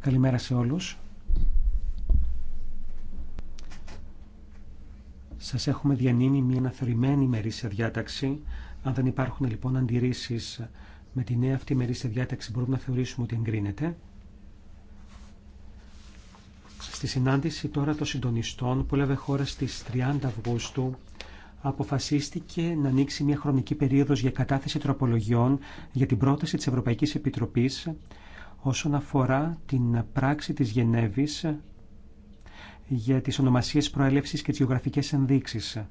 Καλημέρα σε όλους. Σας έχουμε διανύμει μια αναθεωρημένη μερίσια διάταξη. Αν δεν υπάρχουν λοιπόν αντιρρήσεις με τη νέα αυτή μερίσια διάταξη μπορούμε να θεωρήσουμε ότι εγκρίνεται. Στη συνάντηση τώρα των συντονιστών που έλαβε χώρα στις 30 Αυγούστου αποφασίστηκε να ανοίξει μια χρονική περίοδος για κατάθεση τροπολογιών για την πρόταση της Ευρωπαϊκής Επιτροπής όσον αφορά την πράξη της Γενέβης για τις ονομασίες προέλευσης και τις γεωγραφικές ενδείξεις.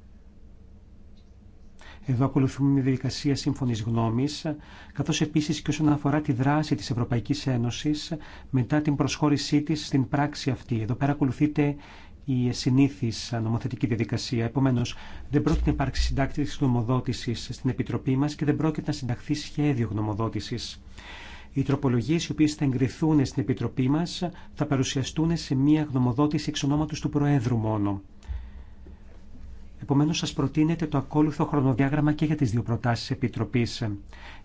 Εδώ ακολουθούμε μια διαδικασία σύμφωνης γνώμης καθώς επίσης και όσον αφορά τη δράση της Ευρωπαϊκής Ένωσης μετά την προσχώρησή της στην πράξη αυτή. Εδώ πέρα ακολουθείται η συνήθι νομοθετική διαδικασία. Επομένω, δεν πρόκειται να υπάρξει συντάκτη γνωμοδότηση στην Επιτροπή μα και δεν πρόκειται να συνταχθεί σχέδιο γνωμοδότηση. Οι τροπολογίε οι οποίε θα εγκριθούν στην Επιτροπή μα θα παρουσιαστούν σε μία γνωμοδότηση εξ ονόματο του Προέδρου μόνο. Επομένως σας προτείνεται το ακόλουθο χρονοδιάγραμμα και για τις δύο προτάσεις Επιτροπής.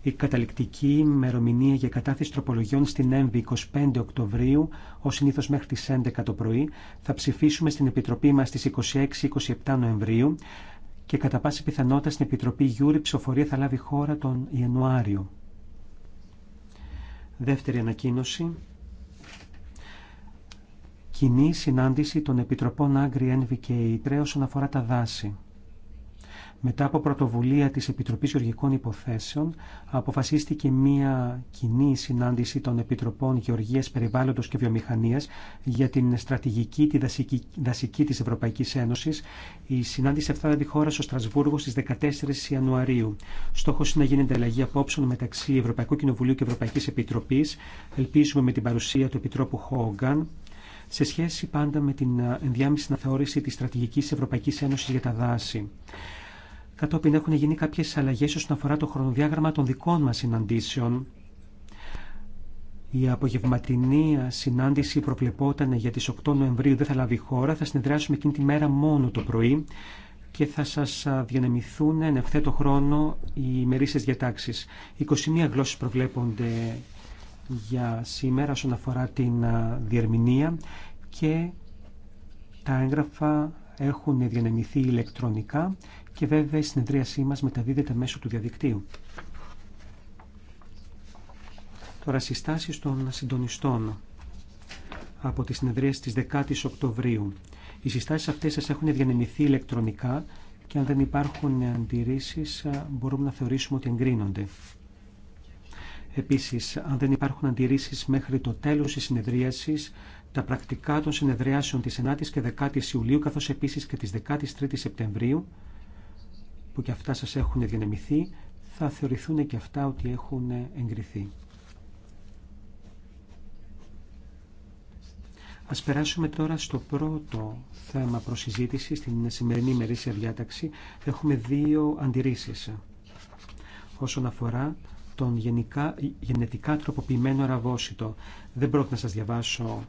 Η καταληκτική ημερομηνία για κατάθεση τροπολογιών στην ΕΜΒΗ 25 Οκτωβρίου, ως συνήθως μέχρι τις 11 το πρωί, θα ψηφίσουμε στην Επιτροπή μας στις 26-27 Νοεμβρίου και κατά πάση πιθανότητα στην Επιτροπή Γιούρη ψηφοφορία θα λάβει χώρα τον Ιανουάριο. Δεύτερη ανακοίνωση κοινή συνάντηση των Επιτροπών Άγκρι Agri-NVK3 και Ιτρέ όσον αφορά τα δάση. Μετά από πρωτοβουλία της Επιτροπής Γεωργικών Υποθέσεων, αποφασίστηκε μία κοινή συνάντηση των Επιτροπών Γεωργίας Περιβάλλοντος και Βιομηχανίας για την στρατηγική τη δασική, δασική της Ευρωπαϊκής Ένωσης. Η συνάντηση αυτά τη χώρα στο Στρασβούργο στις 14 Ιανουαρίου. Στόχος είναι να γίνει αλλαγή απόψεων μεταξύ Ευρωπαϊκού Κοινοβουλίου και Ευρωπαϊκής Επιτροπής. Ελπίζουμε με την παρουσία του Επιτρόπου Χόγκαν σε σχέση πάντα με την ε, ενδιάμεση αναθεώρηση της στρατηγικής Ευρωπαϊκής Ένωσης για τα δάση. Κατόπιν έχουν γίνει κάποιες αλλαγές όσον αφορά το χρονοδιάγραμμα των δικών μας συναντήσεων. Η απογευματινή ε, συνάντηση προβλεπόταν για τις 8 Νοεμβρίου, δεν θα λάβει χώρα, θα συνεδριάσουμε εκείνη τη μέρα μόνο το πρωί και θα σας ε, διανεμηθούν εν ευθέτω χρόνο οι ημερήσεις διατάξεις. 21 γλώσσες προβλέπονται για σήμερα όσον αφορά την διερμηνία και τα έγγραφα έχουν διανεμηθεί ηλεκτρονικά και βέβαια η συνεδρίασή μας μεταδίδεται μέσω του διαδικτύου. Τώρα συστάσεις των συντονιστών από τις συνεδρίες της 10ης Οκτωβρίου. Οι συστάσεις αυτές σας έχουν διανεμηθεί ηλεκτρονικά και αν δεν υπάρχουν αντιρρήσεις μπορούμε να θεωρήσουμε ότι εγκρίνονται. Επίσης, αν δεν υπάρχουν αντιρρήσει μέχρι το τέλος της συνεδρίασης, τα πρακτικά των συνεδριάσεων τη 9 η και 10 η Ιουλίου, καθώς επίση και της 13 η Σεπτεμβρίου, που και αυτά σας έχουν διανεμηθεί, θα θεωρηθούν και αυτά ότι έχουν εγκριθεί. Α περάσουμε τώρα στο πρώτο θέμα συζήτηση, στην σημερινή ημερήσια διάταξη. Έχουμε δύο αντιρρήσει, όσον αφορά τον γενικά, γενετικά τροποποιημένο αραβόσιτο. Δεν πρόκειται να σας διαβάσω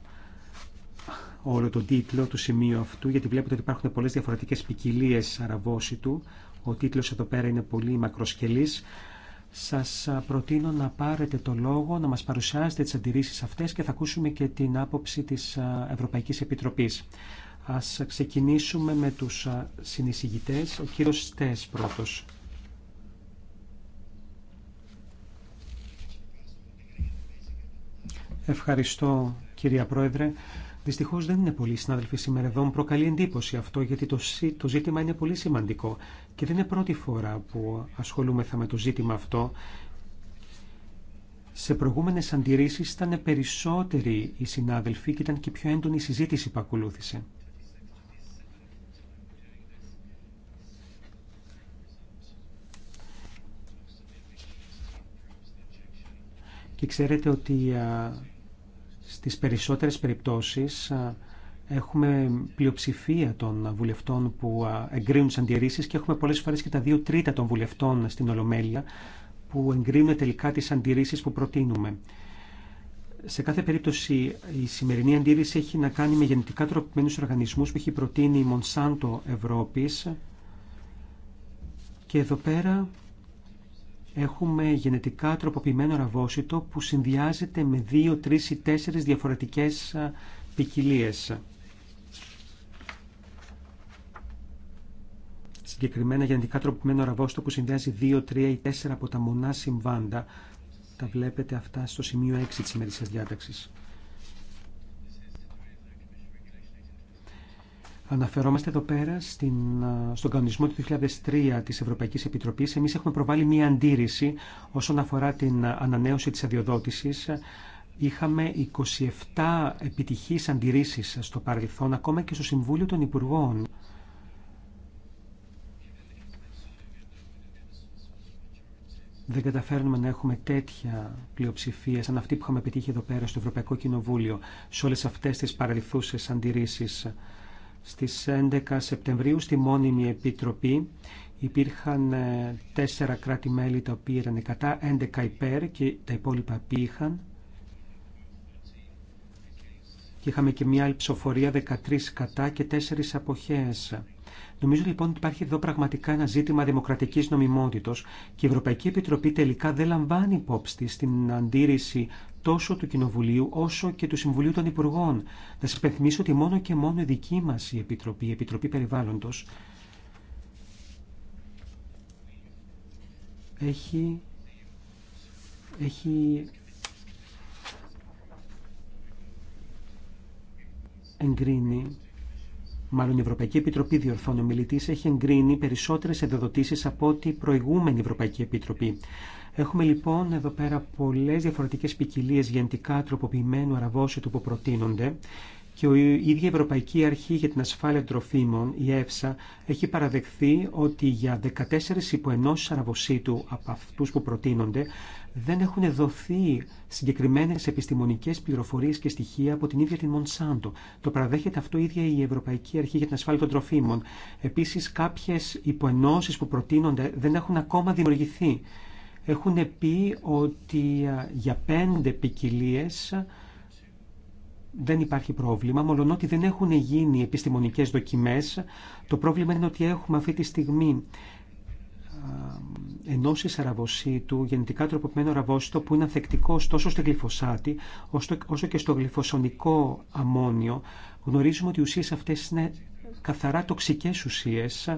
όλο τον τίτλο του σημείου αυτού, γιατί βλέπετε ότι υπάρχουν πολλές διαφορετικές ποικιλίε αραβόσιτου. Ο τίτλος εδώ πέρα είναι πολύ μακροσκελής. Σας προτείνω να πάρετε το λόγο, να μας παρουσιάσετε τις αντιρρήσεις αυτές και θα ακούσουμε και την άποψη της Ευρωπαϊκής Επιτροπής. Ας ξεκινήσουμε με τους συνεισηγητές. Ο κύριος Στές πρώτος. Ευχαριστώ κυρία Πρόεδρε. Δυστυχώ δεν είναι πολλοί συνάδελφοι σήμερα εδώ. Μου προκαλεί εντύπωση αυτό γιατί το, το ζήτημα είναι πολύ σημαντικό και δεν είναι πρώτη φορά που ασχολούμεθα με το ζήτημα αυτό. Σε προηγούμενε αντιρρήσεις ήταν περισσότεροι οι συνάδελφοι και ήταν και πιο έντονη η συζήτηση που ακολούθησε. Και ξέρετε ότι στις περισσότερες περιπτώσεις έχουμε πλειοψηφία των βουλευτών που εγκρίνουν τι αντιρρήσεις και έχουμε πολλές φορές και τα δύο τρίτα των βουλευτών στην Ολομέλεια που εγκρίνουν τελικά τις αντιρρήσεις που προτείνουμε. Σε κάθε περίπτωση η σημερινή αντίρρηση έχει να κάνει με γενετικά τροπημένους οργανισμούς που έχει προτείνει η Μονσάντο Ευρώπης και εδώ πέρα έχουμε γενετικά τροποποιημένο ραβόσιτο που συνδυάζεται με δύο, τρεις ή τέσσερις διαφορετικές ποικιλίε. Συγκεκριμένα γενετικά τροποποιημένο ραβόσιτο που συνδυάζει δύο, τρία ή τέσσερα από τα μονά συμβάντα. Τα βλέπετε αυτά στο σημείο 6 της ημερήσιας διάταξης. Αναφερόμαστε εδώ πέρα στην, στον κανονισμό του 2003 της Ευρωπαϊκής Επιτροπής. Εμείς έχουμε προβάλει μία αντίρρηση όσον αφορά την ανανέωση της αδειοδότησης. Είχαμε 27 επιτυχείς αντιρρήσεις στο παρελθόν, ακόμα και στο Συμβούλιο των Υπουργών. δεν καταφέρνουμε να έχουμε τέτοια πλειοψηφία σαν αυτή που είχαμε πετύχει εδώ πέρα στο Ευρωπαϊκό Κοινοβούλιο σε όλες αυτές τις παρελθούσες αντιρρήσεις. Στις 11 Σεπτεμβρίου στη Μόνιμη Επιτροπή υπήρχαν ε, τέσσερα κράτη-μέλη τα οποία ήταν κατά, 11 υπέρ και τα υπόλοιπα πήγαν. Και είχαμε και μια άλλη ψηφοφορία 13 κατά και 4 αποχές. Νομίζω λοιπόν ότι υπάρχει εδώ πραγματικά ένα ζήτημα δημοκρατικής νομιμότητος και η Ευρωπαϊκή Επιτροπή τελικά δεν λαμβάνει υπόψη στην την αντίρρηση τόσο του Κοινοβουλίου όσο και του Συμβουλίου των Υπουργών. Να σα υπενθυμίσω ότι μόνο και μόνο η δική μα η Επιτροπή, η Επιτροπή Περιβάλλοντος, έχει, έχει εγκρίνει Μάλλον η Ευρωπαϊκή Επιτροπή διορθώνει Ομιλητή έχει εγκρίνει περισσότερε ενδοδοτήσει από ό,τι προηγούμενη Ευρωπαϊκή Επιτροπή. Έχουμε λοιπόν εδώ πέρα πολλέ διαφορετικέ ποικιλίε γεντικά τροποποιημένου αραβόσιτου που προτείνονται και η ίδια Ευρωπαϊκή Αρχή για την Ασφάλεια Τροφίμων, η ΕΦΣΑ, έχει παραδεχθεί ότι για 14 υποενώσεις αραβοσίτου από αυτού που προτείνονται δεν έχουν δοθεί συγκεκριμένες επιστημονικές πληροφορίε και στοιχεία από την ίδια την Μονσάντο. Το παραδέχεται αυτό η ίδια η Ευρωπαϊκή Αρχή για την Ασφάλεια των Τροφίμων. Επίσης κάποιες υποενώσει που προτείνονται δεν έχουν ακόμα δημιουργηθεί. Έχουν πει ότι για πέντε ποικιλίε δεν υπάρχει πρόβλημα, ότι δεν έχουν γίνει επιστημονικές δοκιμές. Το πρόβλημα είναι ότι έχουμε αυτή τη στιγμή ε, ενώσεις αραβοσίτου, γενετικά τροποποιημένο αραβόσιτο που είναι ανθεκτικό τόσο στο γλυφοσάτι όσο και στο γλυφοσονικό αμμόνιο. Γνωρίζουμε ότι οι ουσίες αυτές είναι καθαρά τοξικές ουσίες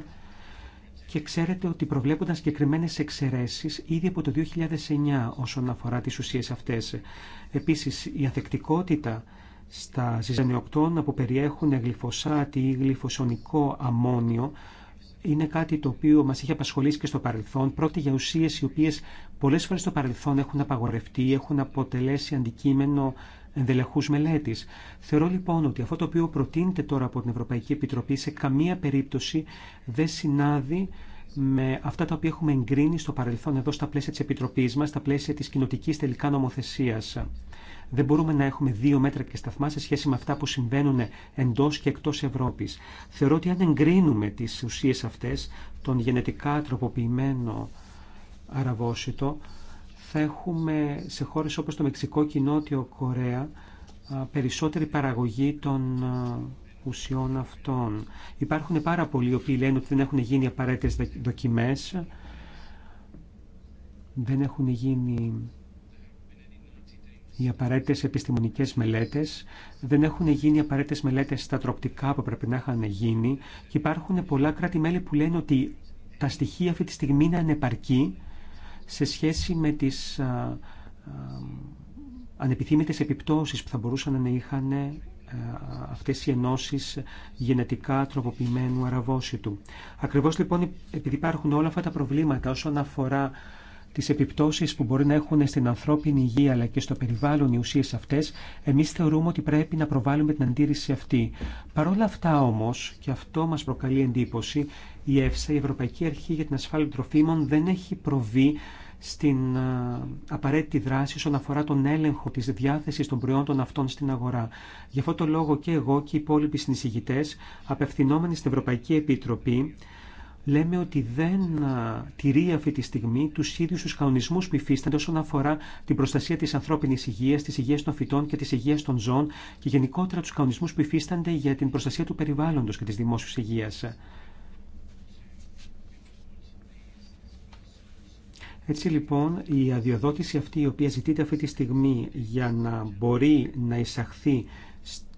και ξέρετε ότι προβλέπονταν συγκεκριμένε εξαιρέσει ήδη από το 2009 όσον αφορά τι ουσίε αυτέ. Επίση, η ανθεκτικότητα στα ζυζανιοκτώνα που περιέχουν γλυφοσάτι ή γλυφοσονικό αμμόνιο είναι κάτι το οποίο μας έχει απασχολήσει και στο παρελθόν. Πρόκειται για ουσίες οι οποίες πολλές φορές στο παρελθόν έχουν απαγορευτεί, έχουν αποτελέσει αντικείμενο ενδελεχούς μελέτης. Θεωρώ λοιπόν ότι αυτό το οποίο προτείνεται τώρα από την Ευρωπαϊκή Επιτροπή σε καμία περίπτωση δεν συνάδει με αυτά τα οποία έχουμε εγκρίνει στο παρελθόν εδώ στα πλαίσια της Επιτροπής μας, στα πλαίσια της κοινοτικής τελικά νομοθεσίας. Δεν μπορούμε να έχουμε δύο μέτρα και σταθμά σε σχέση με αυτά που συμβαίνουν εντό και εκτό Ευρώπη. Θεωρώ ότι αν εγκρίνουμε τι ουσίε αυτέ, τον γενετικά τροποποιημένο αραβόσιτο, θα έχουμε σε χώρες όπως το Μεξικό και η Νότιο Κορέα περισσότερη παραγωγή των ουσιών αυτών. Υπάρχουν πάρα πολλοί οι οποίοι λένε ότι δεν έχουν γίνει απαραίτητε δοκιμέ. δεν έχουν γίνει οι απαραίτητε επιστημονικέ μελέτε, δεν έχουν γίνει απαραίτητε μελέτε στα τροπτικά που πρέπει να είχαν γίνει και υπάρχουν πολλά κράτη-μέλη που λένε ότι τα στοιχεία αυτή τη στιγμή είναι ανεπαρκή σε σχέση με τι ανεπιθύμητες επιπτώσεις που θα μπορούσαν να είχαν αυτές οι ενώσεις γενετικά τροποποιημένου αραβόσιτου. Ακριβώς λοιπόν επειδή υπάρχουν όλα αυτά τα προβλήματα όσον αφορά τις επιπτώσεις που μπορεί να έχουν στην ανθρώπινη υγεία αλλά και στο περιβάλλον οι ουσίες αυτές, εμείς θεωρούμε ότι πρέπει να προβάλλουμε την αντίρρηση αυτή. Παρ' όλα αυτά όμως, και αυτό μας προκαλεί εντύπωση, η ΕΦΣΑ, η Ευρωπαϊκή Αρχή για την Ασφάλεια Τροφίμων, δεν έχει προβεί στην απαραίτητη δράση όσον αφορά τον έλεγχο της διάθεσης των προϊόντων αυτών στην αγορά. Γι' αυτό το λόγο και εγώ και οι υπόλοιποι συνεισηγητές, απευθυνόμενοι στην Ευρωπαϊκή Επιτροπή, λέμε ότι δεν τηρεί αυτή τη στιγμή του ίδιου του κανονισμού που υφίστανται όσον αφορά την προστασία τη ανθρώπινη υγεία, τη υγεία των φυτών και τη υγεία των ζώων και γενικότερα του κανονισμού που υφίστανται για την προστασία του περιβάλλοντο και τη δημόσια υγεία. Έτσι λοιπόν η αδειοδότηση αυτή η οποία ζητείται αυτή τη στιγμή για να μπορεί να εισαχθεί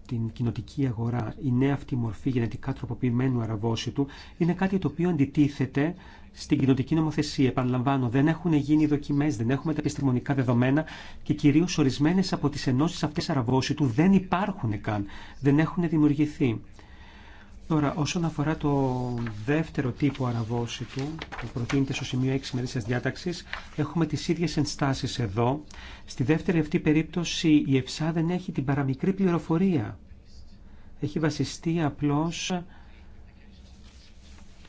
την κοινοτική αγορά η νέα αυτή μορφή γενετικά τροποποιημένου αραβόσιτου είναι κάτι το οποίο αντιτίθεται στην κοινοτική νομοθεσία. Επαναλαμβάνω, δεν έχουν γίνει δοκιμέ, δεν έχουμε τα επιστημονικά δεδομένα και κυρίω ορισμένε από τι ενώσει αυτέ αραβόσιτου δεν υπάρχουν καν, δεν έχουν δημιουργηθεί. Τώρα, όσον αφορά το δεύτερο τύπο του, που προτείνεται στο σημείο 6 μερίσια διάταξη, έχουμε τι ίδιε ενστάσει εδώ. Στη δεύτερη αυτή περίπτωση, η ΕΦΣΑ δεν έχει την παραμικρή πληροφορία. Έχει βασιστεί απλώ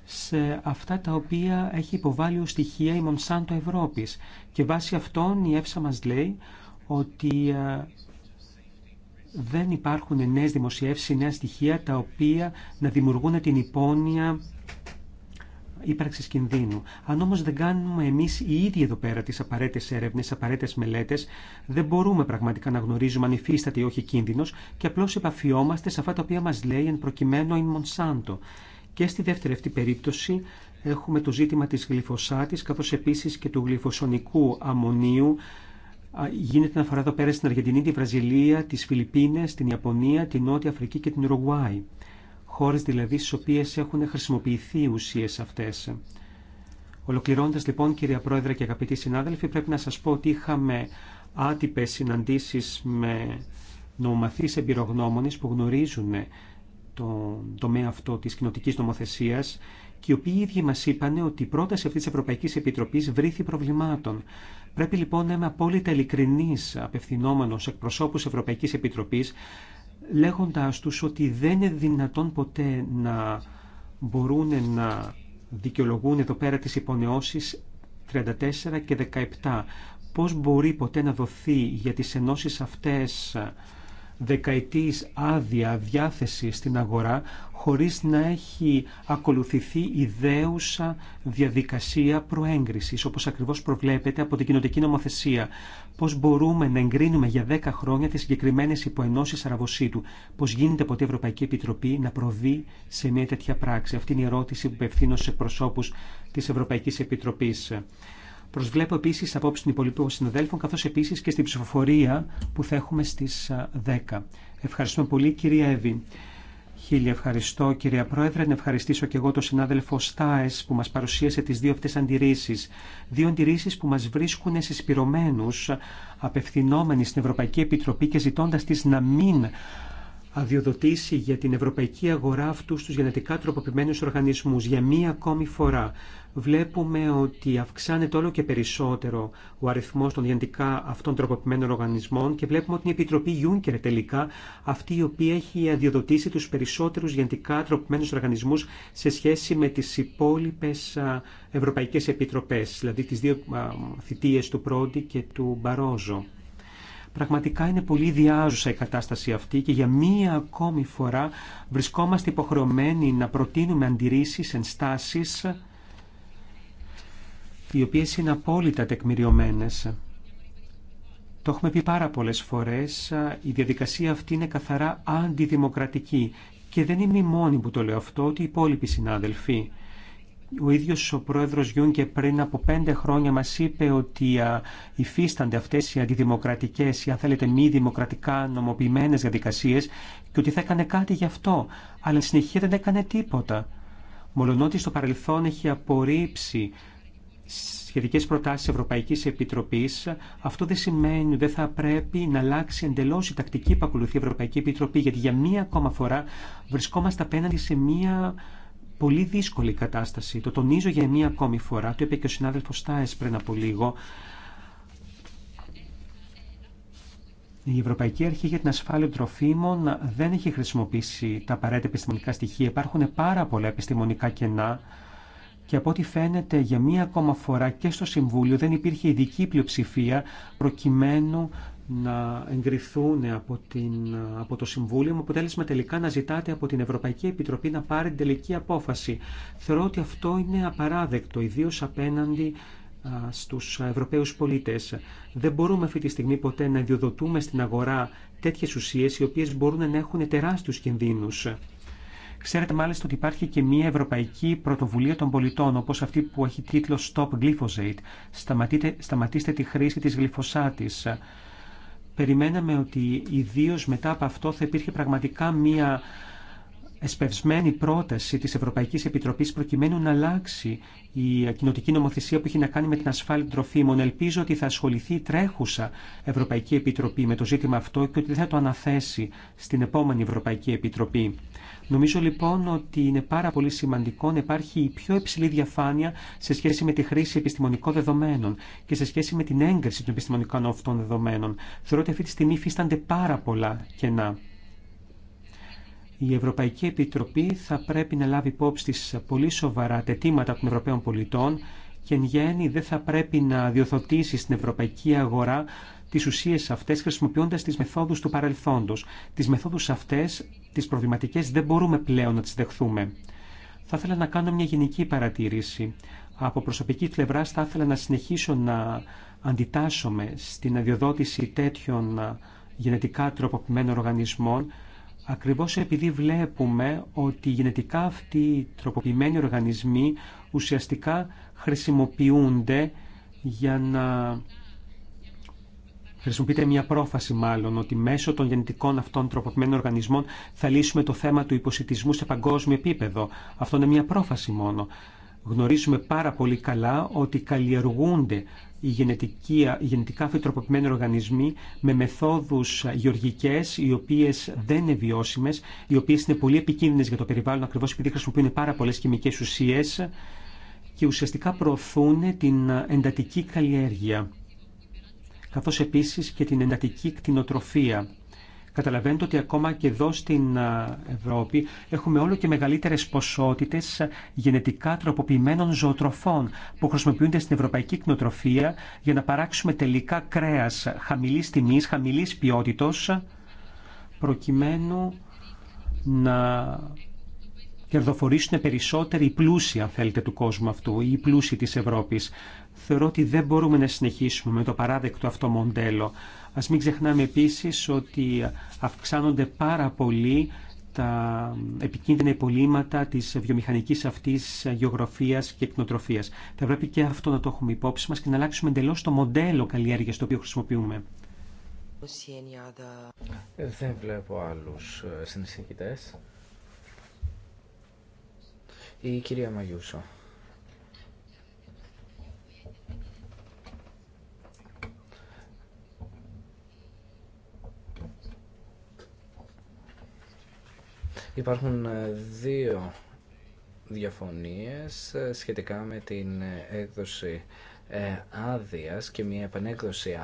σε αυτά τα οποία έχει υποβάλει ως στοιχεία η Μονσάντο Ευρώπης. Και βάσει αυτών η ΕΦΣΑ μας λέει ότι ε, δεν υπάρχουν νέες δημοσιεύσεις, νέα στοιχεία τα οποία να δημιουργούν την υπόνοια ύπαρξη κινδύνου. Αν όμω δεν κάνουμε εμεί οι ίδιοι εδώ πέρα τι απαραίτητε έρευνε, τι απαραίτητε μελέτε, δεν μπορούμε πραγματικά να γνωρίζουμε αν υφίσταται ή όχι κίνδυνο και απλώ επαφιόμαστε σε αυτά τα οποία μα λέει εν προκειμένου η Μονσάντο. Και στη δεύτερη αυτή περίπτωση έχουμε το ζήτημα της γλυφοσάτης καθώς επίσης και του γλυφοσονικού αμμονίου γίνεται αναφορά εδώ πέρα στην Αργεντινή, τη Βραζιλία, τι Φιλιππίνες, την Ιαπωνία, την Νότια Αφρική και την Ουρουάη. Χώρε δηλαδή στις οποίε έχουν χρησιμοποιηθεί οι ουσίε αυτέ. Ολοκληρώνοντα λοιπόν κυρία Πρόεδρε και αγαπητοί συνάδελφοι πρέπει να σα πω ότι είχαμε άτυπε συναντήσει με νομομαθείς εμπειρογνώμονε που γνωρίζουν το τομέα αυτό τη κοινοτική νομοθεσία και οι οποίοι ίδιοι μα είπαν ότι η πρόταση αυτή τη ευρωπαϊκή επιτροπή βρήθη προβλημάτων. Πρέπει λοιπόν να είμαι απόλυτα ειλικρινή απευθυνόμενο εκπροσώπου Ευρωπαϊκή Επιτροπή, λέγοντά του ότι δεν είναι δυνατόν ποτέ να μπορούν να δικαιολογούν εδώ πέρα τι υπονεώσει 34 και 17. Πώς μπορεί ποτέ να δοθεί για τις ενώσεις αυτές δεκαετής άδεια διάθεση στην αγορά χωρίς να έχει ακολουθηθεί ιδέουσα διαδικασία προέγκρισης, όπως ακριβώς προβλέπεται από την κοινοτική νομοθεσία. Πώς μπορούμε να εγκρίνουμε για 10 χρόνια τις συγκεκριμένες υποενώσεις αραβοσίτου. Πώς γίνεται από την Ευρωπαϊκή Επιτροπή να προβεί σε μια τέτοια πράξη. Αυτή είναι η ερώτηση που υπευθύνω σε προσώπους της Ευρωπαϊκής Επιτροπής. Προσβλέπω επίσης απόψη των υπολοιπών συναδέλφων, καθώς επίσης και στην ψηφοφορία που θα έχουμε στις 10. Ευχαριστούμε πολύ κυρία Εύη. Χίλια ευχαριστώ κυρία Πρόεδρε, να ευχαριστήσω και εγώ τον συνάδελφο Στάε που μας παρουσίασε τις δύο αυτές αντιρρήσεις. Δύο αντιρρήσει που μας βρίσκουν συσπηρωμένους, απευθυνόμενοι στην Ευρωπαϊκή Επιτροπή και ζητώντα τη να μην αδειοδοτήσει για την ευρωπαϊκή αγορά αυτούς τους γενετικά τροποποιημένους οργανισμούς. Για μία ακόμη φορά βλέπουμε ότι αυξάνεται όλο και περισσότερο ο αριθμός των γενετικά αυτών τροποποιημένων οργανισμών και βλέπουμε ότι η Επιτροπή Juncker τελικά αυτή η οποία έχει αδειοδοτήσει τους περισσότερους γενετικά τροποποιημένους οργανισμούς σε σχέση με τις υπόλοιπε ευρωπαϊκές επιτροπές, δηλαδή τις δύο θητείες του Πρόντι και του Μπαρόζο. Πραγματικά είναι πολύ διάζουσα η κατάσταση αυτή και για μία ακόμη φορά βρισκόμαστε υποχρεωμένοι να προτείνουμε αντιρρήσεις, ενστάσεις, οι οποίες είναι απόλυτα τεκμηριωμένες. Το έχουμε πει πάρα πολλές φορές, η διαδικασία αυτή είναι καθαρά αντιδημοκρατική και δεν είμαι η μόνη που το λέω αυτό, ότι οι υπόλοιποι συνάδελφοι ο ίδιος ο πρόεδρος Γιούγκε πριν από πέντε χρόνια μας είπε ότι υφίστανται αυτές οι αντιδημοκρατικές ή αν θέλετε μη δημοκρατικά νομοποιημένες διαδικασίες και ότι θα έκανε κάτι γι' αυτό, αλλά συνεχεία δεν έκανε τίποτα. Μολονότι στο παρελθόν έχει απορρίψει σχετικέ προτάσει Ευρωπαϊκή Επιτροπή, αυτό δεν σημαίνει ότι δεν θα πρέπει να αλλάξει εντελώ η τακτική που ακολουθεί η Ευρωπαϊκή Επιτροπή, γιατί για μία ακόμα φορά βρισκόμαστε απέναντι σε μία πολύ δύσκολη κατάσταση. Το τονίζω για μία ακόμη φορά, το είπε και ο συνάδελφο Στάες πριν από λίγο. Η Ευρωπαϊκή Αρχή για την Ασφάλεια Τροφίμων δεν έχει χρησιμοποιήσει τα απαραίτητα επιστημονικά στοιχεία. Υπάρχουν πάρα πολλά επιστημονικά κενά και από ό,τι φαίνεται για μία ακόμα φορά και στο Συμβούλιο δεν υπήρχε ειδική πλειοψηφία προκειμένου να εγκριθούν από, την, από το Συμβούλιο με αποτέλεσμα τελικά να ζητάτε από την Ευρωπαϊκή Επιτροπή να πάρει την τελική απόφαση. Θεωρώ ότι αυτό είναι απαράδεκτο, ιδίω απέναντι στους Ευρωπαίους πολίτες. Δεν μπορούμε αυτή τη στιγμή ποτέ να ιδιοδοτούμε στην αγορά τέτοιες ουσίες οι οποίες μπορούν να έχουν τεράστιους κινδύνους. Ξέρετε μάλιστα ότι υπάρχει και μια ευρωπαϊκή πρωτοβουλία των πολιτών, όπως αυτή που έχει τίτλο Stop Glyphosate. Σταματήστε, τη χρήση της γλυφοσάτης περιμέναμε ότι ιδίω μετά από αυτό θα υπήρχε πραγματικά μία εσπευσμένη πρόταση της Ευρωπαϊκής Επιτροπής προκειμένου να αλλάξει η κοινοτική νομοθεσία που έχει να κάνει με την ασφάλεια των τροφίμων. Ελπίζω ότι θα ασχοληθεί η τρέχουσα Ευρωπαϊκή Επιτροπή με το ζήτημα αυτό και ότι θα το αναθέσει στην επόμενη Ευρωπαϊκή Επιτροπή. Νομίζω λοιπόν ότι είναι πάρα πολύ σημαντικό να υπάρχει η πιο υψηλή διαφάνεια σε σχέση με τη χρήση επιστημονικών δεδομένων και σε σχέση με την έγκριση των επιστημονικών αυτών δεδομένων. Θεωρώ ότι αυτή τη στιγμή φύστανται πάρα πολλά κενά. Η Ευρωπαϊκή Επιτροπή θα πρέπει να λάβει υπόψη της πολύ σοβαρά τετήματα των Ευρωπαίων πολιτών και εν γέννη δεν θα πρέπει να διοθοτήσει στην ευρωπαϊκή αγορά τι ουσίε αυτέ χρησιμοποιώντα τι μεθόδου του παρελθόντος. Τι μεθόδου αυτέ, τι προβληματικέ, δεν μπορούμε πλέον να τι δεχθούμε. Θα ήθελα να κάνω μια γενική παρατήρηση. Από προσωπική πλευρά θα ήθελα να συνεχίσω να αντιτάσσομαι στην αδειοδότηση τέτοιων γενετικά τροποποιημένων οργανισμών, ακριβώς επειδή βλέπουμε ότι οι γενετικά αυτοί οι τροποποιημένοι οργανισμοί ουσιαστικά χρησιμοποιούνται για να χρησιμοποιείται μια πρόφαση μάλλον ότι μέσω των γεννητικών αυτών τροποποιημένων οργανισμών θα λύσουμε το θέμα του υποσυτισμού σε παγκόσμιο επίπεδο. Αυτό είναι μια πρόφαση μόνο. Γνωρίζουμε πάρα πολύ καλά ότι καλλιεργούνται οι, γενετικοί, οι γενετικά οργανισμοί με μεθόδους γεωργικές οι οποίες δεν είναι βιώσιμες, οι οποίες είναι πολύ επικίνδυνες για το περιβάλλον ακριβώς επειδή χρησιμοποιούν πάρα πολλές χημικές ουσίες και ουσιαστικά προωθούν την εντατική καλλιέργεια καθώς επίσης και την εντατική κτηνοτροφία. Καταλαβαίνετε ότι ακόμα και εδώ στην Ευρώπη έχουμε όλο και μεγαλύτερες ποσότητες γενετικά τροποποιημένων ζωοτροφών που χρησιμοποιούνται στην ευρωπαϊκή κτηνοτροφία για να παράξουμε τελικά κρέας χαμηλής τιμής, χαμηλής ποιότητος προκειμένου να κερδοφορήσουν περισσότεροι οι πλούσιοι, θέλετε, του κόσμου αυτού ή οι πλούσιοι της Ευρώπης θεωρώ ότι δεν μπορούμε να συνεχίσουμε με το παράδεκτο αυτό μοντέλο. Ας μην ξεχνάμε επίσης ότι αυξάνονται πάρα πολύ τα επικίνδυνα υπολείμματα της βιομηχανικής αυτής γεωγραφίας και εκνοτροφίας. Θα πρέπει και αυτό να το έχουμε υπόψη μας και να αλλάξουμε εντελώς το μοντέλο καλλιέργειας το οποίο χρησιμοποιούμε. Δεν βλέπω άλλους ε, συνεισηγητές. Η κυρία Μαγιούσο. Υπάρχουν ε, δύο διαφωνίες ε, σχετικά με την ε, έκδοση άδεια και μια επανέκδοση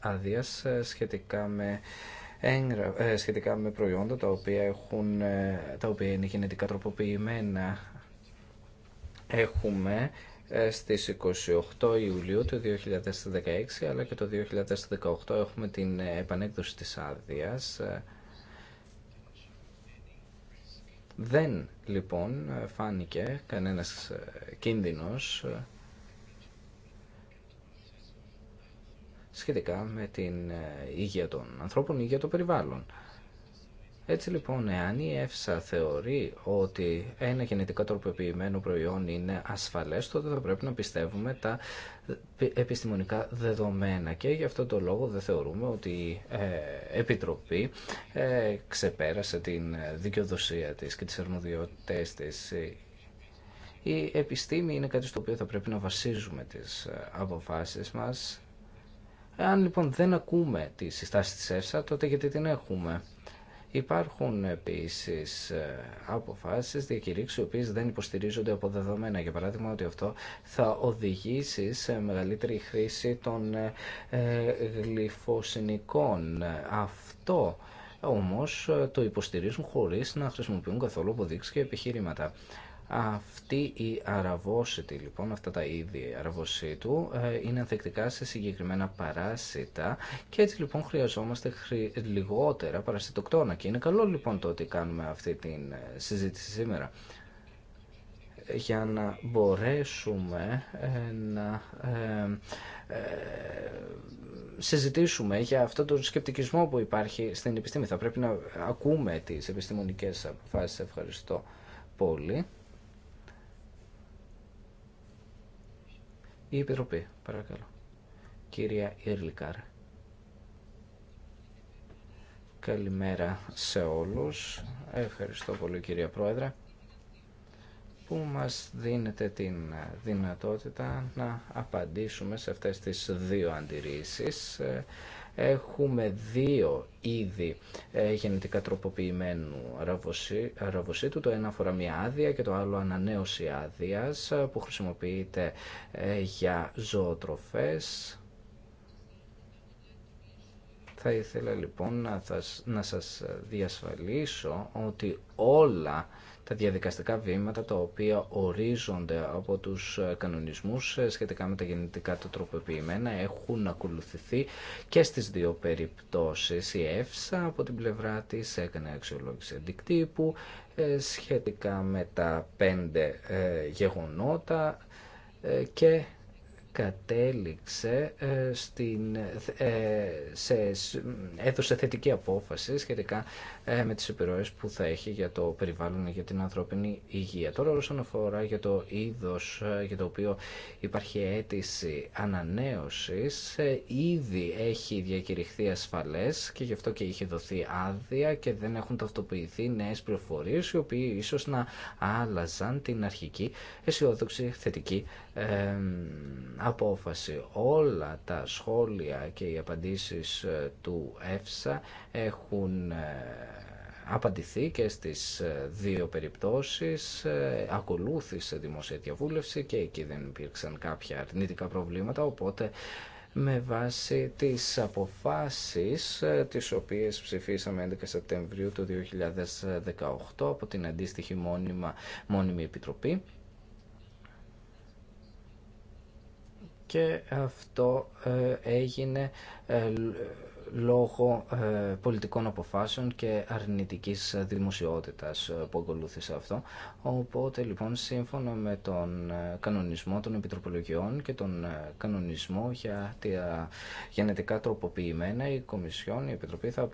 άδεια σχετικά με σχετικά με προϊόντα τα οποία, έχουν, τα οποία είναι γενετικά τροποποιημένα. Έχουμε στις 28 Ιουλίου του 2016 αλλά και το 2018 έχουμε την επανέκδοση της άδειας δεν λοιπόν φάνηκε κανένας ε, κίνδυνος ε, σχετικά με την ε, υγεία των ανθρώπων ή για το περιβάλλον. Έτσι λοιπόν, εάν η ΕΦΣΑ θεωρεί ότι ένα γενετικά τροποποιημένο προϊόν είναι ασφαλές, τότε θα πρέπει να πιστεύουμε τα επιστημονικά δεδομένα και γι' αυτό το λόγο δεν θεωρούμε ότι η ε, Επιτροπή ε, ξεπέρασε την δικαιοδοσία της και τις αρμοδιότητες της. Η επιστήμη είναι κάτι στο οποίο θα πρέπει να βασίζουμε τις ε, αποφάσεις μας. Αν λοιπόν δεν ακούμε τη συστάση της ΕΦΣΑ, τότε γιατί την έχουμε. Υπάρχουν επίσης ε, αποφάσεις διακηρύξει, οι οποίε δεν υποστηρίζονται από δεδομένα. Για παράδειγμα ότι αυτό θα οδηγήσει σε μεγαλύτερη χρήση των ε, ε, γλυφοσυνικών. Αυτό όμως το υποστηρίζουν χωρίς να χρησιμοποιούν καθόλου αποδείξεις και επιχειρήματα. Αυτή η αραβόσιτη λοιπόν, αυτά τα είδη αραβοσίτου ε, είναι ανθεκτικά σε συγκεκριμένα παράσιτα και έτσι λοιπόν χρειαζόμαστε λιγότερα παρασιτοκτόνα και είναι καλό λοιπόν το ότι κάνουμε αυτή τη ε, συζήτηση σήμερα για να μπορέσουμε ε, να συζητήσουμε για αυτό τον σκεπτικισμό που υπάρχει στην επιστήμη. Θα πρέπει να ακούμε τις επιστημονικές αποφάσεις. Ευχαριστώ πολύ. Η Επιτροπή, παρακαλώ. Κυρία Ιρλικάρ. Καλημέρα σε όλους. Ευχαριστώ πολύ κυρία Πρόεδρε που μας δίνεται την ε, δυνατότητα να απαντήσουμε σε αυτές τις δύο αντιρρήσεις. Ε, έχουμε δύο είδη ε, γενετικά τροποποιημένου ραβοσίτου. Το ένα αφορά μια άδεια και το άλλο ανανέωση άδεια που χρησιμοποιείται για ζωοτροφές. Θα ήθελα λοιπόν να σας διασφαλίσω ότι όλα τα διαδικαστικά βήματα τα οποία ορίζονται από τους ε, κανονισμούς ε, σχετικά με τα γεννητικά τροποποιημένα έχουν ακολουθηθεί και στις δύο περιπτώσεις. Η ΕΦΣΑ από την πλευρά της έκανε αξιολόγηση αντικτύπου ε, σχετικά με τα πέντε γεγονότα και κατέληξε ε, στην, ε, σε, έδωσε θετική απόφαση σχετικά ε, με τις επιρροές που θα έχει για το περιβάλλον για την ανθρώπινη υγεία. Τώρα όσον αφορά για το είδος για το οποίο υπάρχει αίτηση ανανέωσης ήδη έχει διακηρυχθεί ασφαλές και γι' αυτό και είχε δοθεί άδεια και δεν έχουν ταυτοποιηθεί νέες πληροφορίες οι οποίοι ίσως να άλλαζαν την αρχική αισιόδοξη θετική απόφαση. Όλα τα σχόλια και οι απαντήσεις ε, του ΕΦΣΑ έχουν ε, απαντηθεί και στις ε, δύο περιπτώσεις ακολούθησε δημόσια διαβούλευση και εκεί δεν υπήρξαν κάποια αρνητικά προβλήματα οπότε με βάση τις αποφάσεις τις οποίες ψηφίσαμε 11 Σεπτεμβρίου του 2018 από την αντίστοιχη μόνιμη επιτροπή και αυτό ε, έγινε ε, λόγω ε, πολιτικών αποφάσεων και αρνητικής δημοσιότητας ε, που ακολούθησε αυτό. Οπότε λοιπόν σύμφωνα με τον ε, κανονισμό των επιτροπολογιών και τον κανονισμό για τα γενετικά τροποποιημένα η Κομισιόν, η Επιτροπή θα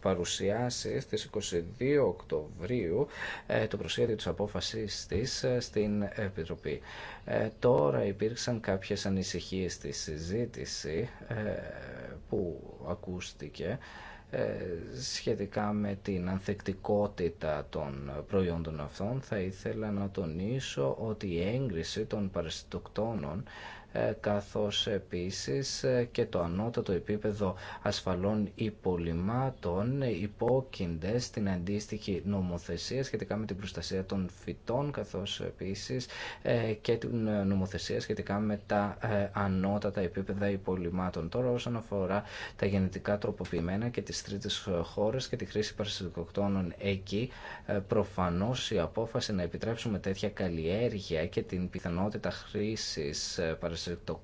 παρουσιάσει στις 22 Οκτωβρίου το προσχέδιο της απόφασης της στην Επιτροπή. Τώρα υπήρξαν κάποιες ανησυχίες στη συζήτηση που ακούστηκε ε, σχετικά με την ανθεκτικότητα των προϊόντων αυτών θα ήθελα να τονίσω ότι η έγκριση των παρασιτοκτόνων ε, καθώς επίσης ε, και το ανώτατο επίπεδο ασφαλών υπολοιμάτων υπόκεινται στην αντίστοιχη νομοθεσία σχετικά με την προστασία των φυτών καθώς επίσης ε, και την νομοθεσία σχετικά με τα ανώτατα επίπεδα υπολοιμάτων. Τώρα όσον αφορά τα γενετικά τροποποιημένα και τις τρίτες χώρες και τη χρήση παρασυντικοκτώνων εκεί προφανώς η απόφαση να επιτρέψουμε τέτοια καλλιέργεια και την πιθανότητα χρήσης παρασυντικοκτώνων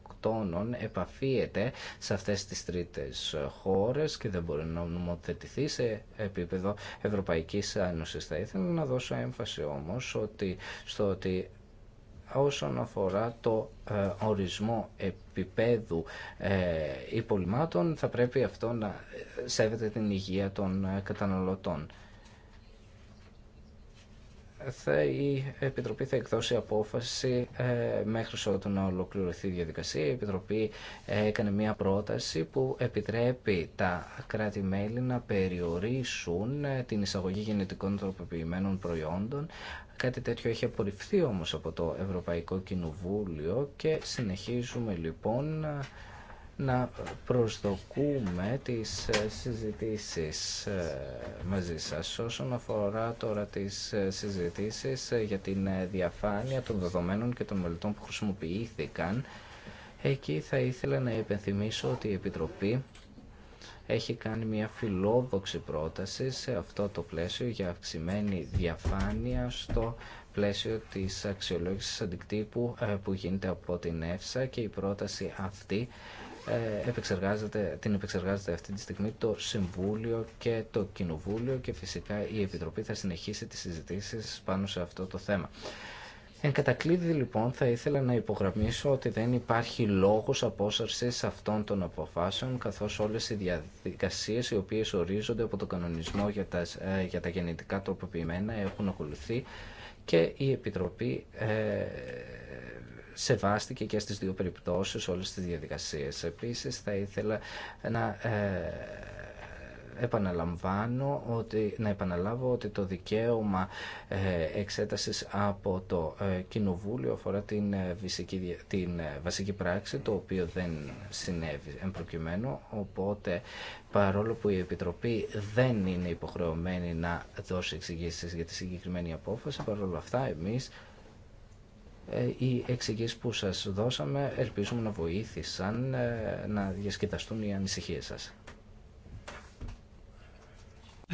κτόνων επαφίεται σε αυτές τις τρίτες χώρες και δεν μπορεί να νομοθετηθεί σε επίπεδο Ευρωπαϊκής Ένωσης. Θα ήθελα να δώσω έμφαση όμως ότι, στο ότι όσον αφορά το ε, ορισμό επίπεδου ε, υπολοιμάτων θα πρέπει αυτό να ε, σέβεται την υγεία των καταναλωτών θα, η Επιτροπή θα εκδώσει απόφαση ε, μέχρι ότου να ολοκληρωθεί η διαδικασία. Η Επιτροπή ε, έκανε μία πρόταση που επιτρέπει τα κράτη-μέλη να περιορίσουν ε, την εισαγωγή γενετικών τροποποιημένων προϊόντων. Κάτι τέτοιο έχει απορριφθεί όμως από το Ευρωπαϊκό Κοινοβούλιο και συνεχίζουμε λοιπόν να προσδοκούμε τις ε, συζητήσεις ε, μαζί σας όσον αφορά τώρα τις ε, συζητήσεις για την διαφάνεια των δεδομένων και των μελετών που χρησιμοποιήθηκαν. Εκεί θα ήθελα να υπενθυμίσω ότι η Επιτροπή έχει κάνει μια φιλόδοξη πρόταση σε αυτό το πλαίσιο για αυξημένη διαφάνεια στο πλαίσιο της αξιολόγησης αντικτύπου που γίνεται από την ΕΦΣΑ και η πρόταση αυτή ε, επεξεργάζεται, την επεξεργάζεται αυτή τη στιγμή το Συμβούλιο και το Κοινοβούλιο και φυσικά η Επιτροπή θα συνεχίσει τις συζητήσεις πάνω σε αυτό το θέμα. Εν κατακλείδη λοιπόν θα ήθελα να υπογραμμίσω ότι δεν υπάρχει λόγος απόσαρσης αυτών των αποφάσεων καθώς όλες οι διαδικασίες οι οποίες ορίζονται από τον κανονισμό για τα, ε, για τα γεννητικά τροποποιημένα έχουν ακολουθεί και η Επιτροπή ε, σεβάστηκε και στις δύο περιπτώσεις όλες τις διαδικασίες. Επίσης θα ήθελα να ε, επαναλαμβάνω ότι, να επαναλάβω ότι το δικαίωμα ε, εξέτασης από το ε, Κοινοβούλιο αφορά την, την βασική πράξη, το οποίο δεν συνέβη εμπροκειμένο, οπότε παρόλο που η Επιτροπή δεν είναι υποχρεωμένη να δώσει εξηγήσεις για τη συγκεκριμένη απόφαση, παρόλο αυτά εμείς ε, οι εξηγήσει που σα δώσαμε ελπίζουμε να βοήθησαν ε, να διασκεδαστούν οι ανησυχίε σα.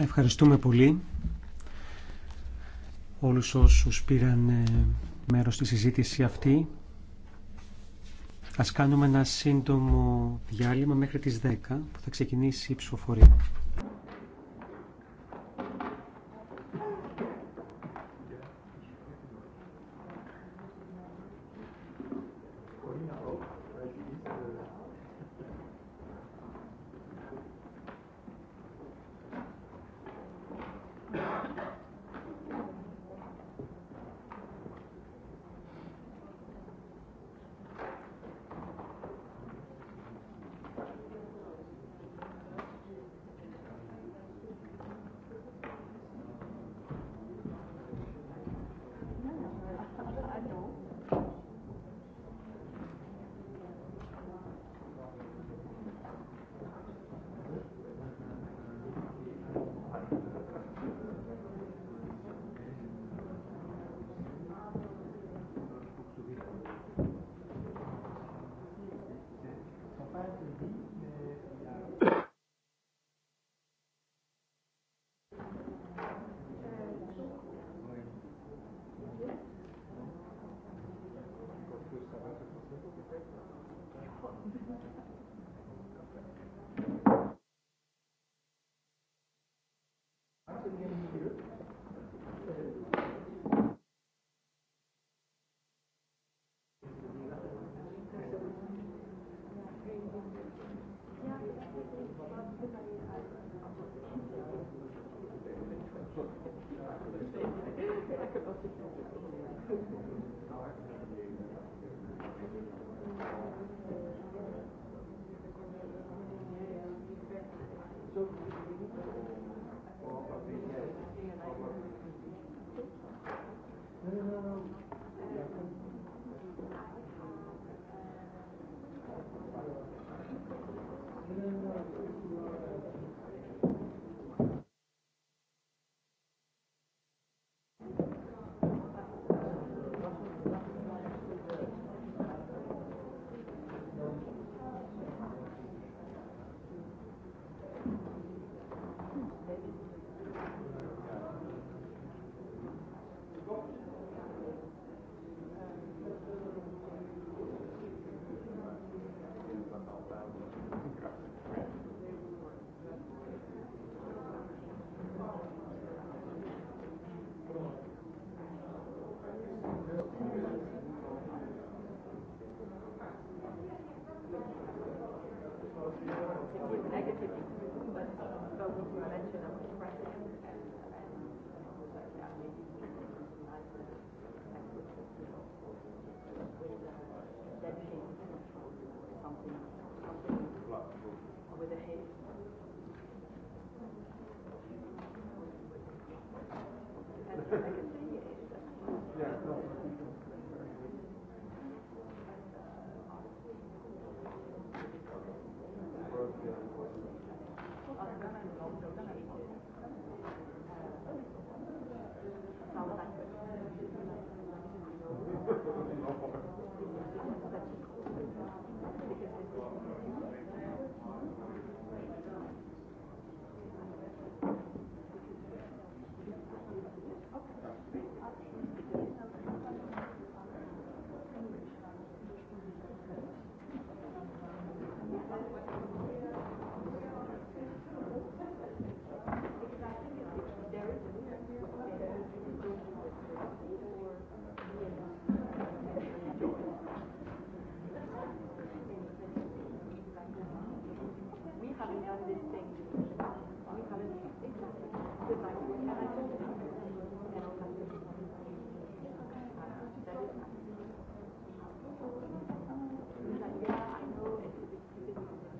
Ευχαριστούμε πολύ όλους όσους πήραν ε, μέρος στη συζήτηση αυτή. Ας κάνουμε ένα σύντομο διάλειμμα μέχρι τις 10 που θα ξεκινήσει η ψηφοφορία.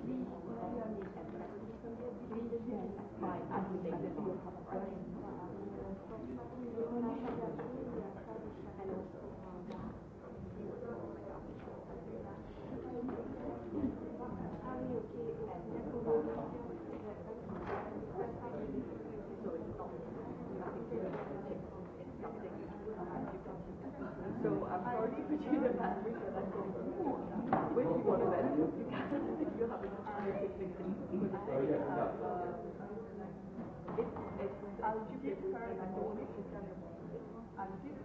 So I'm sorry, but you don't have to. Which one of I'll give her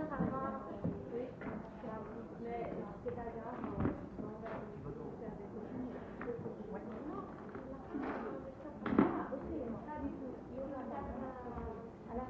que 大家好，我们讲的是。αλλά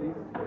leader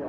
Ja.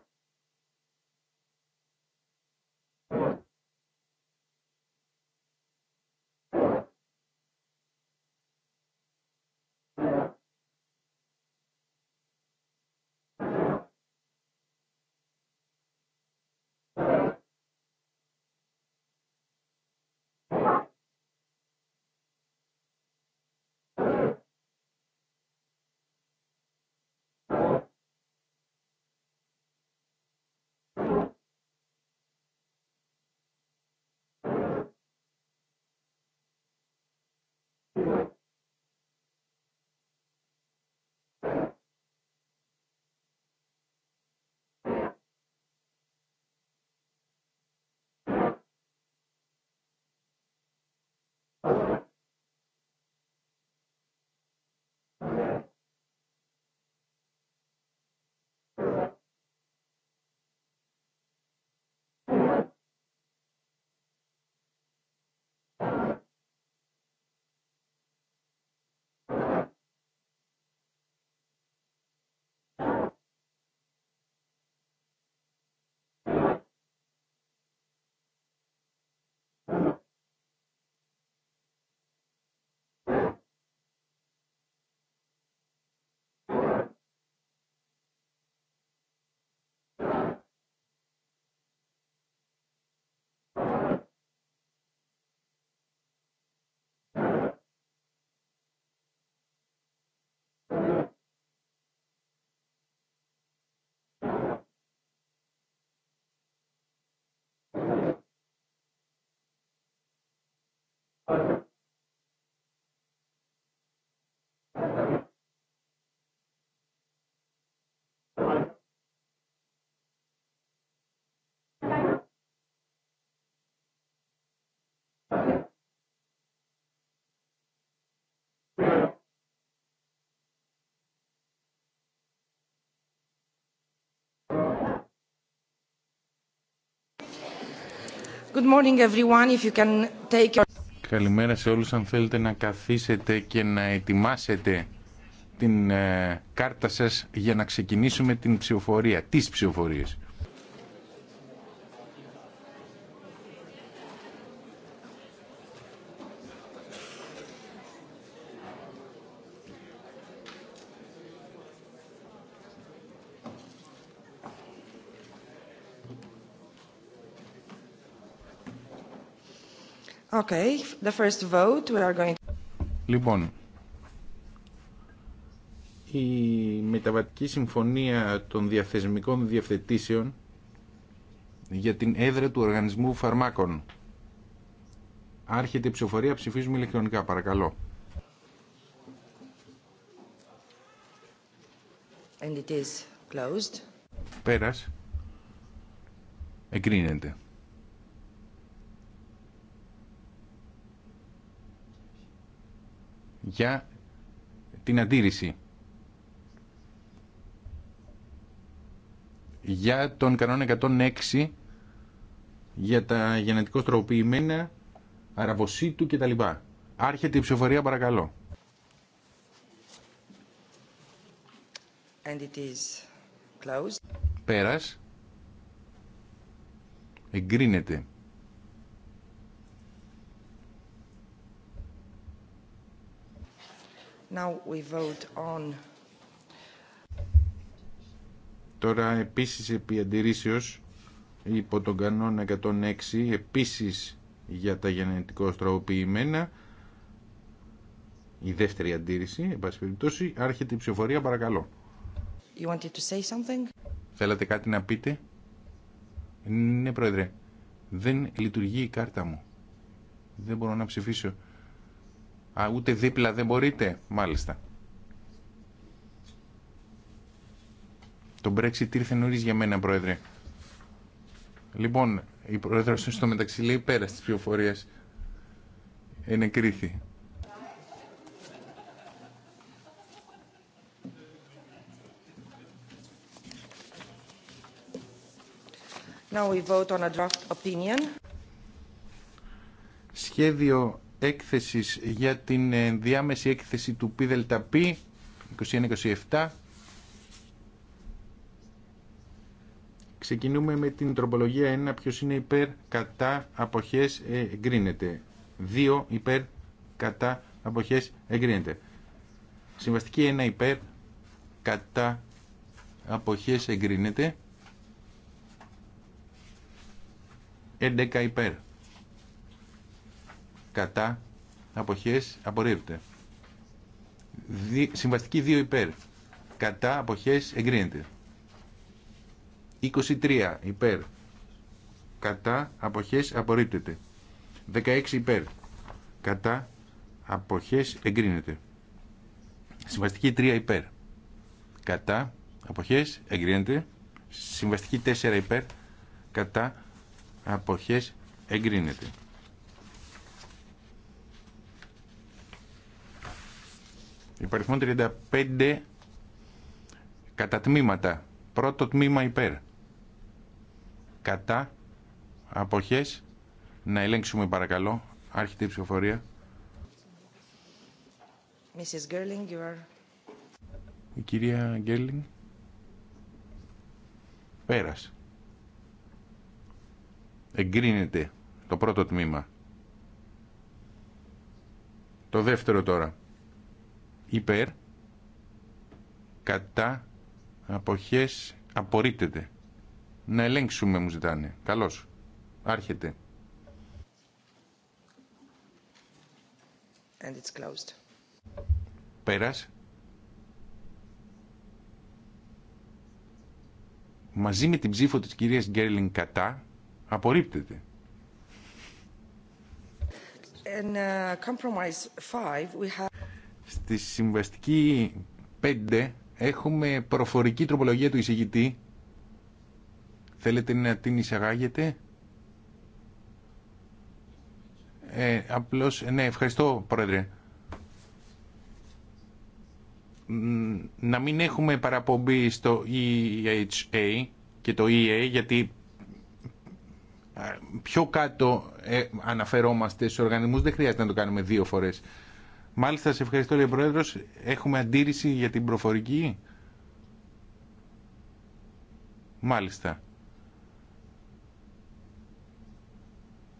Good morning everyone. If you can take your... Καλημέρα σε όλους. Αν θέλετε να καθίσετε και να ετοιμάσετε την ε, κάρτα σας για να ξεκινήσουμε την ψηφοφορία, τις ψηφοφορίες. the first vote Λοιπόν, η Μεταβατική Συμφωνία των Διαθεσμικών Διευθετήσεων για την έδρα του Οργανισμού Φαρμάκων. Άρχεται η ψηφοφορία, ψηφίζουμε ηλεκτρονικά, παρακαλώ. And it is closed. Πέρας. Εγκρίνεται. για την αντίρρηση. Για τον κανόνα 106 για τα γενετικό τροποποιημένα αραβοσίτου κτλ. Άρχεται η ψηφοφορία παρακαλώ. And it is closed. Πέρας. Εγκρίνεται. Τώρα επίσης επί αντιρρήσεως υπό τον κανόνα 106 επίσης για τα γενετικό στραοποιημένα η δεύτερη αντίρρηση, εν πάση περιπτώσει, άρχεται η ψηφοφορία παρακαλώ. Θέλατε κάτι να πείτε? Ναι, Πρόεδρε. Δεν λειτουργεί η κάρτα μου. Δεν μπορώ να ψηφίσω. Α, ούτε δίπλα δεν μπορείτε. Μάλιστα. Το Brexit ήρθε νωρί για μένα, Πρόεδρε. Λοιπόν, η Πρόεδρο στο μεταξύ λέει πέρα τη είναι κρίθη. Now we vote on a draft opinion. Σχέδιο έκθεσης για την διάμεση έκθεση του ΠΔΠ 21 Ξεκινούμε με την τροπολογία 1. Ποιος είναι υπέρ, κατά, αποχές, ε, εγκρίνεται. 2. Υπέρ, κατά, αποχές, εγκρίνεται. Συμβαστική 1. Υπέρ, κατά, αποχές, εγκρίνεται. 11 υπέρ κατά αποχές απορρίπτεται. Συμβαστική 2 υπέρ κατά αποχές εγκρίνεται. 23 υπέρ κατά αποχές απορρίπτεται. 16 υπέρ κατά αποχές εγκρίνεται. Συμβαστική 3 υπέρ κατά αποχές εγκρίνεται. Συμβαστική 4 υπέρ κατά αποχές εγκρίνεται. Υπαριθμό 35 κατά τμήματα. Πρώτο τμήμα υπέρ. Κατά αποχές. Να ελέγξουμε παρακαλώ. Άρχεται η ψηφοφορία. Mrs. Gerling, you are... Η κυρία Γκέρλινγκ. Πέρασε. Εγκρίνεται το πρώτο τμήμα. Το δεύτερο τώρα υπέρ κατά αποχές απορρίπτεται. Να ελέγξουμε μου ζητάνε. Καλώς. Άρχεται. And it's closed. Πέρας. Μαζί με την ψήφο της κυρίας Γκέρλιν κατά απορρίπτεται. In, uh, compromise five, we have στη συμβαστική 5 έχουμε προφορική τροπολογία του εισηγητή. Θέλετε να την εισαγάγετε. Ε, απλώς, ναι, ευχαριστώ πρόεδρε. Να μην έχουμε παραπομπή στο EHA και το EA γιατί πιο κάτω ε, αναφερόμαστε στους οργανισμούς, δεν χρειάζεται να το κάνουμε δύο φορές. Μάλιστα, σε ευχαριστώ, λέει Πρόεδρος. Έχουμε αντίρρηση για την προφορική. Μάλιστα.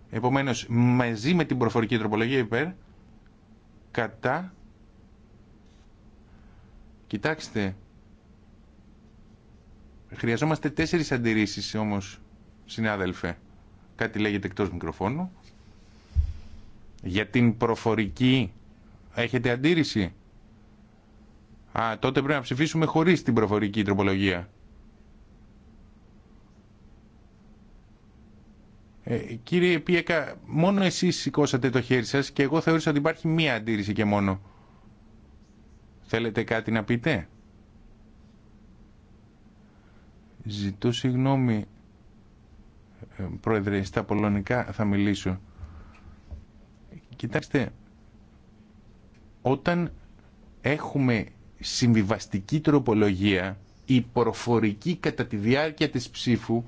Επομένως, μαζί με την προφορική τροπολογία υπέρ, κατά... Κοιτάξτε, χρειαζόμαστε τέσσερις αντιρρήσεις όμως, συνάδελφε. Κάτι λέγεται εκτός μικροφώνου. Για την προφορική Έχετε αντίρρηση. Α, τότε πρέπει να ψηφίσουμε χωρίς την προφορική τροπολογία. Ε, κύριε Πιέκα, μόνο εσείς σηκώσατε το χέρι σας και εγώ θεώρησα ότι υπάρχει μία αντίρρηση και μόνο. Θέλετε κάτι να πείτε. Ζητώ συγγνώμη, ε, πρόεδρε, στα πολωνικά θα μιλήσω. Κοιτάξτε, όταν έχουμε συμβιβαστική τροπολογία, η προφορική κατά τη διάρκεια της ψήφου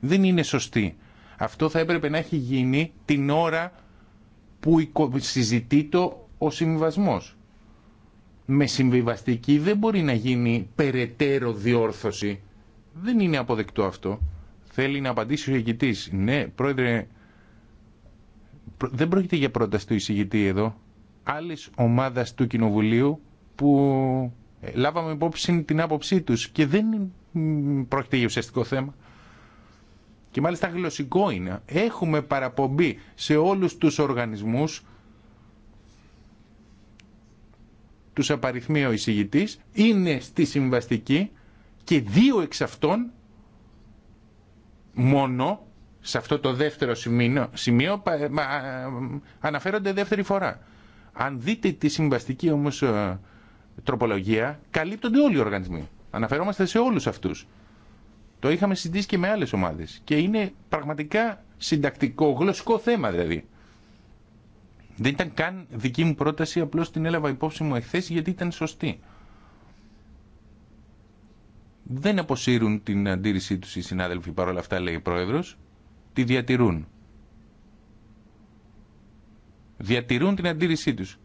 δεν είναι σωστή. Αυτό θα έπρεπε να έχει γίνει την ώρα που συζητεί το ο συμβιβασμός. Με συμβιβαστική δεν μπορεί να γίνει περαιτέρω διόρθωση. Δεν είναι αποδεκτό αυτό. Θέλει να απαντήσει ο ηγητής. Ναι, πρόεδρε, δεν πρόκειται για πρόταση του εισηγητή εδώ άλλης ομάδας του Κοινοβουλίου που ε, λάβαμε υπόψη την άποψή τους και δεν πρόκειται για ουσιαστικό θέμα. Και μάλιστα γλωσσικό είναι. Έχουμε παραπομπή σε όλους τους οργανισμούς τους απαριθμεί ο εισηγητής, είναι στη συμβαστική και δύο εξ αυτών μόνο σε αυτό το δεύτερο σημείο, σημείο ε, ε, αναφέρονται δεύτερη φορά. Αν δείτε τη συμβαστική όμως ε, τροπολογία, καλύπτονται όλοι οι οργανισμοί. Αναφερόμαστε σε όλους αυτούς. Το είχαμε συζητήσει και με άλλες ομάδες. Και είναι πραγματικά συντακτικό, γλωσσικό θέμα δηλαδή. Δεν ήταν καν δική μου πρόταση, απλώς την έλαβα υπόψη μου εχθέ γιατί ήταν σωστή. Δεν αποσύρουν την αντίρρησή τους οι συνάδελφοι παρόλα αυτά, λέει ο Πρόεδρος. Τη διατηρούν διατηρούν την αντίρρησή τους.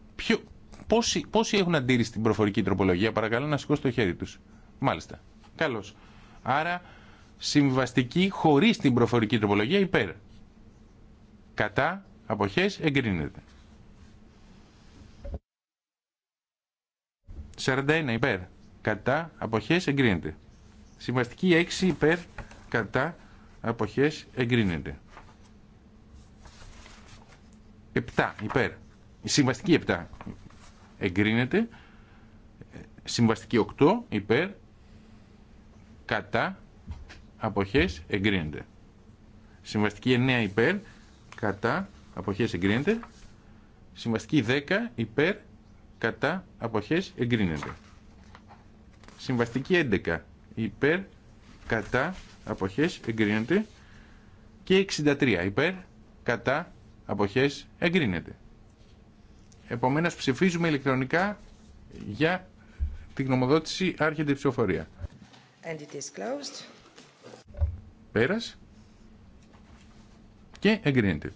πόσοι, έχουν αντίρρηση στην προφορική τροπολογία, παρακαλώ να σηκώσει το χέρι τους. Μάλιστα. Καλώ. Άρα συμβαστική χωρί την προφορική τροπολογία υπέρ. Κατά αποχές εγκρίνεται. 41 υπέρ. Κατά αποχές εγκρίνεται. Συμβαστική 6 υπέρ. Κατά αποχές εγκρίνεται. 7 υπέρ. Συμβαστική 7 εγκρίνεται. Συμβαστική 8 υπέρ. Κατά αποχές εγκρίνεται. Συμβαστική 9 υπέρ. Κατά αποχές εγκρίνεται. Συμβαστική 10 υπέρ. Κατά αποχές εγκρίνεται. Συμβαστική 11 υπέρ. Κατά αποχές εγκρίνεται. Και 63 υπέρ. Κατά αποχές εγκρίνεται. Επομένως ψηφίζουμε ηλεκτρονικά για την γνωμοδότηση άρχεται ψηφοφορία. Πέρας και εγκρίνεται.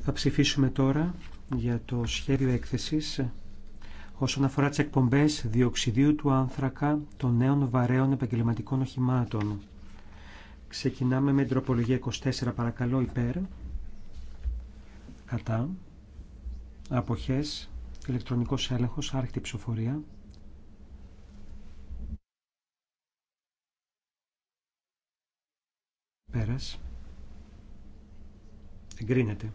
Θα ψηφίσουμε τώρα για το σχέδιο έκθεσης όσον αφορά τις εκπομπές διοξιδίου του άνθρακα των νέων βαρέων επαγγελματικών οχημάτων. Ξεκινάμε με την τροπολογία 24 παρακαλώ υπέρ, κατά, αποχές, ηλεκτρονικός έλεγχος, άρχιτη ψηφοφορία. Πέρας. Εγκρίνεται.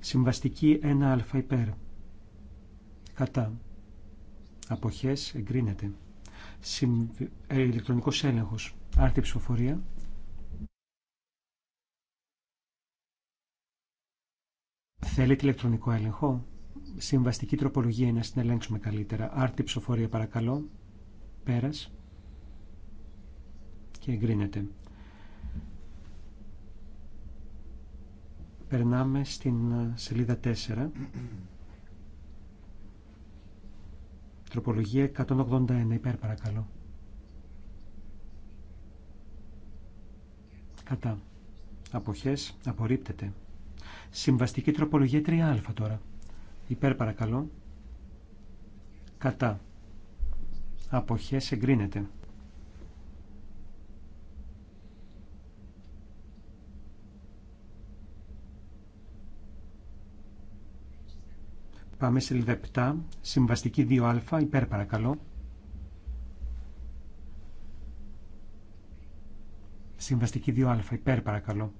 Συμβαστική 1α υπέρ. Κατά αποχές εγκρίνεται. Συμ... Ε, ηλεκτρονικός έλεγχος. Άρτη ψηφοφορία. Θέλετε ηλεκτρονικό έλεγχο. Συμβαστική τροπολογία είναι να συνελέγξουμε καλύτερα. Άρτη ψηφοφορία παρακαλώ. Πέρας. Και εγκρίνεται. Περνάμε στην ε, σελίδα 4. Τροπολογία 181 υπέρ παρακαλώ. Κατά. Αποχές απορρίπτεται. Συμβαστική τροπολογία 3α τώρα. Υπέρ παρακαλώ. Κατά. Αποχές εγκρίνεται. Πάμε σε 7. Συμβαστική 2α. Υπέρ παρακαλώ. Συμβαστική 2α. Υπέρ παρακαλώ.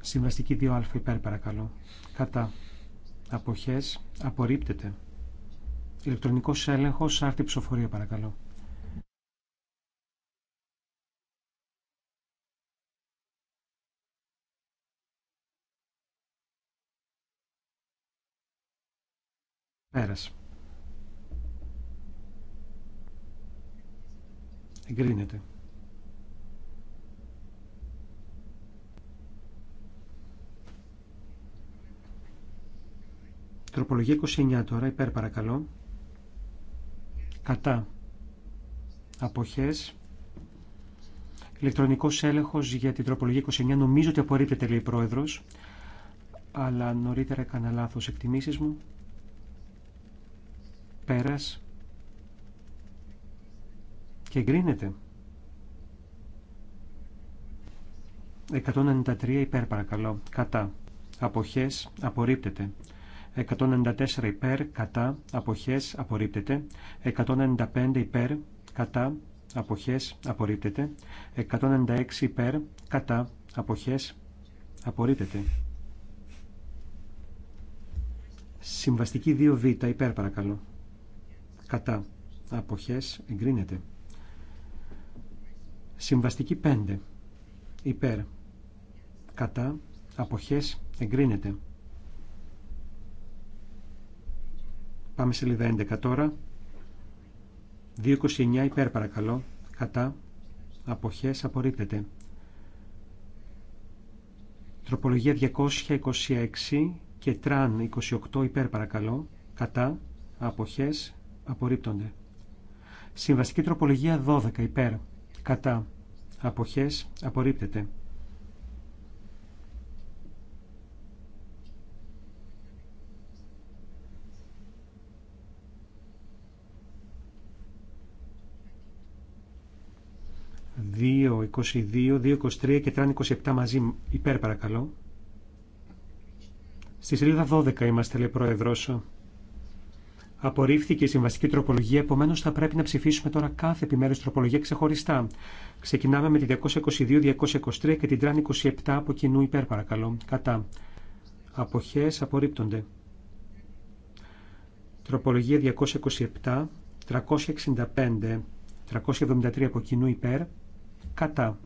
Συμβαστική 2α. Υπέρ παρακαλώ. Κατά. Αποχές. Απορρίπτεται. Ηλεκτρονικός έλεγχος. Άρτη ψηφοφορία παρακαλώ. Εγκρίνεται. Τροπολογία 29 τώρα, υπέρ παρακαλώ. Κατά. Αποχές. Ηλεκτρονικός έλεγχος για την τροπολογία 29. Νομίζω ότι απορρίπτεται, λέει η Πρόεδρος. Αλλά νωρίτερα έκανα λάθος εκτιμήσεις μου. Πέρας. Και γκρινεται 193 υπέρ παρακαλώ. Κατά. Αποχές. Απορρίπτεται. 194 υπέρ. Κατά. Αποχές. Απορρίπτεται. 195 υπέρ. Κατά. Αποχές. Απορρίπτεται. 196 υπέρ. Κατά. Αποχές. Απορρίπτεται. Συμβαστική 2β υπέρ παρακαλώ κατά αποχές εγκρίνεται. Συμβαστική 5 υπέρ κατά αποχές εγκρίνεται. Πάμε σε λίδα 11 τώρα. 2.29 υπέρ παρακαλώ. Κατά. Αποχές απορρίπτεται. Τροπολογία 226 και τραν 28 υπέρ παρακαλώ. Κατά. Αποχές απορρίπτονται. Συμβαστική τροπολογία 12 υπέρ κατά αποχές απορρίπτεται. ...2, 22, 23 και 3.27 μαζί υπέρ παρακαλώ. Στη σελίδα 12 είμαστε λέει πρόεδρος. Απορρίφθηκε η συμβαστική τροπολογία, επομένω θα πρέπει να ψηφίσουμε τώρα κάθε επιμέρου τροπολογία ξεχωριστά. Ξεκινάμε με τη 222, 223 και την τράν 27 από κοινού υπέρ παρακαλώ. Κατά. Αποχέ απορρίπτονται. Τροπολογία 227, 365, 373 από κοινού υπέρ. Κατά.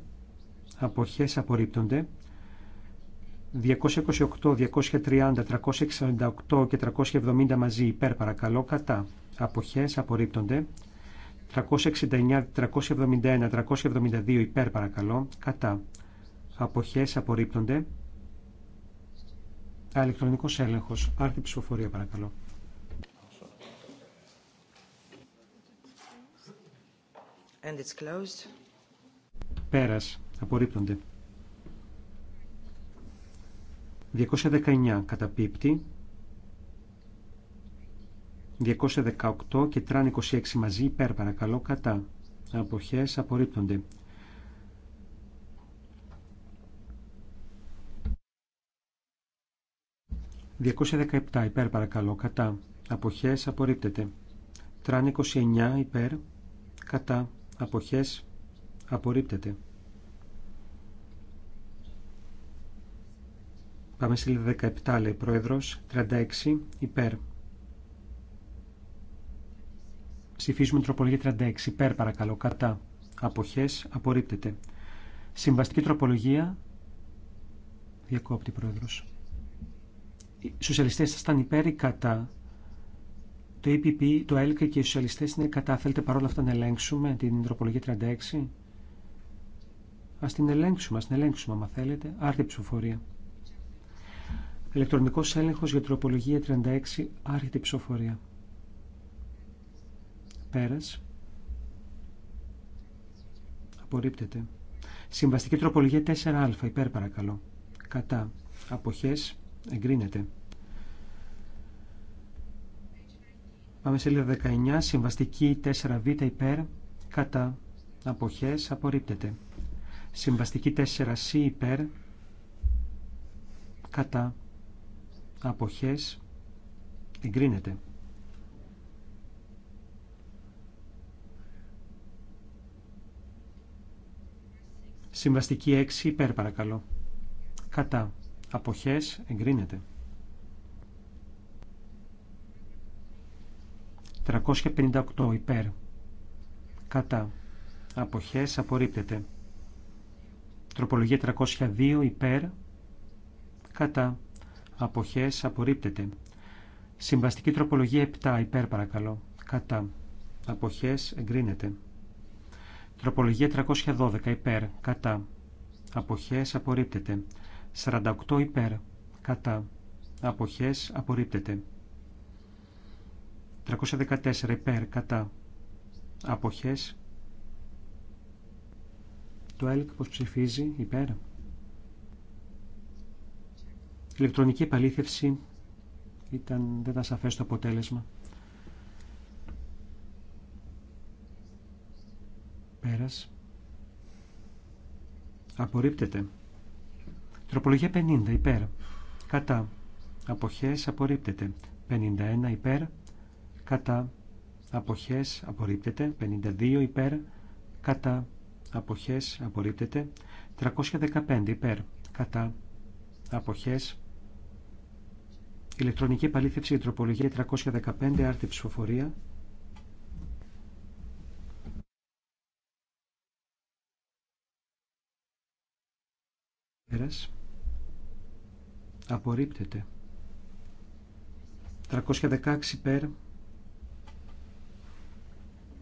Αποχέ απορρίπτονται. 228, 230, 368 και 370 μαζί υπέρ παρακαλώ κατά. Αποχές απορρίπτονται. 369, 371, 372 υπέρ παρακαλώ κατά. Αποχές απορρίπτονται. Αλεκτρονικός έλεγχος. Άρτη ψηφοφορία παρακαλώ. And it's closed. Πέρας. Απορρίπτονται. 219 καταπίπτει. 218 και τραν 26 μαζί υπέρ παρακαλώ κατά. Αποχές απορρίπτονται. 217 υπέρ παρακαλώ κατά. Αποχές απορρίπτεται. Τραν 29 υπέρ κατά. Αποχές απορρίπτεται. Πάμε σελίδα 17 λέει πρόεδρος. 36 υπέρ. Ψηφίζουμε τροπολογία 36 υπέρ παρακαλώ. Κατά. Αποχέ, απορρίπτεται. Συμβαστική τροπολογία. Διακόπτη προέδρο. Οι σοσιαλιστές ήταν υπέρ ή κατά. Το EPP, το ΕΛΚ και οι σοσιαλιστέ είναι κατά. Θέλετε παρόλα αυτά να ελέγξουμε την τροπολογία 36. Ας την ελέγξουμε, ας την ελέγξουμε άμα θέλετε. Άρτη ψηφοφορία. Ελεκτρονικό έλεγχο για τροπολογία 36, άρχεται Πέρα. Πέρας. Απορρίπτεται. Συμβαστική τροπολογία 4α, υπέρ παρακαλώ. Κατά. Αποχέ, Εγκρίνεται. Πάμε σελίδα 19. Συμβαστική 4β υπέρ. Κατά. Αποχέ, Απορρίπτεται. Συμβαστική 4c υπέρ. Κατά αποχές εγκρίνεται. Συμβαστική 6 υπέρ παρακαλώ. Κατά. Αποχές εγκρίνεται. 358 υπέρ. Κατά. Αποχές απορρίπτεται. Τροπολογία 302 υπέρ. Κατά αποχές απορρίπτεται. Συμβαστική τροπολογία 7 υπέρ παρακαλώ. Κατά. Αποχές εγκρίνεται. Τροπολογία 312 υπέρ. Κατά. Αποχές απορρίπτεται. 48 υπέρ. Κατά. Αποχές απορρίπτεται. 314 υπέρ. Κατά. Αποχές. Το ΕΛΚ πως ψηφίζει υπέρ ηλεκτρονική επαλήθευση ήταν, δεν ήταν σαφές το αποτέλεσμα. Πέρας. Απορρίπτεται. Τροπολογία 50 υπέρ. Κατά. Αποχές απορρίπτεται. 51 υπέρ. Κατά. Αποχές απορρίπτεται. 52 υπέρ. Κατά. Αποχές απορρίπτεται. 315 υπέρ. Κατά. Αποχές Ηλεκτρονική επαλήθευση για τροπολογία 315, άρτη ψηφοφορία. Απορρίπτεται. 316 πέρ.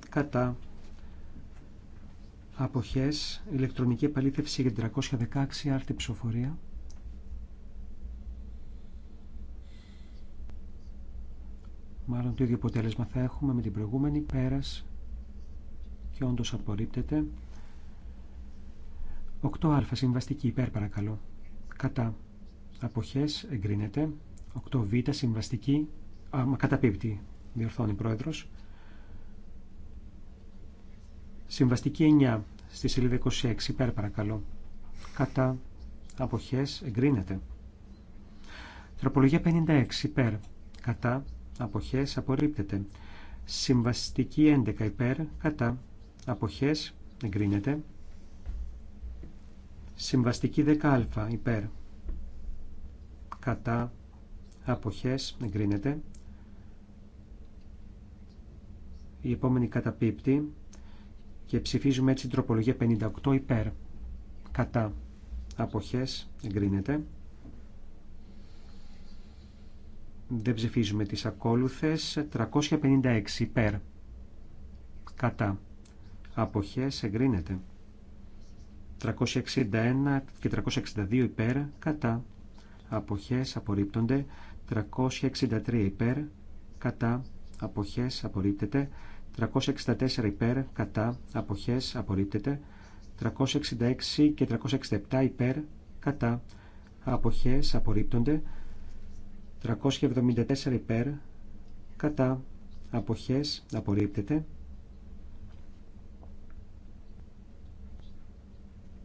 Κατά. Αποχές. Ηλεκτρονική επαλήθευση για 316, άρτη ψηφοφορία. Μάλλον το ίδιο αποτέλεσμα θα έχουμε με την προηγούμενη πέρας και όντως απορρίπτεται. 8α συμβαστική υπέρ παρακαλώ. Κατά. Αποχές εγκρίνεται. 8β συμβαστική. Α, μα καταπίπτει, διορθώνει πρόεδρος. Συμβαστική 9 στη σελίδα 26 υπέρ παρακαλώ. Κατά. Αποχές εγκρίνεται. Τροπολογία 56 υπέρ. Κατά αποχές απορρίπτεται. Συμβαστική 11 υπέρ κατά αποχές εγκρίνεται. Συμβαστική 10α υπέρ κατά αποχές εγκρίνεται. Η επόμενη καταπίπτει και ψηφίζουμε έτσι την τροπολογία 58 υπέρ κατά αποχές εγκρίνεται. Δεν ψηφίζουμε τις ακόλουθες. 356 υπέρ. Κατά. Αποχές εγκρίνεται. 361 και 362 υπέρ. Κατά. Αποχές απορρίπτονται. 363 υπέρ. Κατά. Αποχές απορρίπτεται. 364 υπέρ. Κατά. Αποχές απορρίπτεται. 366 και 367 υπέρ. Κατά. Αποχές απορρίπτονται. 374 υπέρ κατά αποχές απορρίπτεται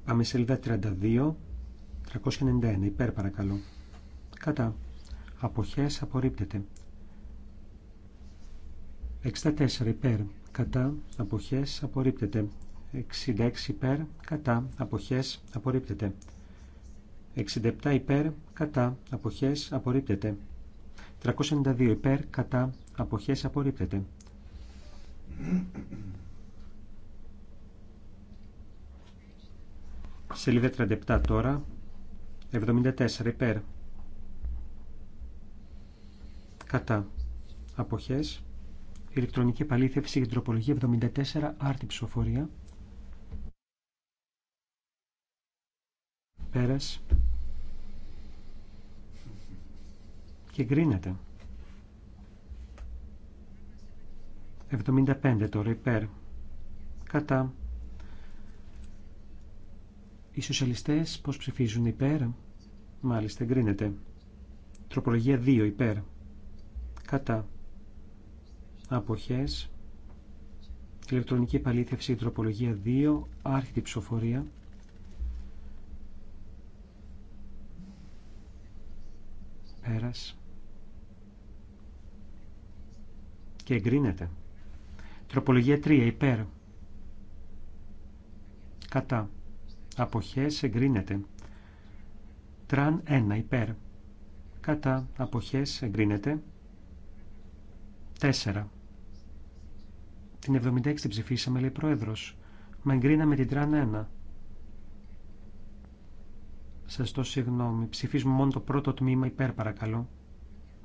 Πάμε σελίδα 32 391 υπέρ παρακαλώ κατά αποχές απορρίπτεται 64 υπέρ κατά αποχές απορρίπτεται 66 υπέρ κατά αποχές απορρίπτεται 67 υπέρ κατά αποχές απορρίπτεται. 392 υπέρ κατά αποχές απορρίπτεται. 37 τώρα. 74 υπέρ κατά αποχές. Ηλεκτρονική επαλήθευση για την τροπολογία 74 άρτη ψηφοφορία. Πέρας. και γκρίνεται. 75 τώρα υπέρ κατά οι σοσιαλιστές πως ψηφίζουν υπέρ μάλιστα γκρίνεται. τροπολογία 2 υπέρ κατά αποχές ηλεκτρονική επαλήθευση τροπολογία 2 άρχιτη ψηφοφορία πέρας και εγκρίνεται. Τροπολογία 3 υπέρ. Κατά. Αποχές εγκρίνεται. Τραν 1 υπέρ. Κατά. Αποχές εγκρίνεται. 4. Την 76 ψηφίσαμε, λέει πρόεδρος. Με εγκρίναμε την τραν 1. Σα το συγγνώμη. Ψηφίζουμε μόνο το πρώτο τμήμα υπέρ παρακαλώ.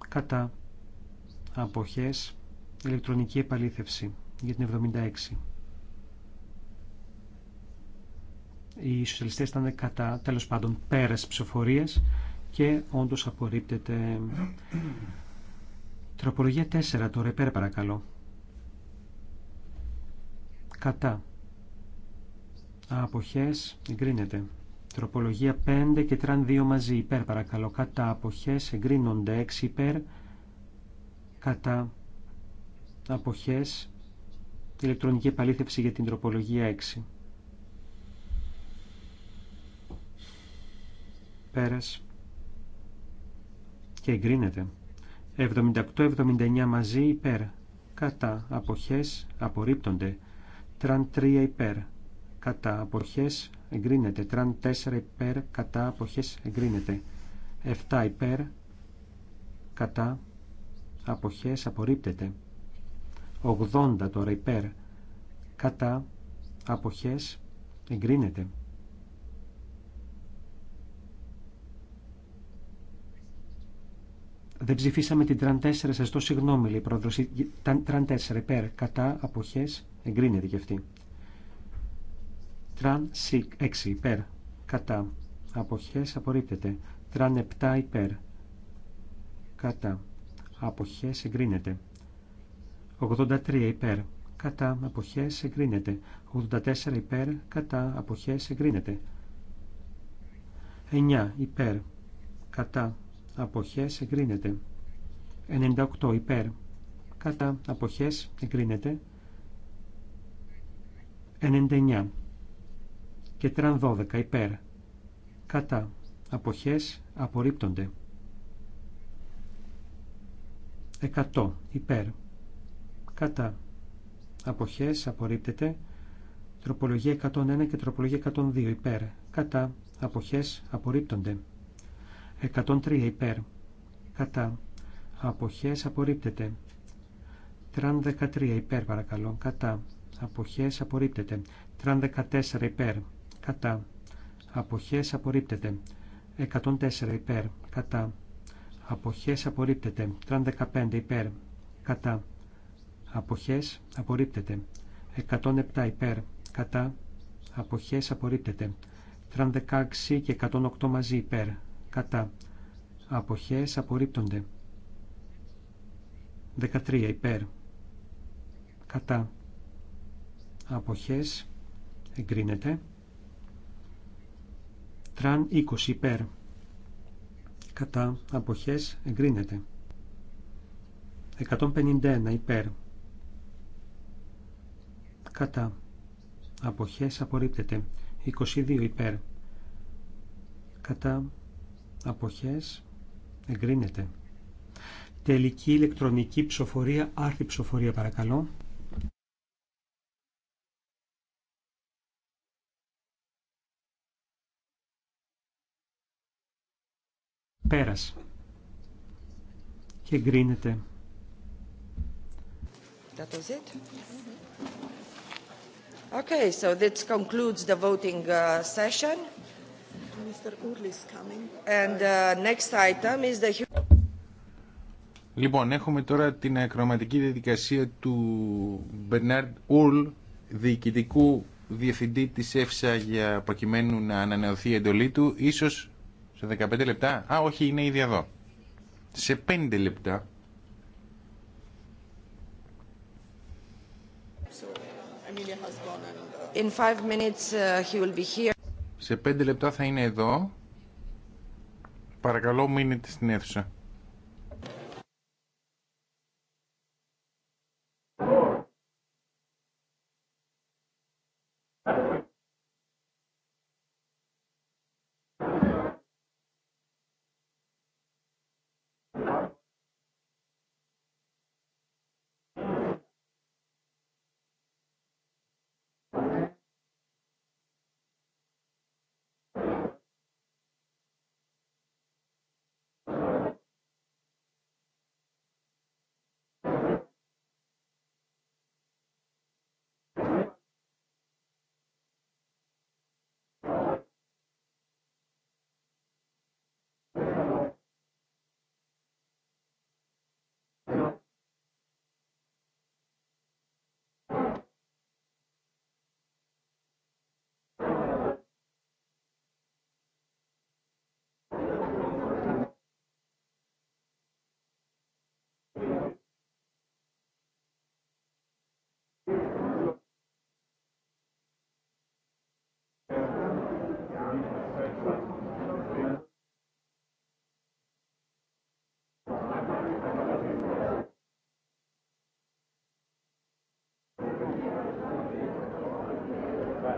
Κατά. Αποχές ηλεκτρονική επαλήθευση για την 76. Οι σοσιαλιστές ήταν κατά, τέλος πάντων, πέρας ψηφοφορίες και όντως απορρίπτεται. Τροπολογία 4 τώρα, υπέρ παρακαλώ. Κατά. Αποχές εγκρίνεται. Τροπολογία 5 και τραν 2 μαζί υπέρ παρακαλώ. Κατά αποχές εγκρίνονται 6 υπέρ. Κατά αποχές, ηλεκτρονική επαλήθευση για την τροπολογία 6. Πέρας και εγκρίνεται. 78-79 μαζί υπέρ. Κατά αποχές απορρίπτονται. Τραν 3 υπέρ. Κατά αποχές εγκρίνεται. Τραν 4 υπέρ. Κατά αποχές εγκρίνεται. 7 υπέρ. Κατά αποχές απορρίπτεται. 80 τώρα υπέρ κατά αποχές εγκρίνεται. Δεν ψηφίσαμε την τραν 4, σας το συγγνώμη, λέει πρόεδρος. Τραν 4 υπέρ κατά αποχές εγκρίνεται και αυτή. Τραν 6 υπέρ κατά αποχές απορρίπτεται. Τραν 7 υπέρ κατά αποχές εγκρίνεται. 83 υπέρ κατά αποχές εγκρίνεται. 84 υπέρ κατά αποχές εγκρίνεται. 9 υπέρ κατά αποχές εγκρίνεται. 98 υπέρ κατά αποχές εγκρίνεται. 99 και 12 υπέρ κατά αποχές απορρίπτονται. 100 υπέρ κατά αποχές απορρίπτεται τροπολογία 101 και τροπολογία 102 υπέρ κατά αποχές απορρίπτονται 103 υπέρ κατά αποχές απορρίπτεται τραν 13 υπέρ παρακαλώ κατά αποχές απορρίπτεται τραν 14 υπέρ κατά αποχές απορρίπτεται 104 υπέρ κατά αποχές απορρίπτεται τραν 15 υπέρ κατά αποχές απορρίπτεται. 107 υπέρ κατά αποχές απορρίπτεται. 36 και 108 μαζί υπέρ κατά αποχές απορρίπτονται. 13 υπέρ κατά αποχές εγκρίνεται. Τραν 20 υπέρ κατά αποχές εγκρίνεται. 151 υπέρ κατά αποχές απορρίπτεται 22 υπέρ κατά αποχές εγκρίνεται τελική ηλεκτρονική ψηφοφορία άρθρη ψηφοφορία παρακαλώ πέρας και εγκρίνεται Okay, so this concludes the voting uh, session. Mr. Is coming. And uh, next item is the... Λοιπόν, έχουμε τώρα την ακροματική διαδικασία του Bernard Ουλ, διοικητικού διευθυντή της ΕΦΣΑ για προκειμένου να ανανεωθεί η εντολή του, ίσως σε 15 λεπτά. Α, όχι, είναι ήδη εδώ. Σε 5 λεπτά Uh, Σε πέντε λεπτά θα είναι εδώ. Παρακαλώ μείνετε στην αίθουσα.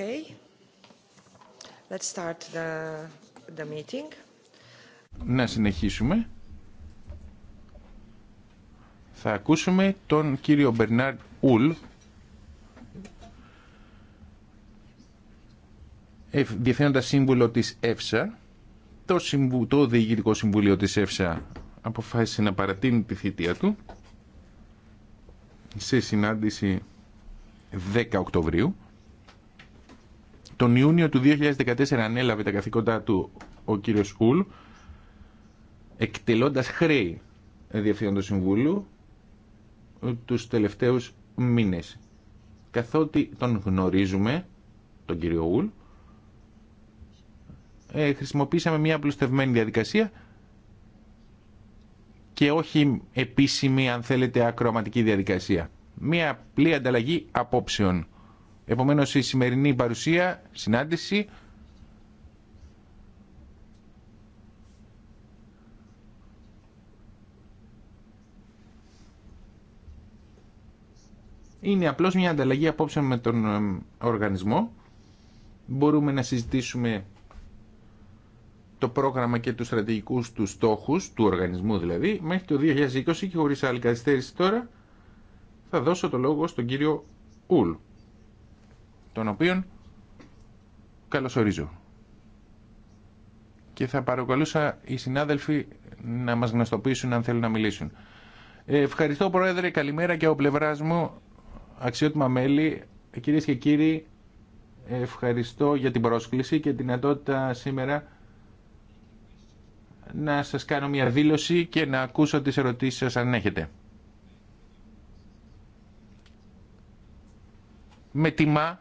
Okay. Let's start the, the meeting. Να συνεχίσουμε. Θα ακούσουμε τον κύριο Μπερνάρντ Ουλ, διευθύνοντα σύμβουλο της ΕΦΣΑ. Το, συμβου, το Συμβούλιο της ΕΦΣΑ αποφάσισε να παρατείνει τη θητεία του σε συνάντηση 10 Οκτωβρίου. Τον Ιούνιο του 2014 ανέλαβε τα καθήκοντά του ο κύριος Ουλ, εκτελώντας χρέη του συμβούλου τους τελευταίους μήνες. Καθότι τον γνωρίζουμε, τον κύριο Ουλ, ε, χρησιμοποίησαμε μια απλουστευμένη διαδικασία και όχι επίσημη, αν θέλετε, ακροαματική διαδικασία. Μια απλή ανταλλαγή απόψεων Επομένως η σημερινή παρουσία, συνάντηση, είναι απλώς μια ανταλλαγή απόψε με τον οργανισμό. Μπορούμε να συζητήσουμε το πρόγραμμα και τους στρατηγικούς του στόχους, του οργανισμού δηλαδή, μέχρι το 2020 και χωρίς άλλη καθυστέρηση τώρα, θα δώσω το λόγο στον κύριο Ουλ των οποίων καλωσορίζω. Και θα παρακαλούσα οι συνάδελφοι να μας γνωστοποιήσουν αν θέλουν να μιλήσουν. Ε, ευχαριστώ Πρόεδρε, καλημέρα και ο πλευρά μου, αξιότιμα μέλη, ε, κυρίες και κύριοι, ευχαριστώ για την πρόσκληση και την δυνατότητα σήμερα να σας κάνω μια δήλωση και να ακούσω τις ερωτήσεις σας αν έχετε. Με τιμά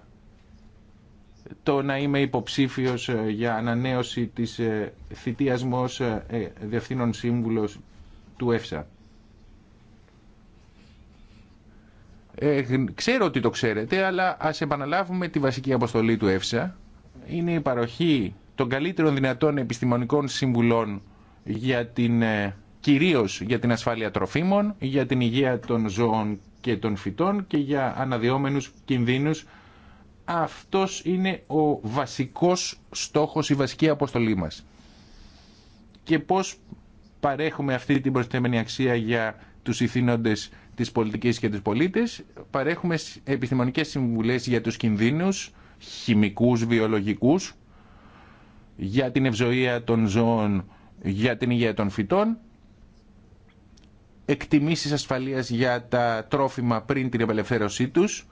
το να είμαι υποψήφιος ε, για ανανέωση της ε, θητείας μου ως ε, διευθύνων σύμβουλος του ΕΦΣΑ. Ε, ξέρω ότι το ξέρετε, αλλά ας επαναλάβουμε τη βασική αποστολή του ΕΦΣΑ. Είναι η παροχή των καλύτερων δυνατών επιστημονικών συμβουλών για την, κυρίως για την ασφάλεια τροφίμων, για την υγεία των ζώων και των φυτών και για αναδυόμενους κινδύνους αυτός είναι ο βασικός στόχος, η βασική αποστολή μας. Και πώς παρέχουμε αυτή την προσθέμενη αξία για τους ηθήνοντες της πολιτικής και τους πολίτες, παρέχουμε επιστημονικές συμβουλές για τους κινδύνους, χημικούς, βιολογικούς, για την ευζοία των ζώων, για την υγεία των φυτών, εκτιμήσεις ασφαλείας για τα τρόφιμα πριν την απελευθέρωσή τους,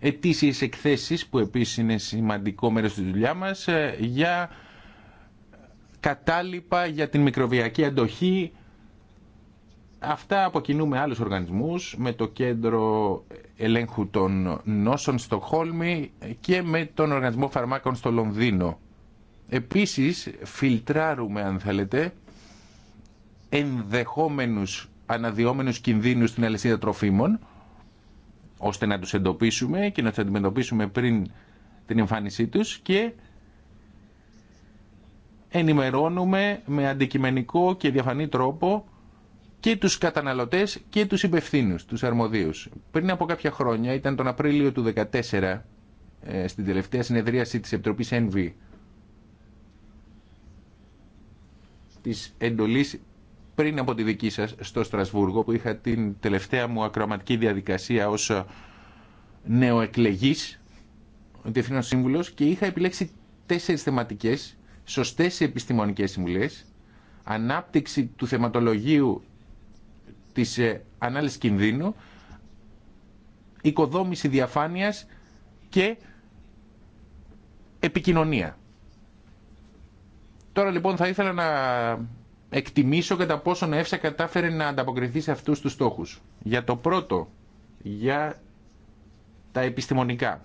ετήσιες εκθέσεις που επίσης είναι σημαντικό μέρος της δουλειά μας ε, για κατάλοιπα για την μικροβιακή αντοχή Αυτά αποκινούμε άλλους οργανισμούς με το Κέντρο Ελέγχου των Νόσων στο Χόλμη και με τον Οργανισμό Φαρμάκων στο Λονδίνο. Επίσης φιλτράρουμε αν θέλετε ενδεχόμενους αναδυόμενους κινδύνους στην αλυσίδα τροφίμων ώστε να τους εντοπίσουμε και να τους αντιμετωπίσουμε πριν την εμφάνισή τους και ενημερώνουμε με αντικειμενικό και διαφανή τρόπο και τους καταναλωτές και τους υπευθύνους, τους αρμοδίους. Πριν από κάποια χρόνια, ήταν τον Απρίλιο του 2014, ε, στην τελευταία συνεδρίαση της Επιτροπής ΕΝΒΗ, της εντολής πριν από τη δική σας στο Στρασβούργο που είχα την τελευταία μου ακροαματική διαδικασία ως ε, νεοεκλεγής διευθύνων σύμβουλος και είχα επιλέξει τέσσερις θεματικές σωστές επιστημονικές συμβουλές ανάπτυξη του θεματολογίου της ε, ανάλυσης κινδύνου οικοδόμηση διαφάνειας και επικοινωνία. Τώρα λοιπόν θα ήθελα να εκτιμήσω κατά πόσον ο ΕΦΣΑ κατάφερε να ανταποκριθεί σε αυτούς τους στόχους. Για το πρώτο, για τα επιστημονικά.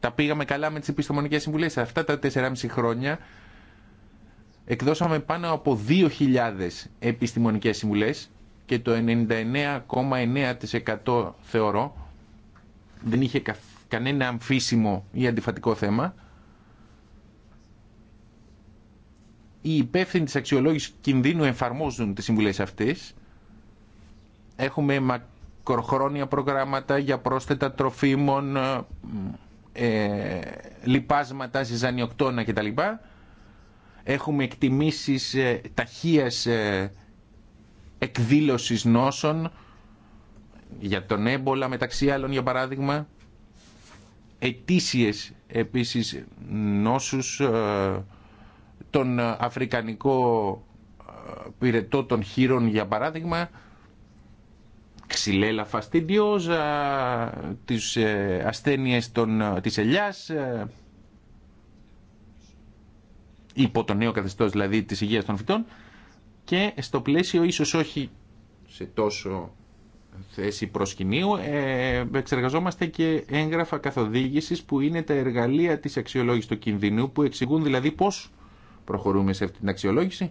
Τα πήγαμε καλά με τις επιστημονικές συμβουλές. Αυτά τα 4,5 χρόνια εκδώσαμε πάνω από 2.000 επιστημονικές συμβουλές και το 99,9% θεωρώ δεν είχε κανένα αμφίσιμο ή αντιφατικό θέμα. οι υπεύθυνοι τη αξιολόγηση κινδύνου εφαρμόζουν τις συμβουλές αυτές. Έχουμε μακροχρόνια προγράμματα για πρόσθετα τροφίμων, ε, ε, λιπάσματα, ζυζανιοκτώνα κτλ. Έχουμε εκτιμήσεις ε, ταχείας ε, εκδήλωσης νόσων για τον έμπολα μεταξύ άλλων για παράδειγμα. Ετήσιες επίσης νόσους ε, τον ε, αφρικανικό ε, πυρετό των χείρων για παράδειγμα ξυλέλα φαστιντιόζα τις ε, ασθένειες των, της ελιάς υπό το νέο καθεστώς δηλαδή της υγείας των φυτών και στο πλαίσιο ίσως όχι σε τόσο θέση προσκυνείου εξεργαζόμαστε και έγγραφα καθοδήγησης που είναι τα εργαλεία της αξιολόγησης του κινδυνού που εξηγούν δηλαδή πώς προχωρούμε σε αυτή την αξιολόγηση.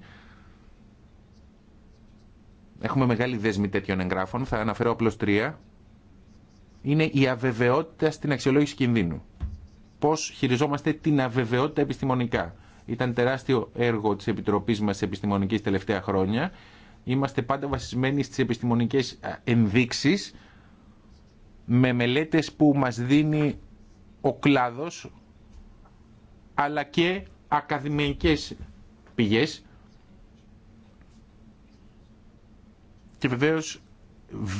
Έχουμε μεγάλη δέσμη τέτοιων εγγράφων, θα αναφέρω απλώ τρία. Είναι η αβεβαιότητα στην αξιολόγηση κινδύνου. Πώ χειριζόμαστε την αβεβαιότητα επιστημονικά. Ήταν τεράστιο έργο τη Επιτροπή μα Επιστημονική τελευταία χρόνια. Είμαστε πάντα βασισμένοι στι επιστημονικέ ενδείξει με μελέτες που μας δίνει ο κλάδος αλλά και ακαδημαϊκές πηγές και βεβαίως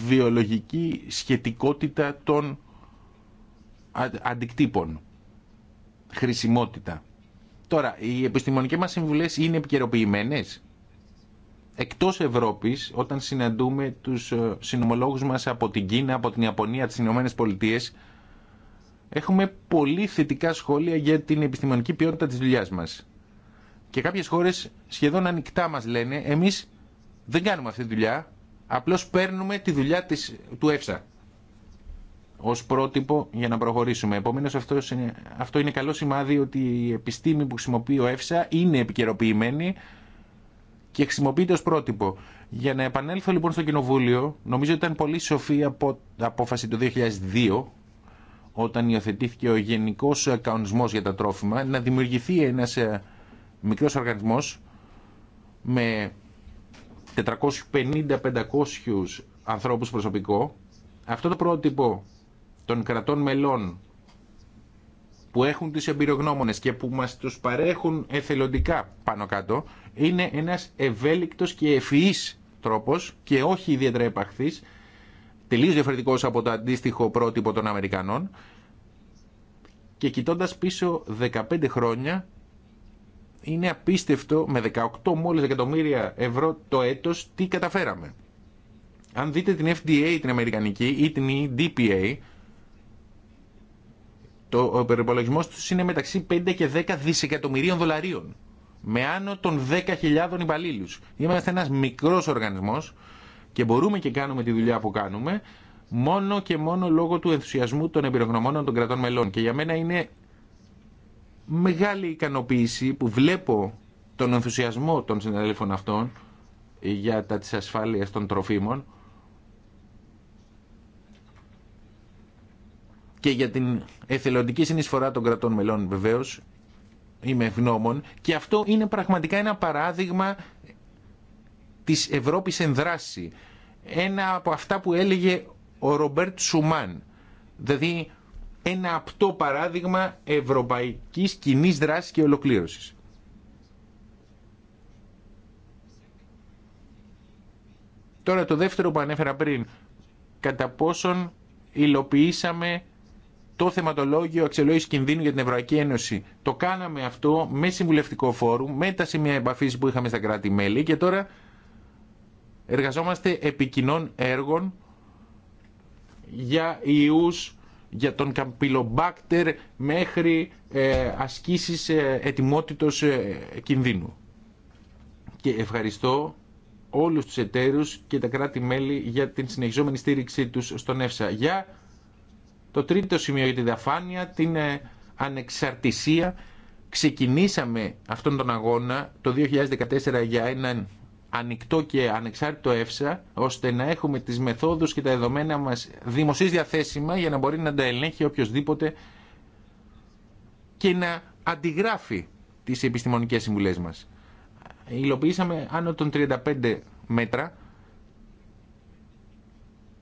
βιολογική σχετικότητα των αντικτύπων, χρησιμότητα. Τώρα, οι επιστημονικές μας συμβουλές είναι επικαιροποιημένε. Εκτός Ευρώπης, όταν συναντούμε τους ε, συνομολόγους μας από την Κίνα, από την Ιαπωνία, τις Ηνωμένες Πολιτείες, Έχουμε πολύ θετικά σχόλια για την επιστημονική ποιότητα της δουλειάς μας. Και κάποιες χώρες σχεδόν ανοιχτά μας λένε, εμείς δεν κάνουμε αυτή τη δουλειά, απλώς παίρνουμε τη δουλειά της, του ΕΦΣΑ ως πρότυπο για να προχωρήσουμε. Επομένως αυτό είναι, αυτό είναι καλό σημάδι ότι η επιστήμη που χρησιμοποιεί ο ΕΦΣΑ είναι επικαιροποιημένη και χρησιμοποιείται ως πρότυπο. Για να επανέλθω λοιπόν στο Κοινοβούλιο, νομίζω ήταν πολύ σοφή από, απόφαση του 2002 όταν υιοθετήθηκε ο γενικό ε, κανονισμός για τα τρόφιμα να δημιουργηθεί ένας ε, μικρό οργανισμός με 450-500 ανθρώπους προσωπικό. Αυτό το πρότυπο των κρατών μελών που έχουν τις εμπειρογνώμονες και που μας τους παρέχουν εθελοντικά πάνω κάτω είναι ένας ευέλικτος και ευφυής τρόπος και όχι ιδιαίτερα επαχθής τελείω διαφορετικό από το αντίστοιχο πρότυπο των Αμερικανών και κοιτώντα πίσω 15 χρόνια είναι απίστευτο με 18 μόλι εκατομμύρια ευρώ το έτος τι καταφέραμε. Αν δείτε την FDA την Αμερικανική ή την e DPA το περιπολογισμό του είναι μεταξύ 5 και 10 δισεκατομμυρίων δολαρίων με άνω των 10.000 υπαλλήλου. Είμαστε ένα μικρό οργανισμό και μπορούμε και κάνουμε τη δουλειά που κάνουμε μόνο και μόνο λόγω του ενθουσιασμού των εμπειρογνωμόνων των κρατών μελών. Και για μένα είναι μεγάλη ικανοποίηση που βλέπω τον ενθουσιασμό των συναδέλφων αυτών για τα της ασφάλειας των τροφίμων και για την εθελοντική συνεισφορά των κρατών μελών βεβαίως είμαι ευγνώμων και αυτό είναι πραγματικά ένα παράδειγμα της Ευρώπης εν δράση. Ένα από αυτά που έλεγε ο Ρομπέρτ Σουμάν. Δηλαδή ένα απτό παράδειγμα ευρωπαϊκής κοινή δράσης και ολοκλήρωσης. Τώρα το δεύτερο που ανέφερα πριν, κατά πόσον υλοποιήσαμε το θεματολόγιο αξιολόγηση κινδύνου για την Ευρωπαϊκή Ένωση. Το κάναμε αυτό με συμβουλευτικό φόρουμ, με τα σημεία επαφή που είχαμε στα κράτη-μέλη και τώρα Εργαζόμαστε επί κοινών έργων για ιούς, για τον καμπυλομπάκτερ μέχρι ε, ασκήσεις ε, ετοιμότητος ε, κινδύνου. Και ευχαριστώ όλους τους εταίρους και τα κράτη-μέλη για την συνεχιζόμενη στήριξή τους στον ΕΦΣΑ. Για το τρίτο σημείο για τη διαφάνεια, την ε, ανεξαρτησία. Ξεκινήσαμε αυτόν τον αγώνα το 2014 για έναν ανοιχτό και ανεξάρτητο ΕΦΣΑ, ώστε να έχουμε τις μεθόδους και τα δεδομένα μας δημοσίως διαθέσιμα για να μπορεί να τα ελέγχει οποιοδήποτε και να αντιγράφει τις επιστημονικές συμβουλές μας. Υλοποιήσαμε άνω των 35 μέτρα,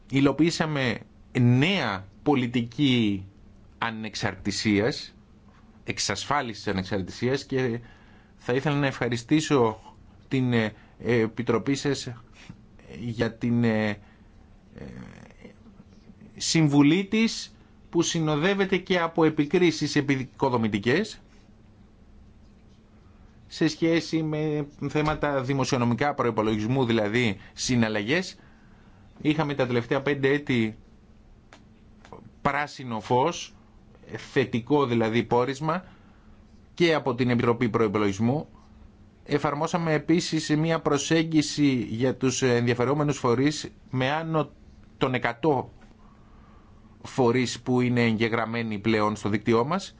υλοποιήσαμε νέα πολιτική ανεξαρτησίας, εξασφάλισης ανεξαρτησίας και θα ήθελα να ευχαριστήσω την Επιτροπή για την ε, ε, συμβουλή της που συνοδεύεται και από επικρίσεις επικοδομητικές σε σχέση με θέματα δημοσιονομικά προϋπολογισμού, δηλαδή συναλλαγές. Είχαμε τα τελευταία πέντε έτη πράσινο φως, θετικό δηλαδή πόρισμα και από την Επιτροπή Προϋπολογισμού Εφαρμόσαμε επίσης μια προσέγγιση για τους ενδιαφερόμενους φορείς με άνω των 100 φορείς που είναι εγγεγραμμένοι πλέον στο δίκτυό μας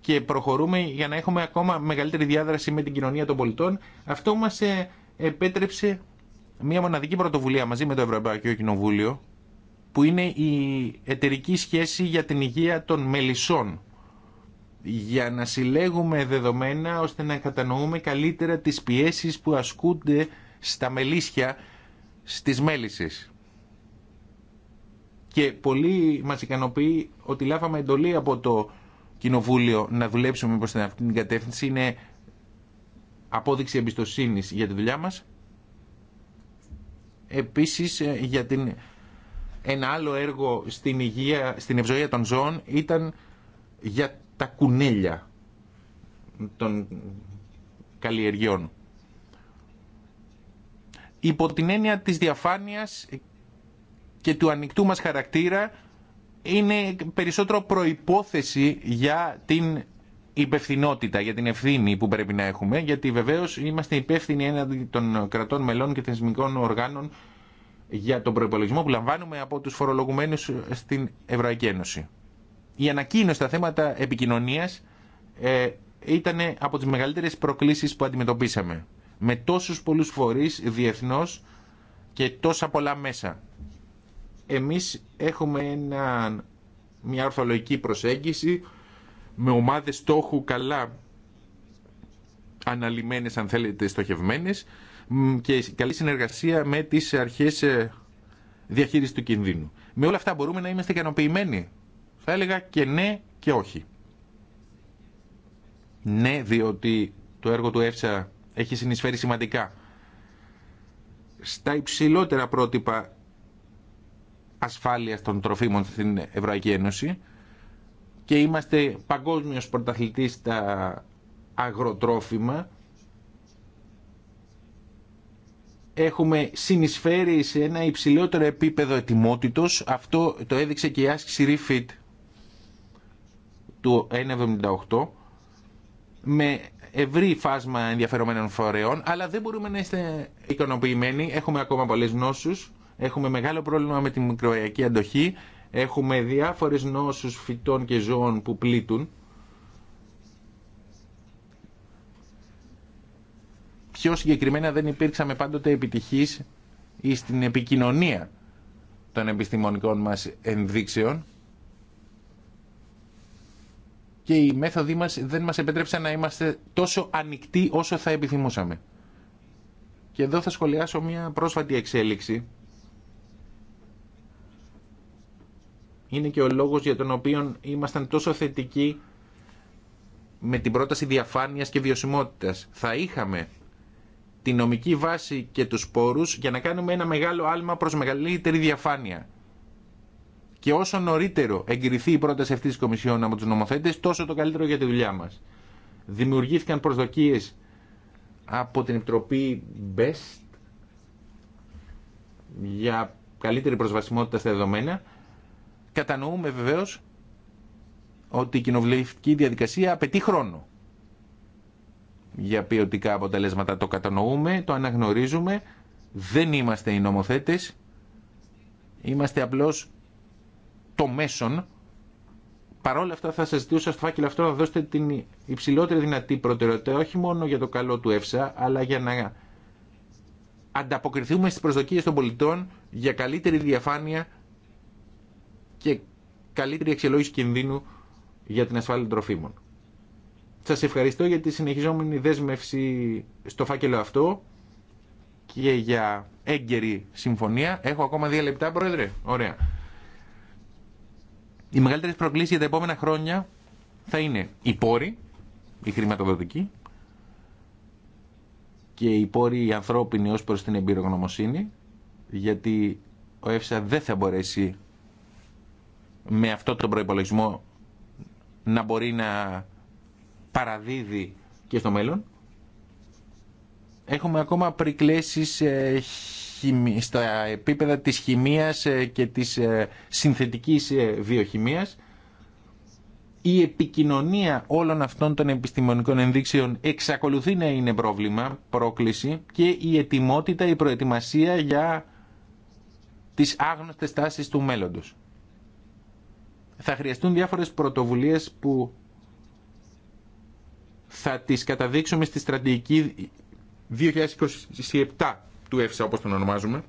και προχωρούμε για να έχουμε ακόμα μεγαλύτερη διάδραση με την κοινωνία των πολιτών. Αυτό μας ε, επέτρεψε μια μοναδική πρωτοβουλία μαζί με το Ευρωπαϊκό Κοινοβούλιο που είναι η εταιρική σχέση για την υγεία των μελισσών για να συλλέγουμε δεδομένα ώστε να κατανοούμε καλύτερα τις πιέσεις που ασκούνται στα μελίσια στις μέλισσες. Και πολύ μας ικανοποιεί ότι λάβαμε εντολή από το Κοινοβούλιο να δουλέψουμε προς αυτή την κατεύθυνση. Είναι απόδειξη εμπιστοσύνης για τη δουλειά μας. Επίσης ε, για την... ένα άλλο έργο στην, υγεία, στην ευζοία των ζώων ήταν για τα κουνέλια των καλλιεργιών. Υπό την έννοια της διαφάνειας και του ανοιχτού μας χαρακτήρα είναι περισσότερο προϋπόθεση για την υπευθυνότητα, για την ευθύνη που πρέπει να έχουμε, γιατί βεβαίως είμαστε υπεύθυνοι έναντι των κρατών μελών και θεσμικών οργάνων για τον προπολογισμό που λαμβάνουμε από τους φορολογουμένους στην Ευρωπαϊκή Ένωση η ανακοίνωση στα θέματα επικοινωνίας ε, ήταν από τις μεγαλύτερες προκλήσεις που αντιμετωπίσαμε. Με τόσους πολλού φορεί διεθνώ και τόσα πολλά μέσα. Εμείς έχουμε ένα, μια ορθολογική προσέγγιση με ομάδες στόχου καλά αναλυμένες αν θέλετε στοχευμένες και καλή συνεργασία με τις αρχές ε, διαχείρισης του κινδύνου. Με όλα αυτά μπορούμε να είμαστε ικανοποιημένοι θα έλεγα και ναι και όχι. Ναι, διότι το έργο του ΕΦΣΑ έχει συνεισφέρει σημαντικά στα υψηλότερα πρότυπα ασφάλειας των τροφίμων στην Ευρωπαϊκή Ένωση και είμαστε παγκόσμιος πρωταθλητής στα αγροτρόφιμα έχουμε συνεισφέρει σε ένα υψηλότερο επίπεδο ετοιμότητος αυτό το έδειξε και η άσκηση Refit του 1978, με ευρύ φάσμα ενδιαφερομένων φορέων, αλλά δεν μπορούμε να είστε ικανοποιημένοι. Έχουμε ακόμα πολλές νόσους, έχουμε μεγάλο πρόβλημα με τη μικροαιακή αντοχή, έχουμε διάφορες νόσους φυτών και ζώων που πλήττουν. Πιο συγκεκριμένα δεν υπήρξαμε πάντοτε επιτυχής στην επικοινωνία των επιστημονικών μας ενδείξεων και η μέθοδοι μας δεν μας επέτρεψε να είμαστε τόσο ανοιχτοί όσο θα επιθυμούσαμε. Και εδώ θα σχολιάσω μια πρόσφατη εξέλιξη. Είναι και ο λόγος για τον οποίο ήμασταν τόσο θετικοί με την πρόταση διαφάνειας και βιωσιμότητας. Θα είχαμε τη νομική βάση και τους πόρους για να κάνουμε ένα μεγάλο άλμα προς μεγαλύτερη διαφάνεια. Και όσο νωρίτερο εγκριθεί η πρόταση αυτή τη Κομισιόν από του νομοθέτε, τόσο το καλύτερο για τη δουλειά μα. Δημιουργήθηκαν προσδοκίε από την Επιτροπή BEST για καλύτερη προσβασιμότητα στα δεδομένα. Κατανοούμε βεβαίω ότι η κοινοβουλευτική διαδικασία απαιτεί χρόνο για ποιοτικά αποτελέσματα. Το κατανοούμε, το αναγνωρίζουμε. Δεν είμαστε οι νομοθέτες. Είμαστε απλώς το μέσον. Παρόλα αυτά θα σας ζητούσα στο φάκελο αυτό να δώσετε την υψηλότερη δυνατή προτεραιότητα όχι μόνο για το καλό του ΕΦΣΑ αλλά για να ανταποκριθούμε στις προσδοκίες των πολιτών για καλύτερη διαφάνεια και καλύτερη αξιολόγηση κινδύνου για την ασφάλεια των τροφίμων. Σας ευχαριστώ για τη συνεχιζόμενη δέσμευση στο φάκελο αυτό και για έγκαιρη συμφωνία. Έχω ακόμα δύο λεπτά, Πρόεδρε. Ωραία. Οι μεγαλύτερε προκλήσει για τα επόμενα χρόνια θα είναι οι πόροι, η χρηματοδοτική και οι πόροι οι ανθρώπινοι ως προς την εμπειρογνωμοσύνη γιατί ο ΕΦΣΑ δεν θα μπορέσει με αυτό τον προϋπολογισμό να μπορεί να παραδίδει και στο μέλλον. Έχουμε ακόμα πρικλέσεις ε, στα επίπεδα της χημίας ε, και της ε, συνθετικής ε, βιοχημίας. Η επικοινωνία όλων αυτών των επιστημονικών ενδείξεων εξακολουθεί να είναι πρόβλημα, πρόκληση και η ετοιμότητα, η προετοιμασία για τις άγνωστες τάσεις του μέλλοντος. Θα χρειαστούν διάφορες πρωτοβουλίες που θα τις καταδείξουμε στη στρατηγική 2027 του ΕΦΣΑ όπως τον ονομάζουμε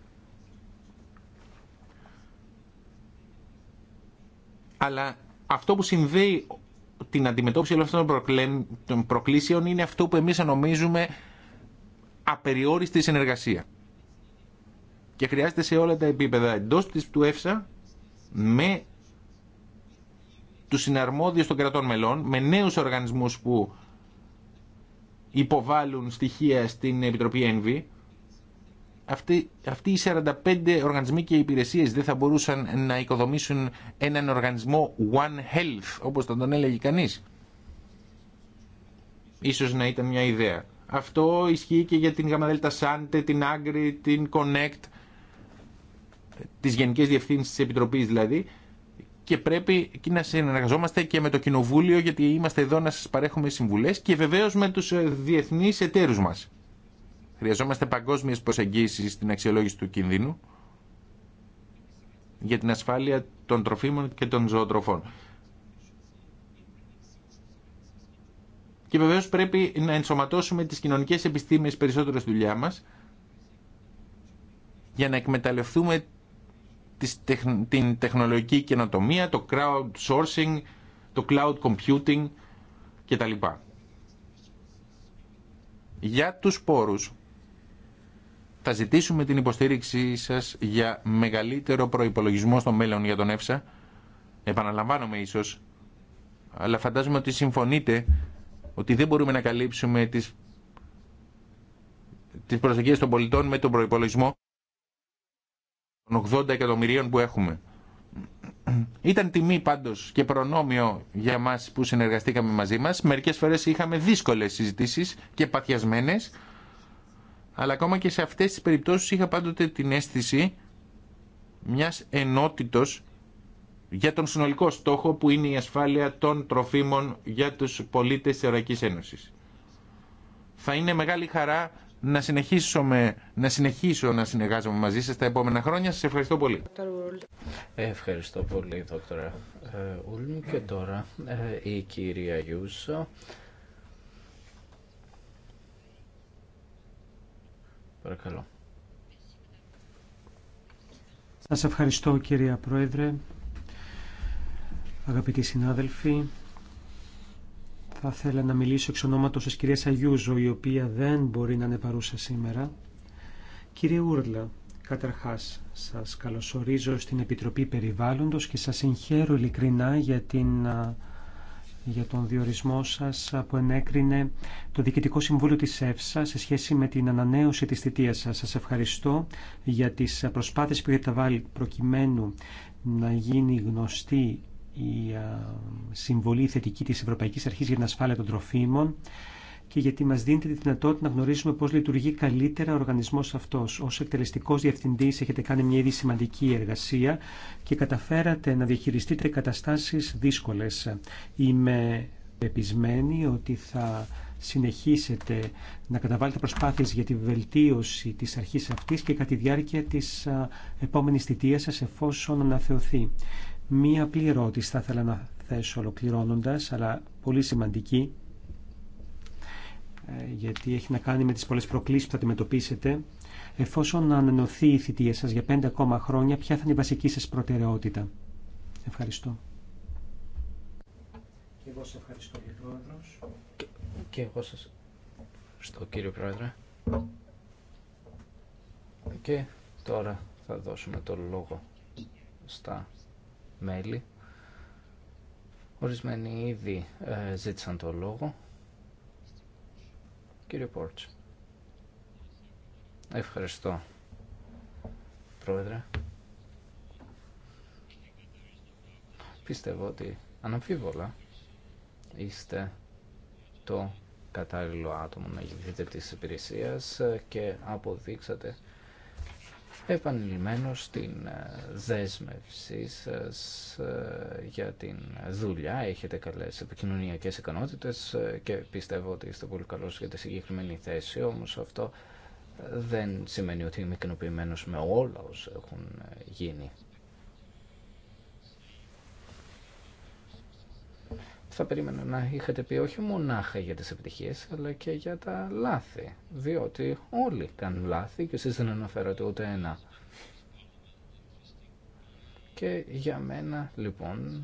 αλλά αυτό που συνδέει την αντιμετώπιση όλων αυτών των προκλήσεων είναι αυτό που εμείς νομίζουμε απεριόριστη συνεργασία. Και χρειάζεται σε όλα τα επίπεδα εντός της του ΕΦΣΑ με τους συναρμόδιους των κρατών μελών, με νέους οργανισμούς που υποβάλλουν στοιχεία στην Επιτροπή ΕΝΒΗ αυτοί, οι 45 οργανισμοί και υπηρεσίες δεν θα μπορούσαν να οικοδομήσουν έναν οργανισμό One Health, όπως θα τον έλεγε κανείς. Ίσως να ήταν μια ιδέα. Αυτό ισχύει και για την Γαμαδέλτα Σάντε, την Άγκρη, την Connect, τις Γενικές Διευθύνσεις της Επιτροπής δηλαδή, και πρέπει και να συνεργαζόμαστε και με το Κοινοβούλιο, γιατί είμαστε εδώ να σας παρέχουμε συμβουλές και βεβαίως με τους ε, διεθνείς εταίρους μας. Χρειαζόμαστε παγκόσμιες προσεγγίσεις στην αξιολόγηση του κινδύνου για την ασφάλεια των τροφίμων και των ζωοτροφών. Και βεβαίως πρέπει να ενσωματώσουμε τις κοινωνικές επιστήμες περισσότερο στη δουλειά μας για να εκμεταλλευτούμε την τεχνολογική καινοτομία, το crowdsourcing, το cloud computing κτλ. Για τους πόρους θα ζητήσουμε την υποστήριξή σας για μεγαλύτερο προϋπολογισμό στο μέλλον για τον ΕΦΣΑ. Επαναλαμβάνομαι ίσως, αλλά φαντάζομαι ότι συμφωνείτε ότι δεν μπορούμε να καλύψουμε τις, τις προσδοκίες των πολιτών με τον προϋπολογισμό των 80 εκατομμυρίων που έχουμε. Ήταν τιμή πάντως και προνόμιο για μας που συνεργαστήκαμε μαζί μας. Μερικές φορές είχαμε δύσκολες συζητήσεις και παθιασμένες αλλά ακόμα και σε αυτές τις περιπτώσεις είχα πάντοτε την αίσθηση μιας ενότητος για τον συνολικό στόχο που είναι η ασφάλεια των τροφίμων για τους πολίτες της Ευρωπαϊκής Ένωσης. Θα είναι μεγάλη χαρά να, συνεχίσουμε, να συνεχίσω να συνεργάζομαι μαζί σας τα επόμενα χρόνια. Σας ευχαριστώ πολύ. Ευχαριστώ πολύ, δόκτωρα Ε, Και τώρα ε, η κυρία Γιούσο Παρακαλώ. Σας ευχαριστώ κυρία Πρόεδρε, αγαπητοί συνάδελφοι. Θα ήθελα να μιλήσω εξ ονόματος της κυρίας Αγιούζο, η οποία δεν μπορεί να είναι παρούσα σήμερα. Κύριε Ούρλα, καταρχάς σας καλωσορίζω στην Επιτροπή Περιβάλλοντος και σας συγχαίρω ειλικρινά για την για τον διορισμό σας που ενέκρινε το Διοικητικό Συμβούλιο της ΕΦΣΑ σε σχέση με την ανανέωση της θητείας σας. Σας ευχαριστώ για τις προσπάθειες που έχετε βάλει προκειμένου να γίνει γνωστή η συμβολή θετική της Ευρωπαϊκής Αρχής για την ασφάλεια των τροφίμων και γιατί μας δίνετε τη δυνατότητα να γνωρίσουμε πώς λειτουργεί καλύτερα ο οργανισμός αυτός. Ως εκτελεστικός διευθυντής έχετε κάνει μια ήδη σημαντική εργασία και καταφέρατε να διαχειριστείτε καταστάσεις δύσκολες. Είμαι πεπισμένη ότι θα συνεχίσετε να καταβάλλετε προσπάθειες για τη βελτίωση της αρχής αυτής και κατά τη διάρκεια της επόμενης θητείας σας εφόσον αναθεωθεί. Μία απλή ερώτηση θα ήθελα να θέσω ολοκληρώνοντας, αλλά πολύ σημαντική. Ε, γιατί έχει να κάνει με τις πολλές προκλήσεις που θα αντιμετωπίσετε. Εφόσον ανανεωθεί η θητεία σας για πέντε ακόμα χρόνια, ποια θα είναι η βασική σας προτεραιότητα. Ευχαριστώ. Και εγώ σας ευχαριστώ, κύριε Πρόεδρο. Και, εγώ σας ευχαριστώ, κύριε Πρόεδρε. Και τώρα θα δώσουμε το λόγο στα μέλη. Ορισμένοι ήδη ε, ζήτησαν το λόγο. Κύριε Πόρτς. Ευχαριστώ. Πρόεδρε. Πιστεύω ότι αναμφίβολα είστε το κατάλληλο άτομο να γεννηθείτε της υπηρεσίας και αποδείξατε επανειλημμένως στην ε, δέσμευσή σας ε, για την δουλειά. Έχετε καλές επικοινωνιακές ικανότητες ε, και πιστεύω ότι είστε πολύ καλός για τη συγκεκριμένη θέση, όμως αυτό δεν σημαίνει ότι είμαι ικανοποιημένο με όλα όσα έχουν γίνει. θα περίμενα να είχατε πει όχι μονάχα για τις επιτυχίες αλλά και για τα λάθη διότι όλοι κάνουν λάθη και εσείς δεν αναφέρατε ούτε ένα και για μένα λοιπόν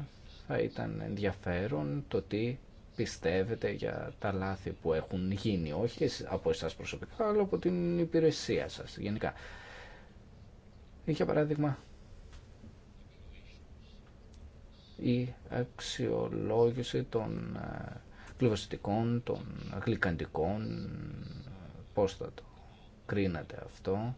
θα ήταν ενδιαφέρον το τι πιστεύετε για τα λάθη που έχουν γίνει όχι από εσάς προσωπικά αλλά από την υπηρεσία σας γενικά για παράδειγμα η αξιολόγηση των κλειβαστικών, ε, των γλυκαντικών, πώς θα το κρίνατε αυτό.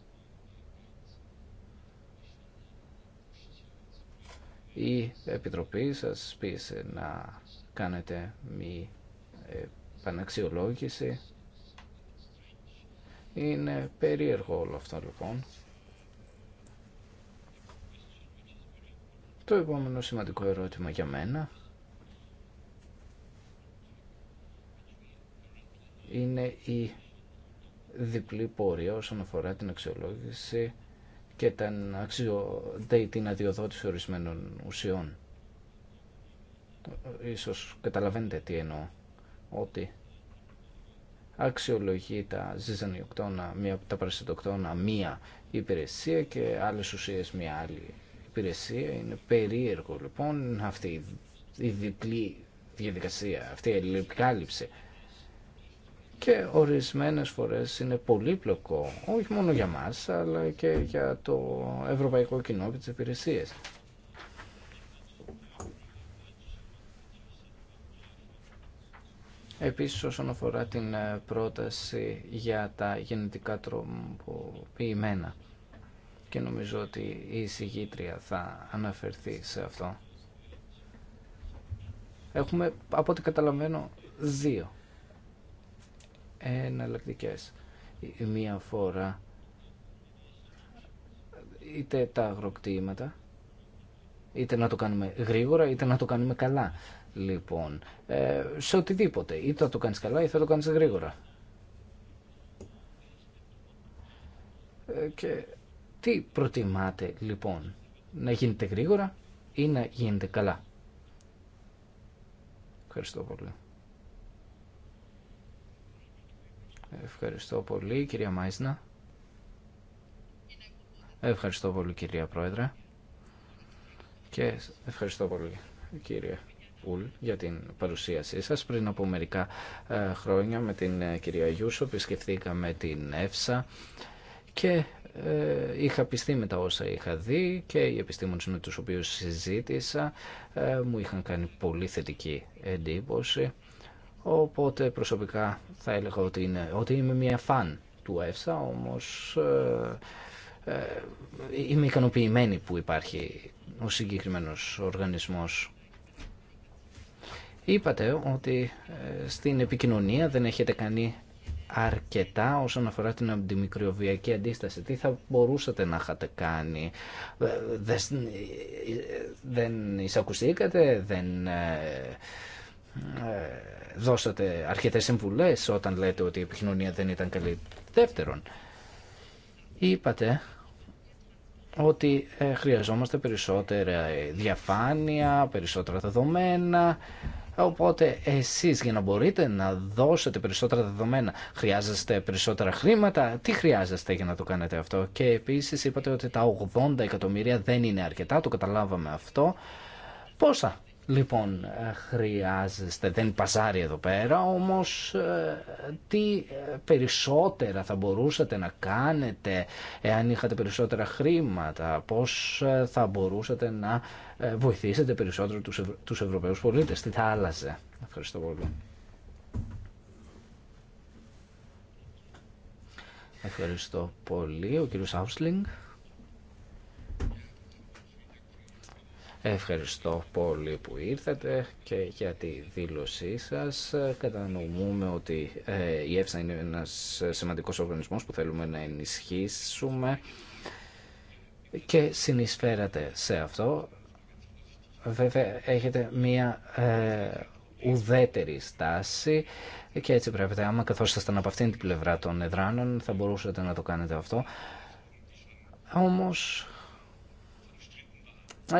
Η Επιτροπή σας πείσε να κάνετε μη επαναξιολόγηση. Είναι περίεργο όλο αυτό λοιπόν. Το επόμενο σημαντικό ερώτημα για μένα είναι η διπλή πορεία όσον αφορά την αξιολόγηση και την, αξιο... την αδειοδότηση ορισμένων ουσιών. Ίσως καταλαβαίνετε τι εννοώ, ότι αξιολογεί τα ζυζανιοκτώνα, τα παρασυντοκτώνα μία υπηρεσία και άλλες ουσίες μία άλλη υπηρεσία. Είναι περίεργο λοιπόν αυτή η διπλή διαδικασία, αυτή η επικάλυψη. Και ορισμένες φορές είναι πολύπλοκο, όχι μόνο για μας, αλλά και για το ευρωπαϊκό κοινό και τις υπηρεσίες. Επίσης όσον αφορά την ε, πρόταση για τα γενετικά τροποποιημένα και νομίζω ότι η εισηγήτρια θα αναφερθεί σε αυτό. Έχουμε, από ό,τι καταλαβαίνω, δύο εναλλακτικέ. Μία φορά είτε τα αγροκτήματα, είτε να το κάνουμε γρήγορα, είτε να το κάνουμε καλά. Λοιπόν, ε, σε οτιδήποτε, είτε θα το κάνεις καλά, είτε θα το κάνεις γρήγορα. Ε, και τι προτιμάτε λοιπόν, να γίνεται γρήγορα ή να γίνεται καλά. Ευχαριστώ πολύ. Ευχαριστώ πολύ κυρία Μάισνα. Ευχαριστώ πολύ κυρία Πρόεδρε. Και ευχαριστώ πολύ κύριε για την παρουσίασή σας. Πριν από μερικά ε, χρόνια με την ε, κυρία Γιούσο επισκεφθήκαμε την ΕΦΣΑ και ε, είχα πιστεί με τα όσα είχα δει και οι επιστήμονες με τους οποίους συζήτησα ε, μου είχαν κάνει πολύ θετική εντύπωση. Οπότε προσωπικά θα έλεγα ότι, είναι, ότι είμαι μια φαν του ΕΦΣΑ, όμως ε, ε, είμαι ικανοποιημένη που υπάρχει ο συγκεκριμένος οργανισμός. Είπατε ότι ε, στην επικοινωνία δεν έχετε κάνει αρκετά όσον αφορά την αντιμικροβιακή αντίσταση. Τι θα μπορούσατε να είχατε κάνει. Ε, δεν εισακουστήκατε, δεν ε, ε, δώσατε αρκετές συμβουλές όταν λέτε ότι η επικοινωνία δεν ήταν καλή. Δεύτερον, είπατε ότι χρειαζόμαστε περισσότερα διαφάνεια, περισσότερα δεδομένα, Οπότε εσείς για να μπορείτε να δώσετε περισσότερα δεδομένα χρειάζεστε περισσότερα χρήματα. Τι χρειάζεστε για να το κάνετε αυτό. Και επίσης είπατε ότι τα 80 εκατομμύρια δεν είναι αρκετά, το καταλάβαμε αυτό. Πόσα Λοιπόν, ε, χρειάζεστε, δεν παζάρει εδώ πέρα, όμως ε, τι ε, περισσότερα θα μπορούσατε να κάνετε εάν είχατε περισσότερα χρήματα, πώς θα μπορούσατε να βοηθήσετε περισσότερο τους, Ευρω... τους Ευρωπαίους πολίτες, τι θα άλλαζε. Ευχαριστώ πολύ. Ευχαριστώ πολύ, ο κύριος Άουσλινγκ. Ευχαριστώ πολύ που ήρθατε και για τη δήλωσή σας. Κατανοούμε ότι ε, η ΕΦΣΑ είναι ένας σημαντικός οργανισμός που θέλουμε να ενισχύσουμε και συνεισφέρατε σε αυτό. Βέβαια έχετε μία ε, ουδέτερη στάση και έτσι πρέπει άμα καθώς ήσασταν από αυτήν την πλευρά των εδράνων θα μπορούσατε να το κάνετε αυτό. Όμως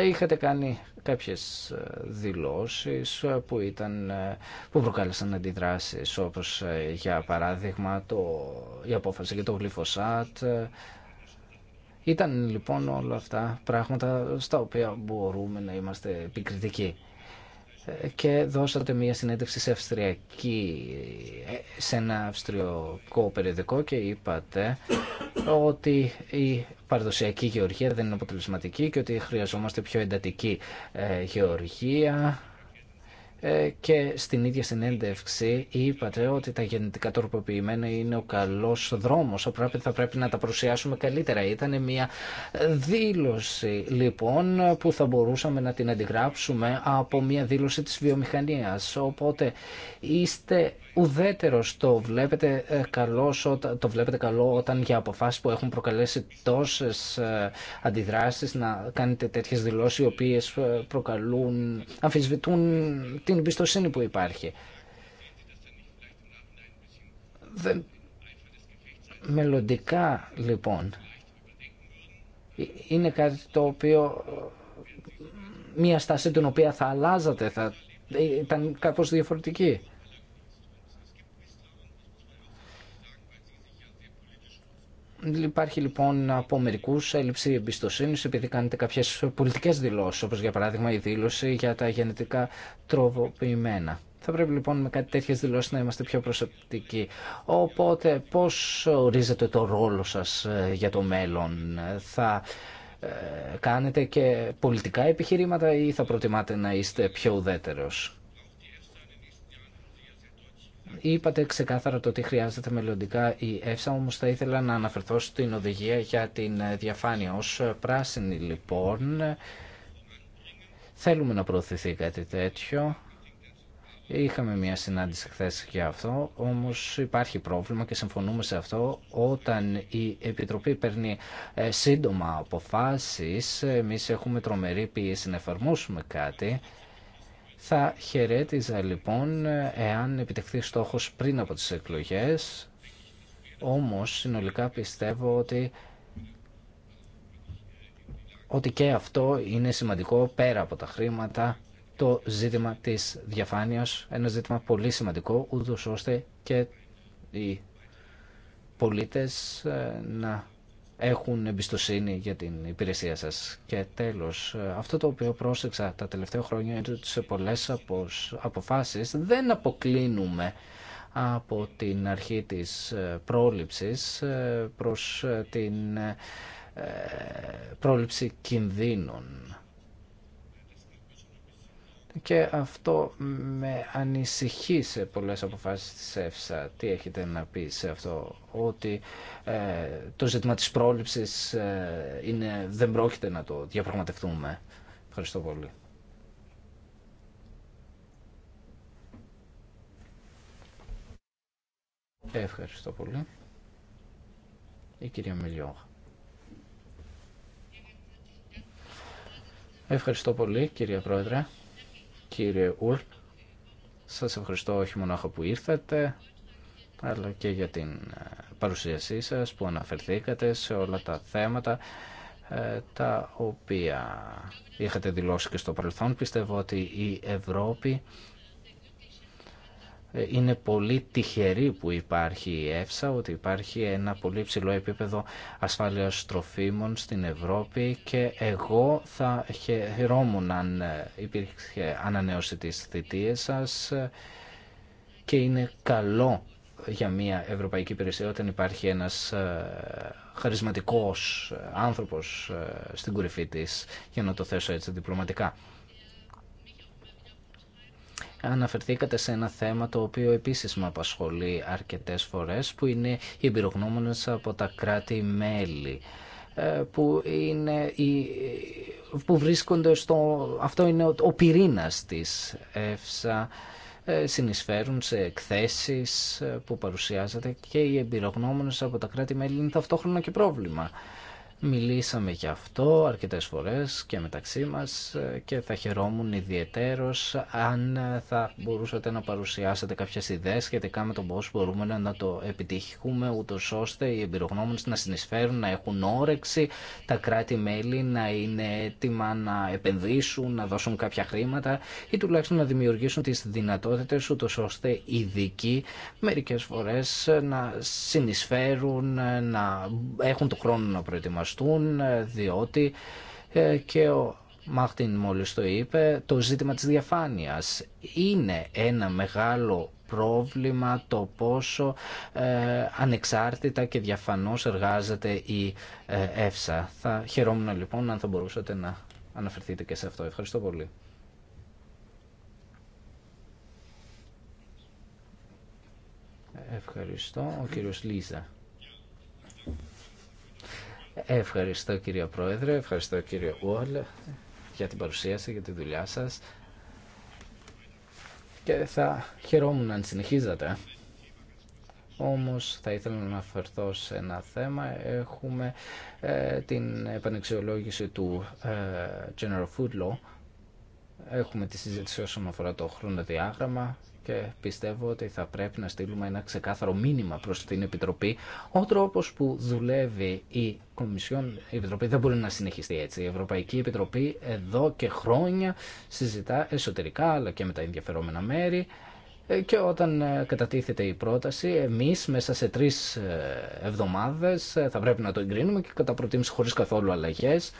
είχατε κάνει κάποιες ε, δηλώσεις που, ήταν, ε, που προκάλεσαν αντιδράσεις όπως ε, για παράδειγμα το, η απόφαση για το γλυφοσάτ ήταν λοιπόν όλα αυτά πράγματα στα οποία μπορούμε να είμαστε επικριτικοί και δώσατε μια συνέντευξη σε, αυστριακή, σε ένα αυστριακό περιοδικό και είπατε ότι η παραδοσιακή γεωργία δεν είναι αποτελεσματική και ότι χρειαζόμαστε πιο εντατική ε, γεωργία ε, και στην ίδια συνέντευξη είπατε ότι τα γενετικά τροποποιημένα είναι ο καλός δρόμος, οπότε θα πρέπει να τα παρουσιάσουμε καλύτερα. Ήταν μια δήλωση λοιπόν που θα μπορούσαμε να την αντιγράψουμε από μια δήλωση της βιομηχανίας. Οπότε είστε ουδέτερος το βλέπετε, ε, καλό, το βλέπετε καλό όταν για αποφάσει που έχουν προκαλέσει τόσες ε, αντιδράσεις να κάνετε τέτοιε δηλώσεις οι οποίες ε, προκαλούν, αμφισβητούν την εμπιστοσύνη που υπάρχει. Δεν... Μελλοντικά λοιπόν είναι κάτι το οποίο μια στάση την οποία θα αλλάζατε θα ήταν κάπως διαφορετική. Υπάρχει λοιπόν από μερικού έλλειψη εμπιστοσύνη επειδή κάνετε κάποιε πολιτικέ δηλώσει, όπω για παράδειγμα η δήλωση για τα γενετικά τροποποιημένα. Θα πρέπει λοιπόν με κάτι τέτοιε δηλώσει να είμαστε πιο προσεκτικοί. Οπότε, πώ ορίζετε το ρόλο σα ε, για το μέλλον, θα ε, κάνετε και πολιτικά επιχειρήματα ή θα προτιμάτε να είστε πιο ουδέτερος. Είπατε ξεκάθαρα το τι χρειάζεται μελλοντικά η ΕΦΣΑ, όμω θα ήθελα να αναφερθώ στην οδηγία για την ε, διαφάνεια. Ως ε, πράσινη λοιπόν, θέλουμε να προωθηθεί κάτι τέτοιο. Είχαμε μια συνάντηση χθε για αυτό, όμως υπάρχει πρόβλημα και συμφωνούμε σε αυτό. Όταν η Επιτροπή παίρνει ε, σύντομα αποφάσει. Εμεί έχουμε τρομερή πίεση να εφαρμόσουμε κάτι θα χαιρέτιζα λοιπόν εάν επιτευχθεί στόχος πριν από τις εκλογές, όμως συνολικά πιστεύω ότι ότι και αυτό είναι σημαντικό πέρα από τα χρήματα το ζήτημα της διαφάνειας, ένα ζήτημα πολύ σημαντικό, ούτως ώστε και οι πολίτες ε, να έχουν εμπιστοσύνη για την υπηρεσία σας. Και τέλος, αυτό το οποίο πρόσεξα τα τελευταία χρόνια είναι ότι σε πολλές αποφάσεις δεν αποκλίνουμε από την αρχή της ε, πρόληψης ε, προς ε, την πρόληψη κινδύνων και αυτό με ανησυχεί σε πολλές αποφάσεις της ΕΦΣΑ. Τι έχετε να πει σε αυτό, ότι ε, το ζήτημα της πρόληψης ε, είναι, δεν πρόκειται να το διαπραγματευτούμε. Ευχαριστώ πολύ. Ευχαριστώ πολύ. Η κυρία Μιλιόγα. Ευχαριστώ πολύ, κυρία Πρόεδρε κύριε Ουρ, Σας ευχαριστώ όχι μονάχα που ήρθατε, αλλά και για την ε, παρουσίασή σας που αναφερθήκατε σε όλα τα θέματα ε, τα οποία είχατε δηλώσει και στο παρελθόν. Πιστεύω ότι η Ευρώπη είναι πολύ τυχερή που υπάρχει η ΕΦΣΑ, ότι υπάρχει ένα πολύ ψηλό επίπεδο ασφάλειας τροφίμων στην Ευρώπη και εγώ θα χαιρόμουν αν υπήρχε ανανέωση της θητείας σας και είναι καλό για μια ευρωπαϊκή υπηρεσία όταν υπάρχει ένας ε, χαρισματικός άνθρωπος ε, στην κορυφή της, για να το θέσω έτσι διπλωματικά αναφερθήκατε σε ένα θέμα το οποίο επίσης με απασχολεί αρκετές φορές που είναι οι εμπειρογνώμονες από τα κράτη-μέλη ε, που, είναι, που βρίσκονται στο... αυτό είναι ο πυρήνας της ΕΦΣΑ ε, συνεισφέρουν σε εκθέσεις ε, που παρουσιάζεται και οι εμπειρογνώμονες από τα κράτη-μέλη είναι ταυτόχρονα και πρόβλημα. Μιλήσαμε γι' αυτό αρκετές φορές και μεταξύ μας ε, και θα χαιρόμουν ιδιαιτέρως αν ε, θα μπορούσατε να παρουσιάσετε κάποιες ιδέες σχετικά με το πώς μπορούμε να το επιτύχουμε ούτω ώστε οι εμπειρογνώμονες να συνεισφέρουν, να έχουν όρεξη, τα κράτη-μέλη να είναι έτοιμα να επενδύσουν, να δώσουν κάποια χρήματα ή τουλάχιστον να δημιουργήσουν τις δυνατότητες ούτω ώστε οι ειδικοί μερικές φορές να συνεισφέρουν, να έχουν το χρόνο να προετοιμάσουν ε, διότι ε, και ο Μάρτιν μόλις το είπε, το ζήτημα της διαφάνειας είναι ένα μεγάλο πρόβλημα το πόσο ε, ανεξάρτητα και διαφανώς εργάζεται η ε, ΕΦΣΑ. Θα χαιρόμουν λοιπόν αν θα μπορούσατε να αναφερθείτε και σε αυτό. Ευχαριστώ πολύ. Ευχαριστώ. Ο κύριος Λίζα. Ευχαριστώ κύριε Πρόεδρε, ευχαριστώ κύριε Ουόλ για την παρουσίαση, για τη δουλειά σας και θα χαιρόμουν αν συνεχίζατε. Όμως θα ήθελα να αναφερθώ σε ένα θέμα. Έχουμε ε, την επανεξιολόγηση του ε, General Food Law Έχουμε τη συζήτηση όσον αφορά το διάγραμμα και πιστεύω ότι θα πρέπει να στείλουμε ένα ξεκάθαρο μήνυμα προς την Επιτροπή. Ο τρόπος που δουλεύει η Κομισιόν, η Επιτροπή δεν μπορεί να συνεχιστεί έτσι. Η Ευρωπαϊκή Επιτροπή εδώ και χρόνια συζητά εσωτερικά αλλά και με τα ενδιαφερόμενα μέρη ε, και όταν ε, κατατίθεται η πρόταση, εμείς μέσα σε τρεις ε, εβδομάδες θα πρέπει να το εγκρίνουμε και κατά προτίμηση χωρίς καθόλου αλλαγές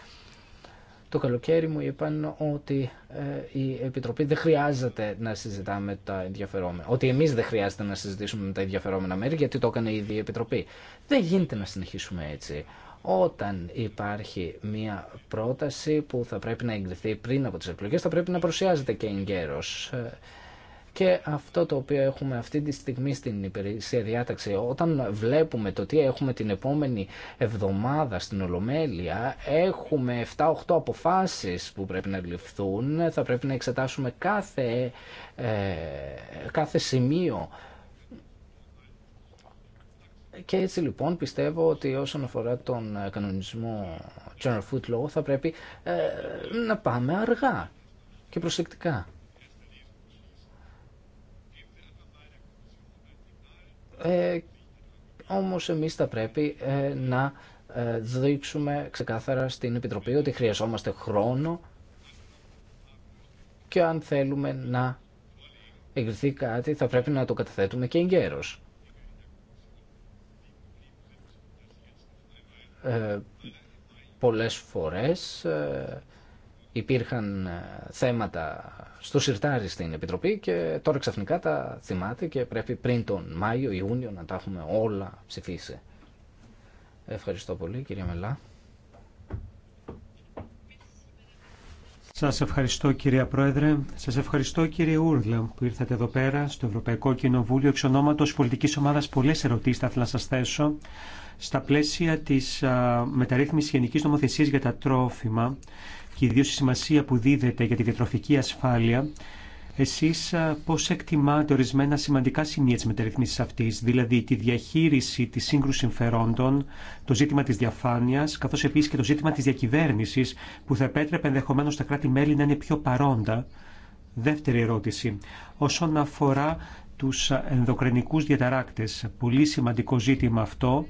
το καλοκαίρι μου είπαν ότι ε, η Επιτροπή δεν χρειάζεται να συζητάμε τα ενδιαφερόμενα. Ότι εμεί δεν χρειάζεται να συζητήσουμε με τα ενδιαφερόμενα μέρη γιατί το έκανε ήδη η Επιτροπή. Δεν γίνεται να συνεχίσουμε έτσι. Όταν υπάρχει μία πρόταση που θα πρέπει να εγκριθεί πριν από τι εκλογέ, θα πρέπει να παρουσιάζεται και εγκαίρω. Ε, και αυτό το οποίο έχουμε αυτή τη στιγμή στην υπηρεσία διάταξη, όταν βλέπουμε το τι έχουμε την επόμενη εβδομάδα στην Ολομέλεια, έχουμε 7-8 αποφάσεις που πρέπει να ληφθούν. Θα πρέπει να εξετάσουμε κάθε, ε, κάθε σημείο και έτσι λοιπόν πιστεύω ότι όσον αφορά τον κανονισμό General Food Law θα πρέπει ε, να πάμε αργά και προσεκτικά. Ε, όμως εμείς θα πρέπει ε, να ε, δείξουμε ξεκάθαρα στην Επιτροπή ότι χρειαζόμαστε χρόνο και αν θέλουμε να εγκριθεί κάτι θα πρέπει να το καταθέτουμε και εγκαίρως. Ε, πολλές φορές ε, υπήρχαν ε, θέματα στο σιρτάρι στην Επιτροπή και τώρα ξαφνικά τα θυμάται και πρέπει πριν τον Μάιο, Ιούνιο να τα έχουμε όλα ψηφίσει. Ευχαριστώ πολύ κύριε Μελά. Σας ευχαριστώ κυρία Πρόεδρε, σας ευχαριστώ κύριε Ούρλα που ήρθατε εδώ πέρα στο Ευρωπαϊκό Κοινοβούλιο εξ ονόματος πολιτικής ομάδας. Πολλές ερωτήσεις θα ήθελα να σας θέσω. Στα πλαίσια της μεταρρύθμισης γενικής νομοθεσίας για τα τρόφιμα και ιδίω η σημασία που δίδεται για τη διατροφική ασφάλεια, εσείς πώς εκτιμάτε ορισμένα σημαντικά σημεία της μεταρρυθμίσης αυτής, δηλαδή τη διαχείριση της σύγκρουσης συμφερόντων, το ζήτημα της διαφάνειας, καθώς επίσης και το ζήτημα της διακυβέρνησης, που θα επέτρεπε ενδεχομένω τα κράτη-μέλη να είναι πιο παρόντα. Δεύτερη ερώτηση. Όσον αφορά τους ενδοκρινικούς διαταράκτες, πολύ σημαντικό ζήτημα αυτό,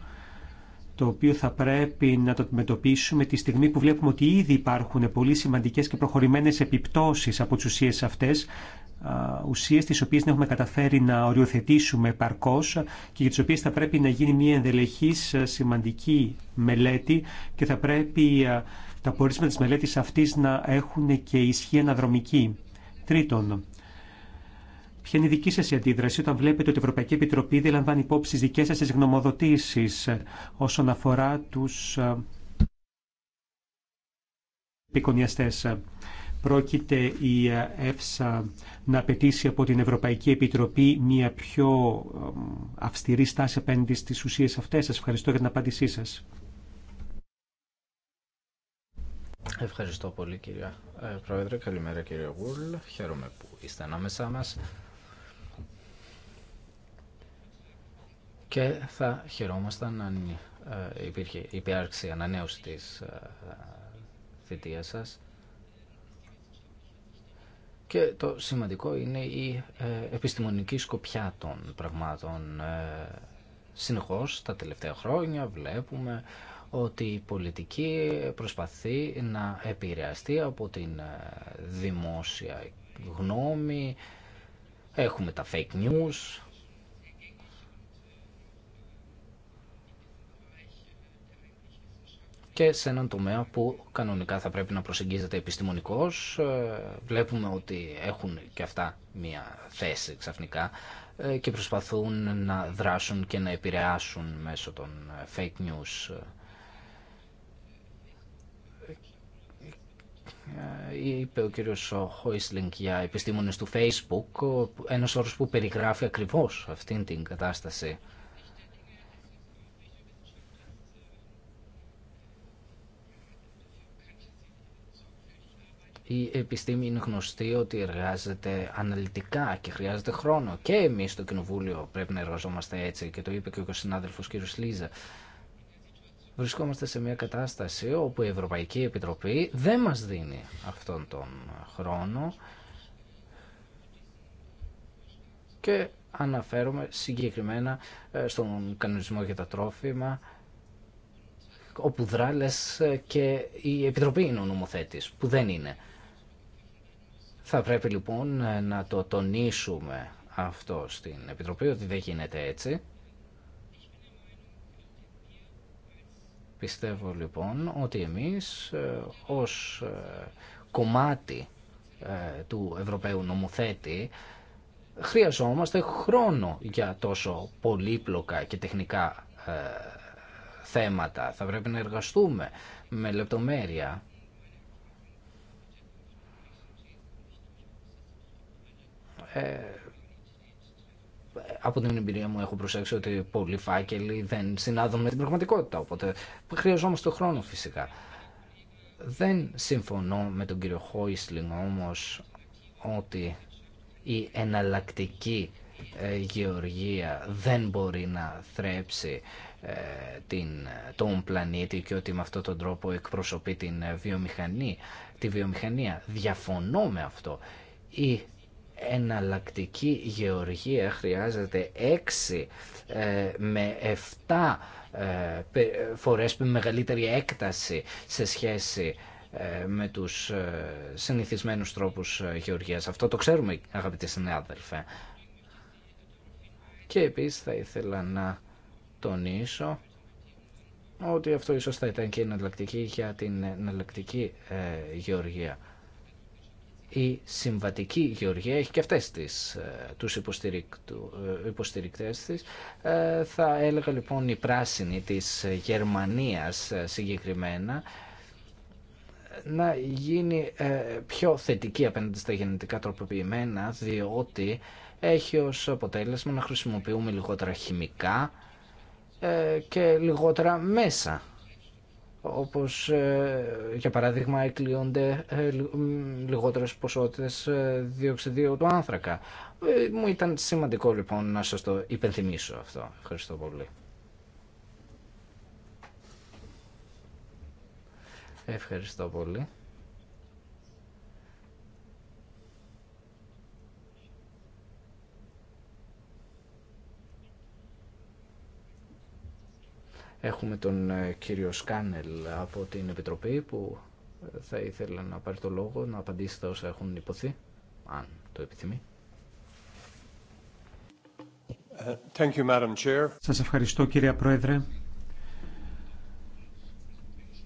το οποίο θα πρέπει να το αντιμετωπίσουμε τη στιγμή που βλέπουμε ότι ήδη υπάρχουν πολύ σημαντικές και προχωρημένες επιπτώσεις από τις ουσίες αυτές, ουσίες τις οποίες δεν έχουμε καταφέρει να οριοθετήσουμε παρκώς και για τις οποίες θα πρέπει να γίνει μια ενδελεχής σημαντική μελέτη και θα πρέπει τα πορίσματα της μελέτης αυτής να έχουν και ισχύ αναδρομική. Τρίτον, Ποια είναι η δική σα αντίδραση όταν βλέπετε ότι η Ευρωπαϊκή Επιτροπή δεν λαμβάνει υπόψη τι δικέ σα γνωμοδοτήσει ε, όσον αφορά του ε, επικονιαστέ. Ε? Πρόκειται η ΕΦΣΑ να απαιτήσει από την Ευρωπαϊκή Επιτροπή μια πιο αυστηρή στάση απέναντι στι ουσίε αυτέ. Σας ευχαριστώ για την απάντησή σα. Ευχαριστώ πολύ κυρία Πρόεδρε. Καλημέρα κύριε Γουλ. Χαίρομαι που είστε ανάμεσά μας. και θα χαιρόμασταν αν ε, υπήρχε υπάρξει ανανέωση της ε, θητείας σας. Και το σημαντικό είναι η ε, επιστημονική σκοπιά των πραγμάτων. Συνεχώς τα τελευταία χρόνια βλέπουμε ότι η πολιτική προσπαθεί να επηρεαστεί από την δημόσια γνώμη. Έχουμε τα fake news, και σε έναν τομέα που κανονικά θα πρέπει να προσεγγίζεται επιστημονικός. Ε, βλέπουμε ότι έχουν και αυτά μία θέση ξαφνικά ε, και προσπαθούν να δράσουν και να επηρεάσουν μέσω των ε, fake news είπε ο κύριος Χόισλινγκ για επιστήμονες του Facebook, ένας όρος που περιγράφει ακριβώς αυτήν την κατάσταση η επιστήμη είναι γνωστή ότι εργάζεται αναλυτικά και χρειάζεται χρόνο. Και εμεί στο Κοινοβούλιο πρέπει να εργαζόμαστε έτσι και το είπε και ο συνάδελφο κ. Λίζα. Βρισκόμαστε σε μια κατάσταση όπου η Ευρωπαϊκή Επιτροπή δεν μας δίνει αυτόν τον χρόνο και αναφέρομαι συγκεκριμένα ε, στον κανονισμό για τα τρόφιμα όπου δράλες ε, και η Επιτροπή είναι ο νομοθέτης που δεν είναι. Θα πρέπει λοιπόν να το τονίσουμε αυτό στην Επιτροπή ότι δεν γίνεται έτσι. Πιστεύω λοιπόν ότι εμείς ε, ως ε, κομμάτι ε, του Ευρωπαίου νομοθέτη χρειαζόμαστε χρόνο για τόσο πολύπλοκα και τεχνικά θέματα. Θα πρέπει να εργαστούμε με λεπτομέρεια Ε, από την εμπειρία μου έχω προσέξει ότι πολλοί φάκελοι δεν συνάδουν με την πραγματικότητα, οπότε χρειαζόμαστε χρόνο φυσικά. Δεν συμφωνώ με τον κύριο Χόισλινγκ όμως ότι η εναλλακτική ε, γεωργία δεν μπορεί να θρέψει ε, την, τον πλανήτη και ότι με αυτόν τον τρόπο εκπροσωπεί την βιομηχανία. τη βιομηχανία. Διαφωνώ με αυτό. Η εναλλακτική γεωργία χρειάζεται 6 ε, με 7 ε, φορές με μεγαλύτερη έκταση σε σχέση ε, με τους συνηθισμένους τρόπους γεωργίας. Αυτό το ξέρουμε αγαπητοί συνάδελφε. Και επίσης θα ήθελα να τονίσω ότι αυτό ίσως θα ήταν και εναλλακτική για την εναλλακτική γεωργία η συμβατική γεωργία έχει και αυτές τις, ε, τους ε, υποστηρικτές της. Ε, θα έλεγα λοιπόν η πράσινη της Γερμανίας συγκεκριμένα να γίνει πιο θετική απέναντι στα γενετικά τροποποιημένα διότι έχει ως αποτέλεσμα να χρησιμοποιούμε λιγότερα χημικά και λιγότερα μέσα όπως ε, για παράδειγμα εκλείονται ε, λιγότερες ποσότητες ε, διοξιδίου του άνθρακα. Μου ήταν σημαντικό λοιπόν να σας το υπενθυμίσω αυτό. Ευχαριστώ πολύ. Ευχαριστώ πολύ. Έχουμε τον ε, κύριο Σκάνελ από την Επιτροπή που ε, θα ήθελα να πάρει το λόγο να απαντήσει τα όσα έχουν υποθεί, αν το επιθυμεί. Ε, thank you, Madam Chair. Σας ευχαριστώ κυρία Πρόεδρε.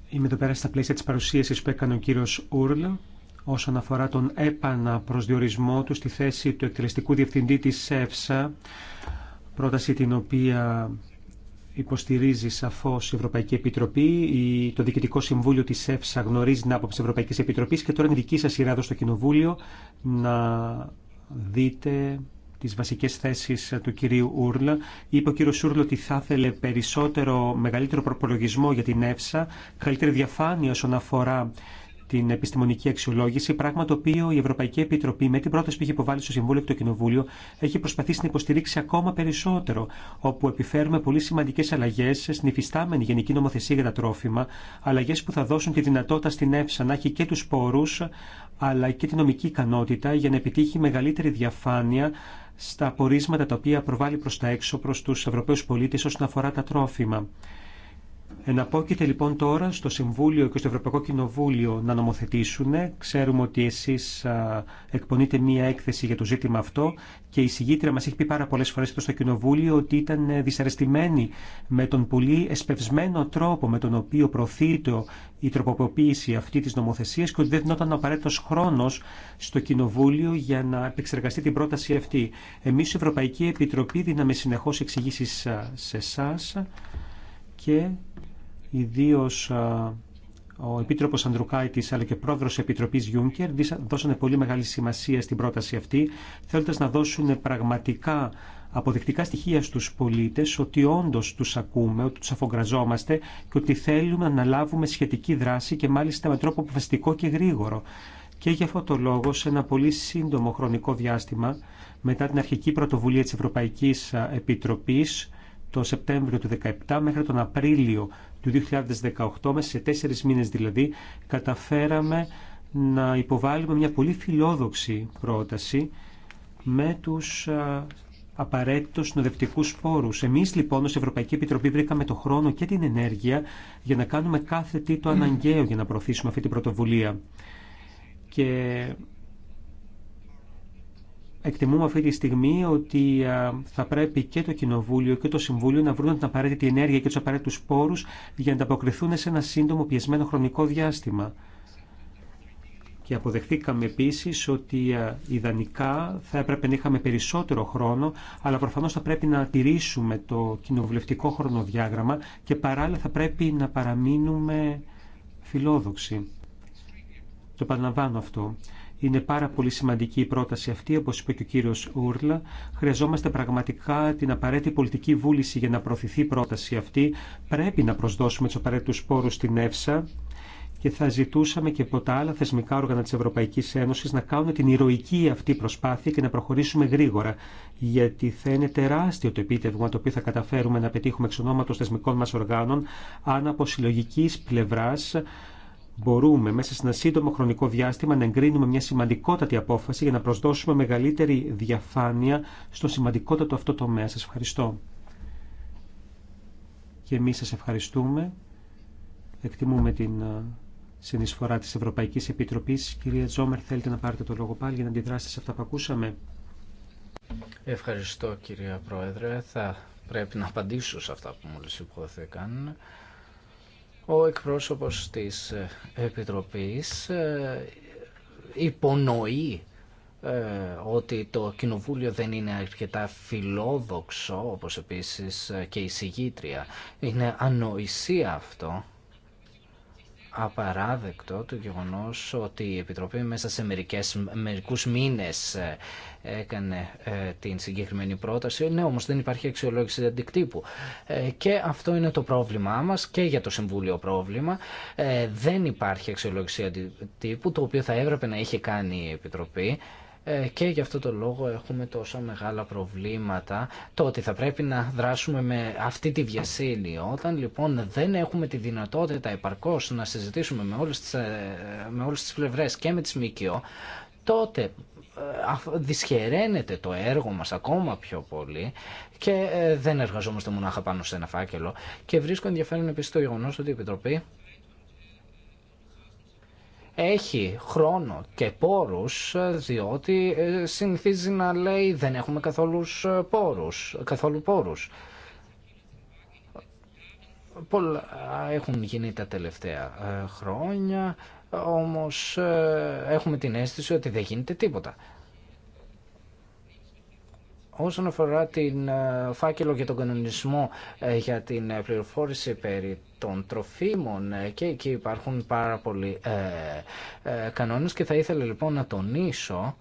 Είμαι εδώ πέρα στα πλαίσια της παρουσίασης που έκανε ο κύριος Ούρλ όσον αφορά τον έπανα προσδιορισμό του στη θέση του εκτελεστικού διευθυντή της ΕΦΣΑ, πρόταση την οποία υποστηρίζει σαφώ η Ευρωπαϊκή Επιτροπή. Το Διοικητικό Συμβούλιο τη ΕΦΣΑ γνωρίζει την άποψη τη Ευρωπαϊκή Επιτροπή και τώρα είναι δική σα σειρά εδώ στο Κοινοβούλιο να δείτε τις βασικές θέσεις του κυρίου Ούρλα. Είπε ο κύριο Ούρλα ότι θα ήθελε περισσότερο, μεγαλύτερο προπολογισμό για την ΕΦΣΑ, καλύτερη διαφάνεια όσον αφορά την επιστημονική αξιολόγηση, πράγμα το οποίο η Ευρωπαϊκή Επιτροπή με την πρόταση που είχε υποβάλει στο Συμβούλιο και το Κοινοβούλιο έχει προσπαθήσει να υποστηρίξει ακόμα περισσότερο, όπου επιφέρουμε πολύ σημαντικέ αλλαγέ στην υφιστάμενη Γενική Νομοθεσία για τα τρόφιμα, αλλαγέ που θα δώσουν τη δυνατότητα στην ΕΦΣΑ να έχει και του πόρου, αλλά και την νομική ικανότητα για να επιτύχει μεγαλύτερη διαφάνεια στα απορίσματα τα οποία προβάλλει προς τα έξω προς τους Ευρωπαίους πολίτες όσον αφορά τα τρόφιμα. Εναπόκειται λοιπόν τώρα στο Συμβούλιο και στο Ευρωπαϊκό Κοινοβούλιο να νομοθετήσουν. Ξέρουμε ότι εσεί εκπονείτε μία έκθεση για το ζήτημα αυτό και η συγγήτρια μα έχει πει πάρα πολλέ φορέ εδώ στο Κοινοβούλιο ότι ήταν ε, δυσαρεστημένη με τον πολύ εσπευσμένο τρόπο με τον οποίο προωθείται η τροποποίηση αυτή τη νομοθεσία και ότι δεν δινόταν απαραίτητο χρόνο στο Κοινοβούλιο για να επεξεργαστεί την πρόταση αυτή. Εμεί, η Ευρωπαϊκή Επιτροπή, δίναμε συνεχώ εξηγήσει σε εσά και Ιδίω ο Επίτροπος Ανδρουκάητης αλλά και πρόεδρος Επιτροπής Γιούνκερ δώσανε πολύ μεγάλη σημασία στην πρόταση αυτή θέλοντας να δώσουν πραγματικά αποδεικτικά στοιχεία στους πολίτες ότι όντως τους ακούμε, ότι τους αφογκραζόμαστε και ότι θέλουμε να αναλάβουμε σχετική δράση και μάλιστα με τρόπο αποφασιστικό και γρήγορο. Και για αυτό το λόγο σε ένα πολύ σύντομο χρονικό διάστημα μετά την αρχική πρωτοβουλία της Ευρωπαϊκής Επιτροπής το Σεπτέμβριο του 2017 μέχρι τον Απρίλιο του 2018 μέσα σε τέσσερις μήνες δηλαδή καταφέραμε να υποβάλουμε μια πολύ φιλόδοξη πρόταση με τους απαραίτητους νοδευτικούς πόρου. Εμεί λοιπόν ως Ευρωπαϊκή Επιτροπή βρήκαμε το χρόνο και την ενέργεια για να κάνουμε κάθε τι το αναγκαίο για να προωθήσουμε αυτή την πρωτοβουλία. Και Εκτιμούμε αυτή τη στιγμή ότι θα πρέπει και το Κοινοβούλιο και το Συμβούλιο να βρουν την απαραίτητη ενέργεια και του απαραίτητου πόρου για να ανταποκριθούν σε ένα σύντομο πιεσμένο χρονικό διάστημα. Και αποδεχτήκαμε επίση ότι ιδανικά θα έπρεπε να είχαμε περισσότερο χρόνο, αλλά προφανώ θα πρέπει να τηρήσουμε το κοινοβουλευτικό χρονοδιάγραμμα και παράλληλα θα πρέπει να παραμείνουμε φιλόδοξοι. Το επαναλαμβάνω αυτό. Είναι πάρα πολύ σημαντική η πρόταση αυτή, όπω είπε και ο κύριο Ούρλα. Χρειαζόμαστε πραγματικά την απαραίτητη πολιτική βούληση για να προωθηθεί η πρόταση αυτή. Πρέπει να προσδώσουμε του απαραίτητου πόρου στην ΕΦΣΑ και θα ζητούσαμε και από τα άλλα θεσμικά όργανα τη Ευρωπαϊκή Ένωση να κάνουν την ηρωική αυτή προσπάθεια και να προχωρήσουμε γρήγορα. Γιατί θα είναι τεράστιο το επίτευγμα το οποίο θα καταφέρουμε να πετύχουμε εξ ονόματο θεσμικών μα οργάνων, αν από συλλογική πλευρά μπορούμε μέσα σε ένα σύντομο χρονικό διάστημα να εγκρίνουμε μια σημαντικότατη απόφαση για να προσδώσουμε μεγαλύτερη διαφάνεια στο σημαντικότατο αυτό τομέα. Σας ευχαριστώ. Και εμείς σας ευχαριστούμε. Εκτιμούμε την συνεισφορά της Ευρωπαϊκής Επιτροπής. Κυρία Τζόμερ, θέλετε να πάρετε το λόγο πάλι για να αντιδράσετε σε αυτά που ακούσαμε. Ευχαριστώ κυρία Πρόεδρε. Θα πρέπει να απαντήσω σε αυτά που μόλις υποθέκαν ο εκπρόσωπος της ε, Επιτροπής ε, υπονοεί ε, ότι το κοινοβούλιο δεν είναι αρκετά φιλόδοξο, όπως επίσης και η συγγήτρια. Είναι ανοησία αυτό απαράδεκτο το γεγονός ότι η Επιτροπή μέσα σε μερικές, μερικούς μήνες ε, έκανε ε, την συγκεκριμένη πρόταση. Ε, ναι, όμως δεν υπάρχει αξιολόγηση αντικτύπου. και αυτό είναι το πρόβλημά μας και για το Συμβούλιο πρόβλημα. δεν υπάρχει αξιολόγηση αντικτύπου, το οποίο θα έπρεπε να είχε κάνει η Επιτροπή. Ε, και γι' αυτό το λόγο έχουμε τόσα μεγάλα προβλήματα το ότι θα πρέπει να δράσουμε με αυτή τη βιασύνη. Όταν λοιπόν δεν έχουμε τη δυνατότητα επαρκώς να συζητήσουμε με όλες τις, ε, με όλες τις πλευρές και με τις ΜΚΟ, τότε ε, δυσχεραίνεται το έργο μας ακόμα πιο πολύ και δεν εργαζόμαστε μονάχα πάνω σε ένα φάκελο και βρίσκω ενδιαφέρον επίσης το γεγονός ότι η Επιτροπή έχει χρόνο και πόρους ε, διότι ε, συνηθίζει να λέει δεν έχουμε καθόλου ε, πόρους, καθόλου πόρους. Πολλά έχουν γίνει τα τελευταία χρόνια, όμως έχουμε την αίσθηση ότι δεν γίνεται τίποτα. Όσον αφορά την ε, φάκελο και τον κανονισμό ε, για την ε, πληροφόρηση περί των τροφίμων και εκεί υπάρχουν πάρα πολλοί ε, κανόνες και θα ήθελα λοιπόν να τονίσω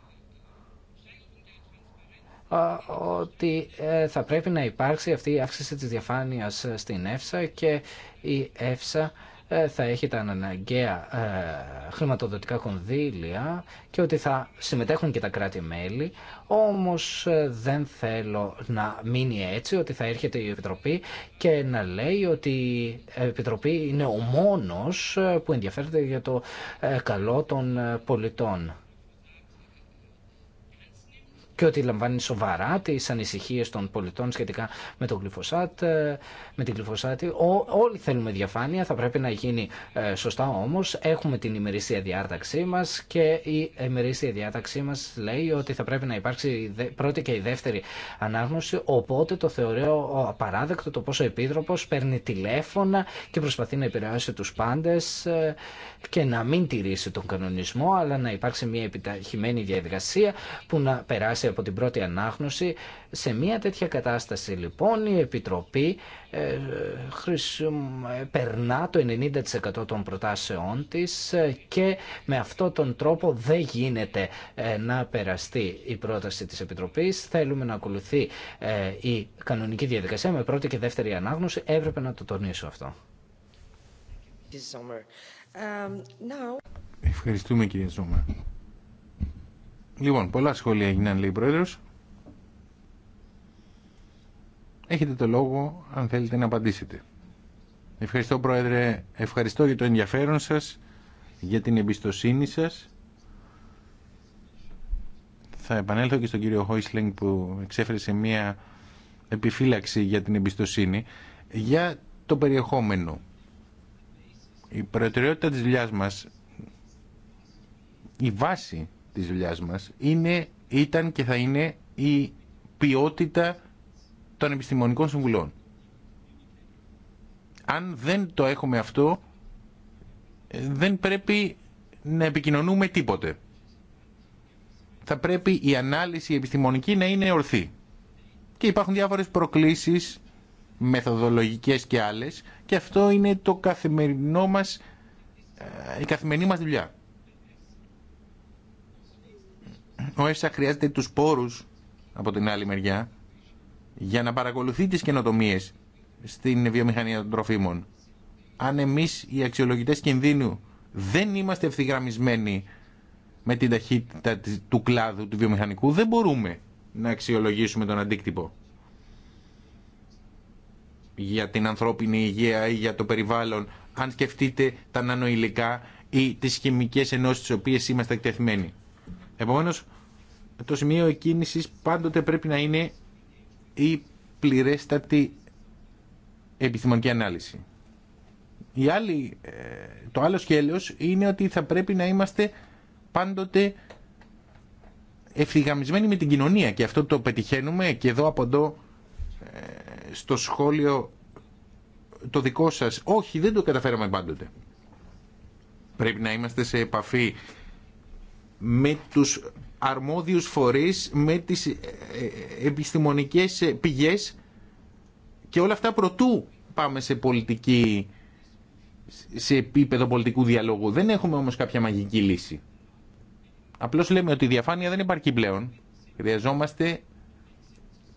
ότι θα πρέπει να υπάρξει αυτή η αύξηση της διαφάνειας στην ΕΦΣΑ και η ΕΦΣΑ ε, θα έχει τα αναγκαία ε, χρηματοδοτικά κονδύλια και ότι θα συμμετέχουν και τα κράτη-μέλη. Όμως ε, δεν θέλω να μείνει έτσι ότι θα έρχεται η Επιτροπή και να λέει ότι η Επιτροπή είναι ο μόνος που ενδιαφέρεται για το καλό των πολιτών και ότι λαμβάνει σοβαρά τι ανησυχίε των πολιτών σχετικά με τον ε, με την γλυφοσάτη. όλοι θέλουμε διαφάνεια, θα πρέπει να γίνει ε, σωστά όμως. Έχουμε την ημερήσια διάταξή μα και η ημερήσια διάταξή μα λέει ότι θα πρέπει να υπάρξει η πρώτη και η δεύτερη ανάγνωση, οπότε το θεωρώ ε, απαράδεκτο το πόσο ο επίτροπο παίρνει τηλέφωνα και προσπαθεί να επηρεάσει τους πάντες και να μην τηρήσει τον κανονισμό αλλά να υπάρξει μια επιταχυμένη διαδικασία που να περάσει από την πρώτη ανάγνωση. Σε μια τέτοια κατάσταση λοιπόν η Επιτροπή ε, περνά το 90% των προτάσεών της ε, και με αυτόν τον τρόπο δεν γίνεται ε, να περαστεί η πρόταση της Επιτροπής. Θέλουμε να ακολουθεί ε, η κανονική διαδικασία με πρώτη και δεύτερη ανάγνωση. Έπρεπε να το τονίσω αυτό. Ευχαριστούμε κύριε Σόμα Λοιπόν, πολλά σχόλια έγιναν λέει η Πρόεδρος. Έχετε το λόγο αν θέλετε να απαντήσετε. Ευχαριστώ Πρόεδρε, ευχαριστώ για το ενδιαφέρον σας, για την εμπιστοσύνη σας. Θα επανέλθω και στον κύριο Χόισλινγκ που εξέφερε μια επιφύλαξη για την εμπιστοσύνη. Για το περιεχόμενο η προτεραιότητα της δουλειά μας, η βάση της δουλειά μας είναι, ήταν και θα είναι η ποιότητα των επιστημονικών συμβουλών. Αν δεν το έχουμε αυτό, δεν πρέπει να επικοινωνούμε τίποτε. Θα πρέπει η ανάλυση επιστημονική να είναι ορθή. Και υπάρχουν διάφορες προκλήσεις μεθοδολογικές και άλλες και αυτό είναι το καθημερινό μας, ε, η καθημερινή μας δουλειά. Ο ΕΣΑ χρειάζεται τους πόρους από την άλλη μεριά για να παρακολουθεί τις καινοτομίε στην βιομηχανία των τροφίμων. Αν εμείς οι αξιολογητές κινδύνου δεν είμαστε ευθυγραμμισμένοι με την ταχύτητα του κλάδου του βιομηχανικού, δεν μπορούμε να αξιολογήσουμε τον αντίκτυπο για την ανθρώπινη υγεία ή για το περιβάλλον, αν σκεφτείτε τα νανοηλικά ή τις χημικές ενώσεις τις οποίες είμαστε εκτεθειμένοι. Επομένως, το σημείο εκκίνησης πάντοτε πρέπει να είναι η πληρέστατη επιστημονική ανάλυση. Η άλλη, ε, το άλλο σκέλος είναι ότι θα πρέπει να είμαστε πάντοτε ευθυγαμισμένοι με την κοινωνία και αυτό το πετυχαίνουμε και εδώ από εδώ στο σχόλιο το δικό σας. Όχι, δεν το καταφέραμε πάντοτε. Πρέπει να είμαστε σε επαφή με τους αρμόδιους φορείς, με τις ε, ε, επιστημονικές πηγές και όλα αυτά προτού πάμε σε πολιτική σε επίπεδο πολιτικού διαλόγου. Δεν έχουμε όμως κάποια μαγική λύση. Απλώς λέμε ότι η διαφάνεια δεν υπάρχει πλέον. Χρειαζόμαστε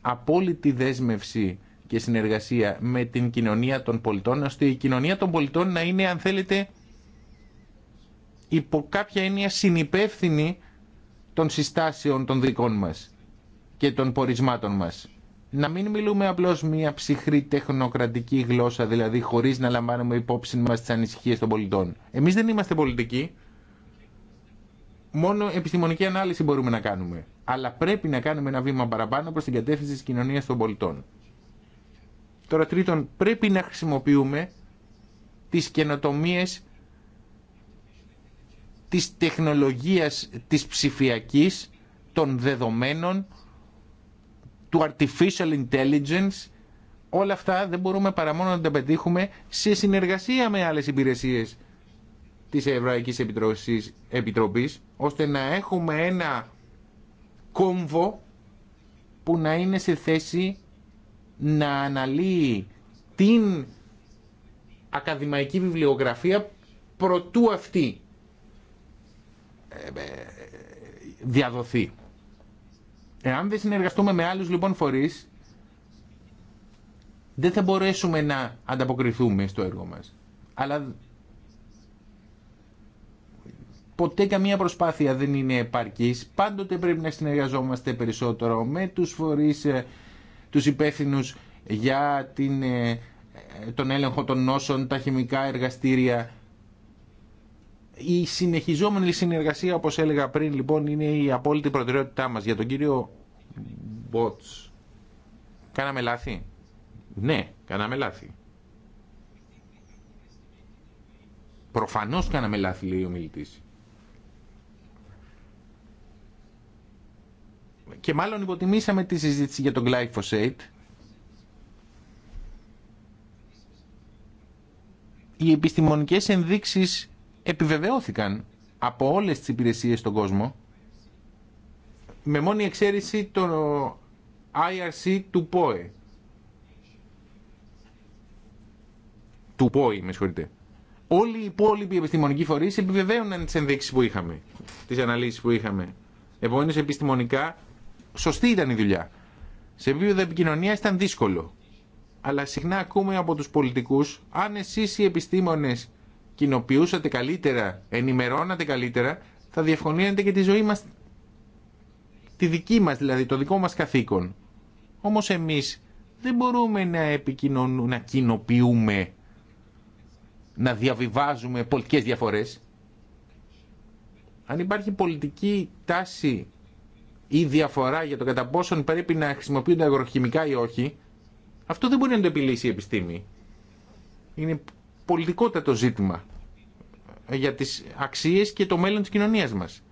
απόλυτη δέσμευση και συνεργασία με την κοινωνία των πολιτών, ώστε η κοινωνία των πολιτών να είναι, αν θέλετε, υπό κάποια έννοια συνυπεύθυνη των συστάσεων των δικών μας και των πορισμάτων μας. Να μην μιλούμε απλώς μια ψυχρή τεχνοκρατική γλώσσα, δηλαδή χωρίς να λαμβάνουμε υπόψη μας τις ανησυχίες των πολιτών. Εμείς δεν είμαστε πολιτικοί, μόνο επιστημονική ανάλυση μπορούμε να κάνουμε. Αλλά πρέπει να κάνουμε ένα βήμα παραπάνω προς την κατεύθυνση της κοινωνίας των πολιτών. Τώρα τρίτον, πρέπει να χρησιμοποιούμε τις καινοτομίες της τεχνολογίας της ψηφιακής, των δεδομένων, του artificial intelligence, όλα αυτά δεν μπορούμε παρά μόνο να τα πετύχουμε σε συνεργασία με άλλες υπηρεσίες της Ευρωπαϊκής Επιτροπής, ώστε να έχουμε ένα κόμβο που να είναι σε θέση να αναλύει την ακαδημαϊκή βιβλιογραφία προτού αυτή ε, ε, διαδοθεί. Εάν δεν συνεργαστούμε με άλλους λοιπόν φορείς, δεν θα μπορέσουμε να ανταποκριθούμε στο έργο μας. Αλλά ποτέ καμία προσπάθεια δεν είναι επαρκής. Πάντοτε πρέπει να συνεργαζόμαστε περισσότερο με τους φορείς ε, τους υπεύθυνου για την, ε, τον έλεγχο των νόσων, τα χημικά εργαστήρια. Η συνεχιζόμενη συνεργασία, όπως έλεγα πριν, λοιπόν, είναι η απόλυτη προτεραιότητά μας. Για τον κύριο Μπότς, κάναμε λάθη. Ναι, κάναμε λάθη. Προφανώς κάναμε λάθη, λέει ο μιλητής. και μάλλον υποτιμήσαμε τη συζήτηση για τον glyphosate. Οι επιστημονικές ενδείξεις επιβεβαιώθηκαν από όλες τις υπηρεσίες στον κόσμο με μόνη εξαίρεση το IRC του ΠΟΕ. Του ΠΟΕ με συγχωρείτε. Όλοι οι υπόλοιποι επιστημονικοί φορείς επιβεβαίωναν τις ενδείξεις που είχαμε, τις αναλύσεις που είχαμε. Επομένως, επιστημονικά σωστή ήταν η δουλειά. Σε επίπεδο επικοινωνία ήταν δύσκολο. Αλλά συχνά ακούμε από τους πολιτικούς, αν εσεί οι επιστήμονες κοινοποιούσατε καλύτερα, ενημερώνατε καλύτερα, θα διευκολύνετε και τη ζωή μας, τη δική μας δηλαδή, το δικό μας καθήκον. Όμω εμείς δεν μπορούμε να επικοινωνούμε, να κοινοποιούμε, να διαβιβάζουμε πολιτικές διαφορές. Αν υπάρχει πολιτική τάση ή διαφορά για το κατά πόσον πρέπει να χρησιμοποιούνται αγροχημικά ή όχι, αυτό δεν μπορεί να το επιλύσει η επιστήμη. Είναι πολιτικότατο ζήτημα για τις αξίες και το μέλλον της κοινωνίας μας.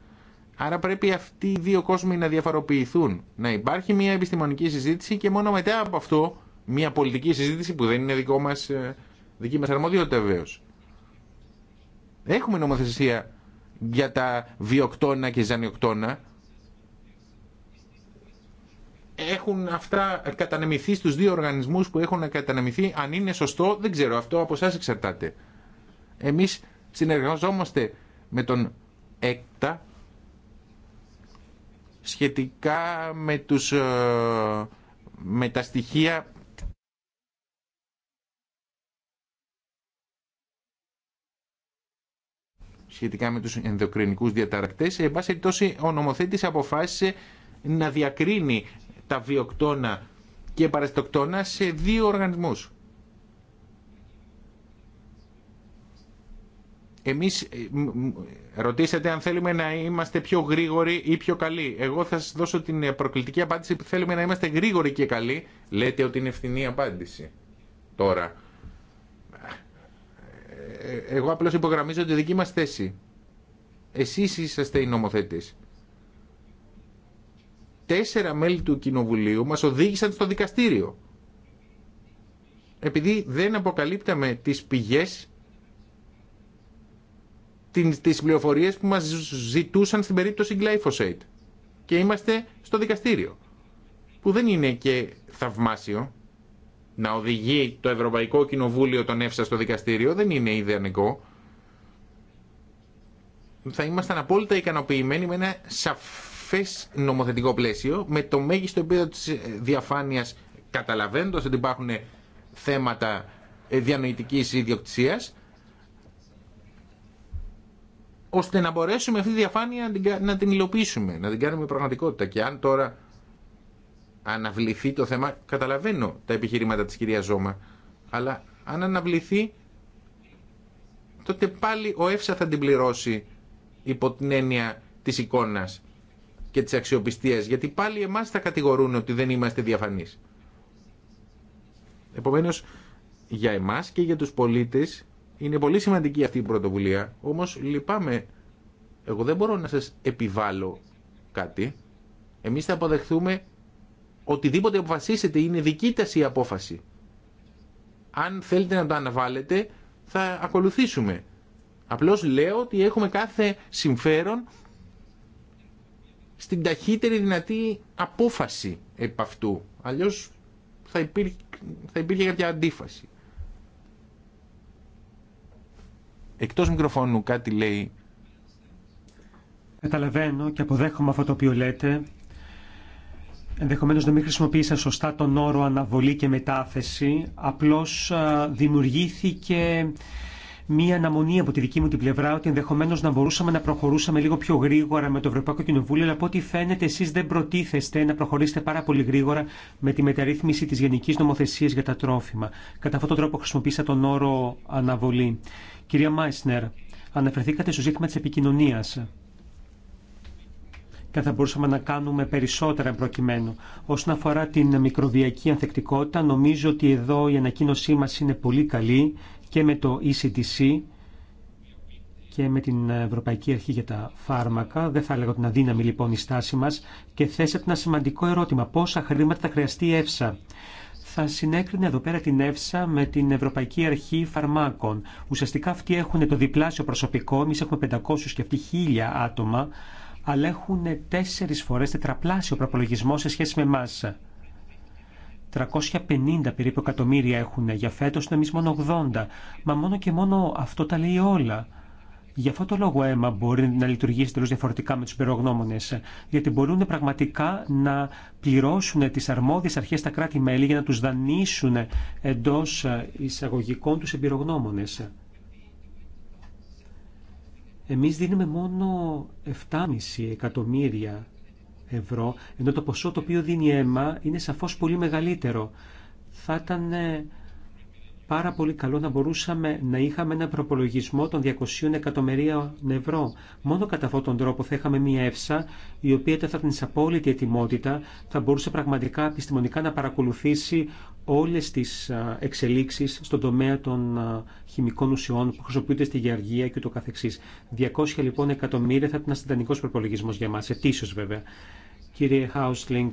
Άρα πρέπει αυτοί οι δύο κόσμοι να διαφοροποιηθούν. Να υπάρχει μια επιστημονική συζήτηση και μόνο μετά από αυτό μια πολιτική συζήτηση που δεν είναι δικό μας, ε, δική μας αρμοδιότητα βεβαίω. Έχουμε νομοθεσία για τα βιοκτώνα και ζανιοκτώνα έχουν αυτά κατανεμηθεί στους δύο οργανισμούς που έχουν κατανεμηθεί. Αν είναι σωστό, δεν ξέρω. Αυτό από εσά εξαρτάται. Εμείς συνεργαζόμαστε με τον ΕΚΤΑ σχετικά με, τους, ε, με τα στοιχεία σχετικά με τους ενδοκρινικούς διαταρακτές. σε πάση ο νομοθέτης αποφάσισε να διακρίνει τα βιοκτώνα και παραστοκτώνα σε δύο οργανισμούς. Εμείς ε, ρωτήσατε αν θέλουμε να είμαστε πιο γρήγοροι ή πιο καλοί. Εγώ θα σας δώσω την ε, προκλητική απάντηση που θέλουμε να είμαστε γρήγοροι και καλοί. Λέτε ότι είναι ευθυνή απάντηση τώρα. Ε, εγώ απλώς υπογραμμίζω τη δική μας θέση. Εσείς είσαστε οι νομοθέτες τέσσερα μέλη του Κοινοβουλίου μας οδήγησαν στο δικαστήριο. Επειδή δεν αποκαλύπταμε τις πηγές, τις πληροφορίες που μας ζητούσαν στην περίπτωση glyphosate. Και είμαστε στο δικαστήριο, που δεν είναι και θαυμάσιο. Να οδηγεί το Ευρωπαϊκό Κοινοβούλιο τον ΕΦΣΑ στο δικαστήριο δεν είναι ιδανικό. Θα ήμασταν απόλυτα ικανοποιημένοι με ένα σαφ σαφέ νομοθετικό πλαίσιο με το μέγιστο επίπεδο της ε, διαφάνειας καταλαβαίνοντας ότι υπάρχουν ε, θέματα ε, διανοητικής ιδιοκτησίας ώστε να μπορέσουμε αυτή τη διαφάνεια να την, να την υλοποιήσουμε, να την κάνουμε πραγματικότητα. Και αν τώρα αναβληθεί το θέμα, καταλαβαίνω τα επιχειρήματα της κυρία Ζώμα, αλλά αν αναβληθεί, τότε πάλι ο ΕΦΣΑ θα την πληρώσει υπό την έννοια της εικόνας και της αξιοπιστίας, γιατί πάλι εμάς θα κατηγορούν ότι δεν είμαστε διαφανείς. Επομένως, για εμάς και για τους πολίτες είναι πολύ σημαντική αυτή η πρωτοβουλία, όμως λυπάμαι, εγώ δεν μπορώ να σας επιβάλλω κάτι, εμείς θα αποδεχθούμε οτιδήποτε αποφασίσετε, είναι δική σας η απόφαση. Αν θέλετε να το αναβάλλετε, θα ακολουθήσουμε. Απλώς λέω ότι έχουμε κάθε συμφέρον στην ταχύτερη δυνατή απόφαση επ' αυτού. Αλλιώς θα υπήρχε, θα υπήρχε κάποια αντίφαση. Εκτός μικροφώνου κάτι λέει. Καταλαβαίνω και αποδέχομαι αυτό το οποίο λέτε. Ενδεχομένως να μην χρησιμοποίησα σωστά τον όρο αναβολή και μετάθεση. Απλώς δημιουργήθηκε μία αναμονή από τη δική μου την πλευρά ότι ενδεχομένω να μπορούσαμε να προχωρούσαμε λίγο πιο γρήγορα με το Ευρωπαϊκό Κοινοβούλιο, αλλά από ό,τι φαίνεται εσεί δεν προτίθεστε να προχωρήσετε πάρα πολύ γρήγορα με τη μεταρρύθμιση τη Γενική Νομοθεσία για τα τρόφιμα. Κατά αυτόν τον τρόπο χρησιμοποίησα τον όρο αναβολή. Κυρία Μάισνερ, αναφερθήκατε στο ζήτημα τη επικοινωνία και θα μπορούσαμε να κάνουμε περισσότερα προκειμένου. Όσον αφορά την μικροβιακή ανθεκτικότητα, νομίζω ότι εδώ η ανακοίνωσή μας είναι πολύ καλή και με το ECDC και με την Ευρωπαϊκή Αρχή για τα Φάρμακα. Δεν θα έλεγα την αδύναμη λοιπόν η στάση μα, και θέσατε ένα σημαντικό ερώτημα. Πόσα χρήματα θα χρειαστεί η ΕΦΣΑ. Θα συνέκρινε εδώ πέρα την ΕΦΣΑ με την Ευρωπαϊκή Αρχή Φαρμάκων. Ουσιαστικά αυτοί έχουν το διπλάσιο προσωπικό, εμεί έχουμε 500 και αυτοί 1000 άτομα, αλλά έχουν τέσσερι φορέ τετραπλάσιο προπολογισμό σε σχέση με εμά. 350 περίπου εκατομμύρια έχουν για φέτος, εμεί μόνο 80. Μα μόνο και μόνο αυτό τα λέει όλα. Γι' αυτό το λόγο αίμα μπορεί να λειτουργήσει τελείω διαφορετικά με του πυρογνώμονε. Γιατί μπορούν πραγματικά να πληρώσουν τι αρμόδιε αρχέ στα κράτη-μέλη για να του δανείσουν εντό ε, εισαγωγικών του εμπειρογνώμονε. Εμείς δίνουμε μόνο 7,5 εκατομμύρια ευρώ, ενώ το ποσό το οποίο δίνει αίμα είναι σαφώς πολύ μεγαλύτερο. Θα ήταν ε, πάρα πολύ καλό να μπορούσαμε να είχαμε ένα προπολογισμό των 200 εκατομμυρίων ευρώ. Μόνο κατά αυτόν τον τρόπο θα είχαμε μία εύσα η οποία θα ήταν σε απόλυτη ετοιμότητα, θα μπορούσε πραγματικά επιστημονικά να παρακολουθήσει όλες τις εξελίξεις στον τομέα των χημικών ουσιών που χρησιμοποιούνται στη γεωργία και το καθεξής. 200 λοιπόν εκατομμύρια θα ήταν ένα τιτανικός προπολογισμός για μας, ετήσιος βέβαια. Κύριε Χάουσλινγκ,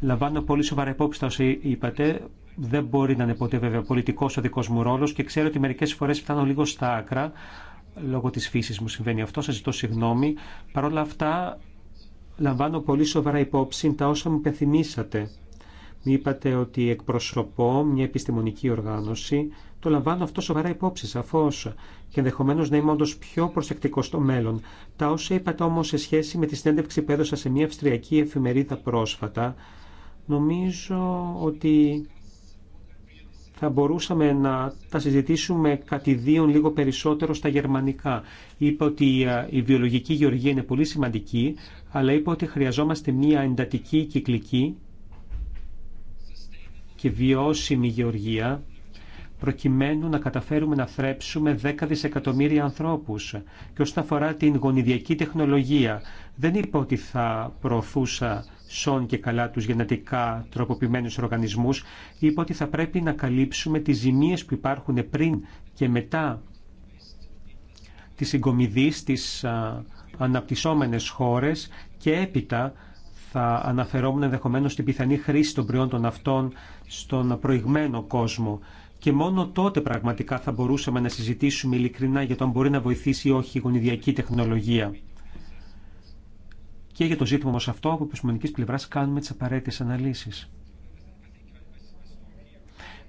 λαμβάνω πολύ σοβαρά υπόψη τα όσα είπατε δεν μπορεί να είναι ποτέ βέβαια πολιτικό ο δικό μου ρόλο και ξέρω ότι μερικέ φορέ φτάνω λίγο στα άκρα. Λόγω τη φύση μου συμβαίνει αυτό, σα ζητώ συγγνώμη. Παρ' όλα αυτά, λαμβάνω πολύ σοβαρά υπόψη τα όσα μου υπενθυμίσατε. Μου είπατε ότι εκπροσωπώ μια επιστημονική οργάνωση. Το λαμβάνω αυτό σοβαρά υπόψη, σαφώ. Και ενδεχομένω να είμαι όντω πιο προσεκτικό στο μέλλον. Τα όσα είπατε όμω σε σχέση με τη συνέντευξη που έδωσα σε μια αυστριακή εφημερίδα πρόσφατα, νομίζω ότι θα μπορούσαμε να τα συζητήσουμε κατηδίων λίγο περισσότερο στα γερμανικά. Είπα ότι ε, η βιολογική γεωργία είναι πολύ σημαντική, αλλά είπα ότι χρειαζόμαστε μια εντατική κυκλική και βιώσιμη γεωργία, προκειμένου να καταφέρουμε να θρέψουμε 10 δισεκατομμύρια ανθρώπους. Και όσον αφορά την γονιδιακή τεχνολογία, δεν είπα ότι θα προωθούσα σών και καλά τους γενετικά τροποποιημένους οργανισμούς, είπε ότι θα πρέπει να καλύψουμε τις ζημίες που υπάρχουν πριν και μετά τις συγκομιδής στις αναπτυσσόμενες χώρες και έπειτα θα αναφερόμουν ενδεχομένως την πιθανή χρήση των προϊόντων αυτών στον προηγμένο κόσμο. Και μόνο τότε πραγματικά θα μπορούσαμε να συζητήσουμε ειλικρινά για το αν μπορεί να βοηθήσει ή όχι η γονιδιακή τεχνολογία. Και για το ζήτημα μας αυτό, από επιστημονικής πλευράς, κάνουμε τις απαραίτητες αναλύσεις.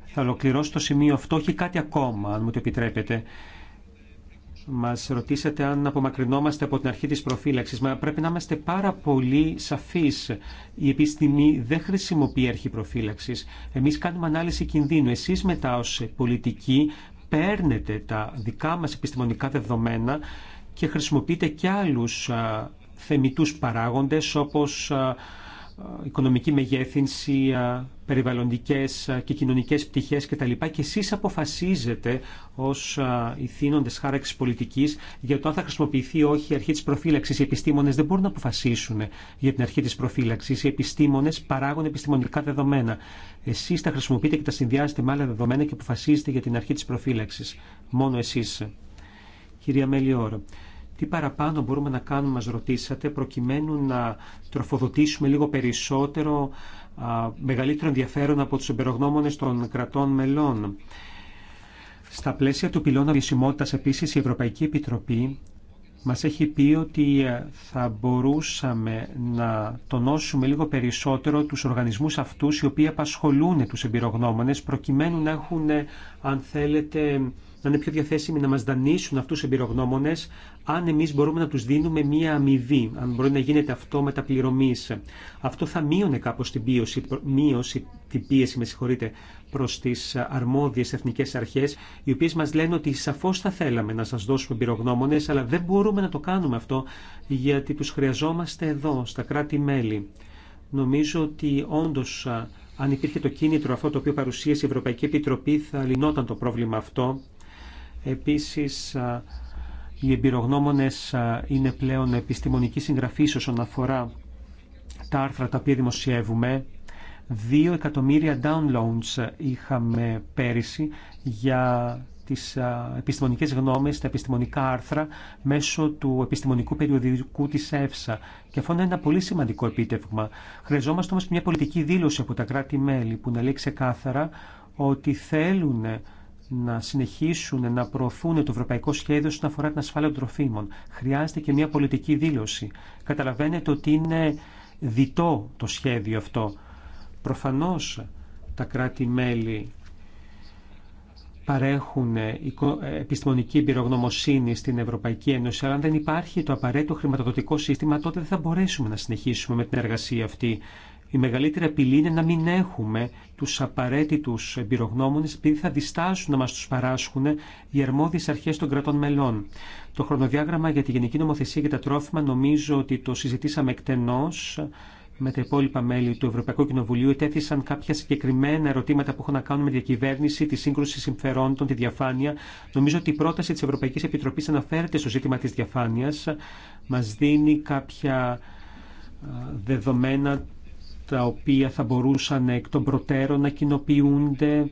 Θα ολοκληρώσω το σημείο αυτό και κάτι ακόμα, αν μου το επιτρέπετε. Μα ρωτήσατε αν απομακρυνόμαστε από την αρχή τη προφύλαξη. Μα πρέπει να είμαστε πάρα πολύ σαφεί. Η επιστήμη δεν χρησιμοποιεί αρχή προφύλαξη. Εμεί κάνουμε ανάλυση κινδύνου. Εσεί μετά ω πολιτικοί παίρνετε τα δικά μα επιστημονικά δεδομένα και χρησιμοποιείτε και άλλου θεμητούς παράγοντες όπως οικονομική μεγέθυνση, περιβαλλοντικές και κοινωνικές πτυχές κτλ. Και εσείς αποφασίζετε ως ηθήνοντες χάραξης πολιτικής για το αν θα χρησιμοποιηθεί ή όχι η αρχή της προφύλαξης. Οι επιστήμονες δεν μπορούν να αποφασίσουν για την αρχή της προφύλαξης. Οι επιστήμονες παράγουν επιστημονικά δεδομένα. Εσείς τα χρησιμοποιείτε και τα συνδυάζετε με άλλα δεδομένα και αποφασίζετε για την αρχή της προφύλαξης. Μόνο εσείς. Κυρία Μελιόρο, τι παραπάνω μπορούμε να κάνουμε, μας ρωτήσατε, προκειμένου να τροφοδοτήσουμε λίγο περισσότερο μεγαλύτερο ενδιαφέρον από τους εμπερογνώμονες των κρατών μελών. Στα πλαίσια του πυλώνα βιωσιμότητας επίσης η Ευρωπαϊκή Επιτροπή μας έχει πει ότι ε, θα μπορούσαμε να τονώσουμε λίγο περισσότερο τους οργανισμούς αυτούς οι οποίοι απασχολούν τους εμπειρογνώμονες προκειμένου να έχουν, ε, αν θέλετε, να είναι πιο διαθέσιμοι να μα δανείσουν αυτού του εμπειρογνώμονε, αν εμεί μπορούμε να του δίνουμε μία αμοιβή, αν μπορεί να γίνεται αυτό μεταπληρωμή. Αυτό θα μείωνε κάπω την πίεση, μείωση, την πίεση, με συγχωρείτε, προ τι αρμόδιε εθνικέ αρχέ, οι οποίε μα λένε ότι σαφώ θα θέλαμε να σα δώσουμε εμπειρογνώμονε, αλλά δεν μπορούμε να το κάνουμε αυτό, γιατί του χρειαζόμαστε εδώ, στα κράτη-μέλη. Νομίζω ότι όντω αν υπήρχε το κίνητρο αυτό το οποίο παρουσίασε η Ευρωπαϊκή Επιτροπή θα λυνόταν το πρόβλημα αυτό. Επίσης, οι εμπειρογνώμονες είναι πλέον επιστημονική συγγραφή όσον αφορά τα άρθρα τα οποία δημοσιεύουμε. Δύο εκατομμύρια downloads είχαμε πέρυσι για τις επιστημονικές γνώμες, τα επιστημονικά άρθρα μέσω του επιστημονικού περιοδικού της ΕΦΣΑ. Και αυτό είναι ένα πολύ σημαντικό επίτευγμα. Χρειαζόμαστε όμως μια πολιτική δήλωση από τα κράτη-μέλη που να λέει ξεκάθαρα ότι θέλουν να συνεχίσουν να προωθούν το ευρωπαϊκό σχέδιο όσον αφορά την ασφάλεια των τροφίμων. Χρειάζεται και μια πολιτική δήλωση. Καταλαβαίνετε ότι είναι διτό το σχέδιο αυτό. Προφανώς τα κράτη-μέλη παρέχουν επιστημονική εμπειρογνωμοσύνη στην Ευρωπαϊκή Ένωση, αλλά αν δεν υπάρχει το απαραίτητο χρηματοδοτικό σύστημα, τότε δεν θα μπορέσουμε να συνεχίσουμε με την εργασία αυτή η μεγαλύτερη απειλή είναι να μην έχουμε του απαραίτητου εμπειρογνώμονε, επειδή θα διστάσουν να μα του παράσχουν οι αρμόδιε αρχέ των κρατών μελών. Το χρονοδιάγραμμα για τη Γενική Νομοθεσία για τα Τρόφιμα νομίζω ότι το συζητήσαμε εκτενώ με τα υπόλοιπα μέλη του Ευρωπαϊκού Κοινοβουλίου ετέθησαν κάποια συγκεκριμένα ερωτήματα που έχουν να κάνουν με τη διακυβέρνηση, τη σύγκρουση συμφερόντων, τη διαφάνεια. Νομίζω ότι η πρόταση τη Ευρωπαϊκή Επιτροπή αναφέρεται στο ζήτημα τη διαφάνεια. Μα δίνει κάποια ε, δεδομένα τα οποία θα μπορούσαν εκ των προτέρων να κοινοποιούνται.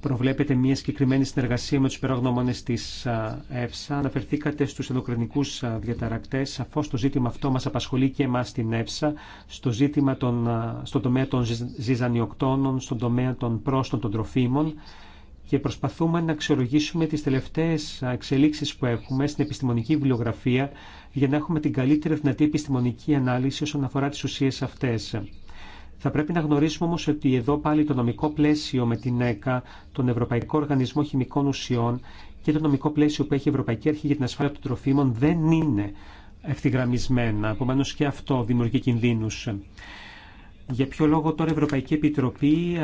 Προβλέπετε μια συγκεκριμένη συνεργασία με τους υπερογνώμονες της ΕΦΣΑ. Αναφερθήκατε στους ενδοκρινικούς διαταρακτές. Σαφώς το ζήτημα αυτό μας απασχολεί και εμάς στην ΕΦΣΑ, στο ζήτημα των, στον τομέα των ζυζανιοκτώνων, στον τομέα των πρόστων των τροφίμων και προσπαθούμε να αξιολογήσουμε τις τελευταίες εξελίξεις που έχουμε στην επιστημονική βιβλιογραφία για να έχουμε την καλύτερη δυνατή επιστημονική ανάλυση όσον αφορά τις ουσίες αυτές. Θα πρέπει να γνωρίσουμε όμως ότι εδώ πάλι το νομικό πλαίσιο με την ΕΚΑ, τον Ευρωπαϊκό Οργανισμό Χημικών Ουσιών και το νομικό πλαίσιο που έχει η Ευρωπαϊκή Αρχή για την Ασφάλεια των Τροφίμων δεν είναι ευθυγραμμισμένα. Επομένω και αυτό δημιουργεί κινδύνους. Για ποιο λόγο τώρα η Ευρωπαϊκή Επιτροπή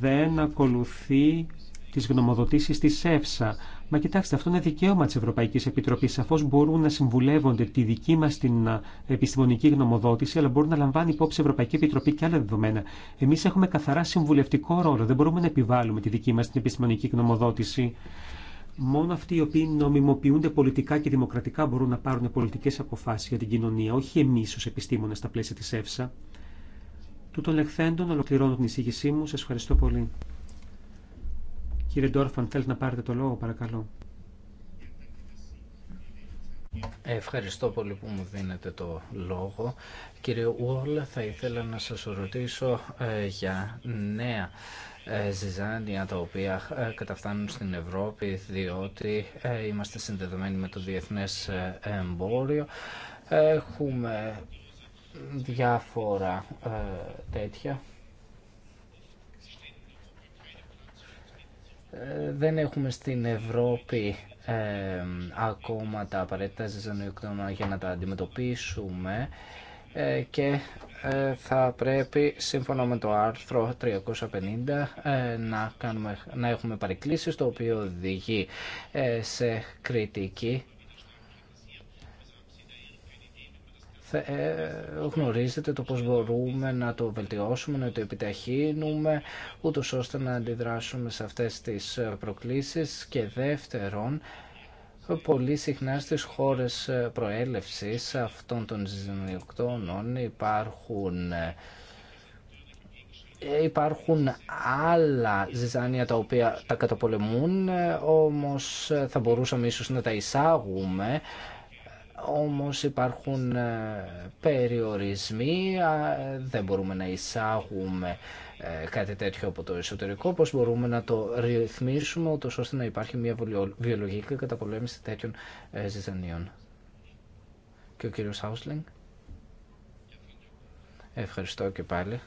δεν ακολουθεί τις γνωμοδοτήσεις της ΕΦΣΑ Μα κοιτάξτε, αυτό είναι δικαίωμα τη Ευρωπαϊκή Επιτροπή. Σαφώ μπορούν να συμβουλεύονται τη δική μα την επιστημονική γνωμοδότηση, αλλά μπορούν να λαμβάνει υπόψη η Ευρωπαϊκή Επιτροπή και άλλα δεδομένα. Εμεί έχουμε καθαρά συμβουλευτικό ρόλο. Δεν μπορούμε να επιβάλλουμε τη δική μα την επιστημονική γνωμοδότηση. Μόνο αυτοί οι οποίοι νομιμοποιούνται πολιτικά και δημοκρατικά μπορούν να πάρουν πολιτικέ αποφάσει για την κοινωνία, όχι εμεί ω επιστήμονε στα πλαίσια τη ΕΦΣΑ. Τούτων λεχθέντων ολοκληρώνω την εισήγησή μου. Σα ευχαριστώ πολύ. Κύριε Ντόρφαν, θέλετε να πάρετε το λόγο, παρακαλώ. Ευχαριστώ πολύ που μου δίνετε το λόγο. Κύριε Ουόλ, θα ήθελα να σας ρωτήσω ε, για νέα ε, ζυζάνια τα οποία ε, καταφτάνουν στην Ευρώπη διότι είμαστε συνδεδεμένοι με το διεθνές εμπόριο. Έχουμε διάφορα τέτοια Ε, δεν έχουμε στην Ευρώπη ακόμα τα απαραίτητα ζεζανοϊκτώνα για να τα αντιμετωπίσουμε ε, και ε, θα πρέπει σύμφωνα με το άρθρο 350 να, κάνουμε, να έχουμε παρεκκλήσεις το οποίο οδηγεί σε κριτική Ε, γνωρίζετε το πώς μπορούμε να το βελτιώσουμε, να το επιταχύνουμε, ούτως ώστε να αντιδράσουμε σε αυτές τις προκλήσεις και δεύτερον, πολύ συχνά στις χώρες προέλευσης αυτών των ζημιοκτώνων υπάρχουν ε, υπάρχουν άλλα ζυζάνια τα οποία τα καταπολεμούν, όμως θα μπορούσαμε ίσως να τα εισάγουμε όμως υπάρχουν ε, περιορισμοί, δεν μπορούμε να εισάγουμε ε, κάτι τέτοιο από το εσωτερικό, πώς μπορούμε να το ρυθμίσουμε ώστε να υπάρχει μια βιολογική καταπολέμηση τέτοιων ε, ζητανίων. Και ο κύριος Χάουσλινγκ. Ευχαριστώ και πάλι.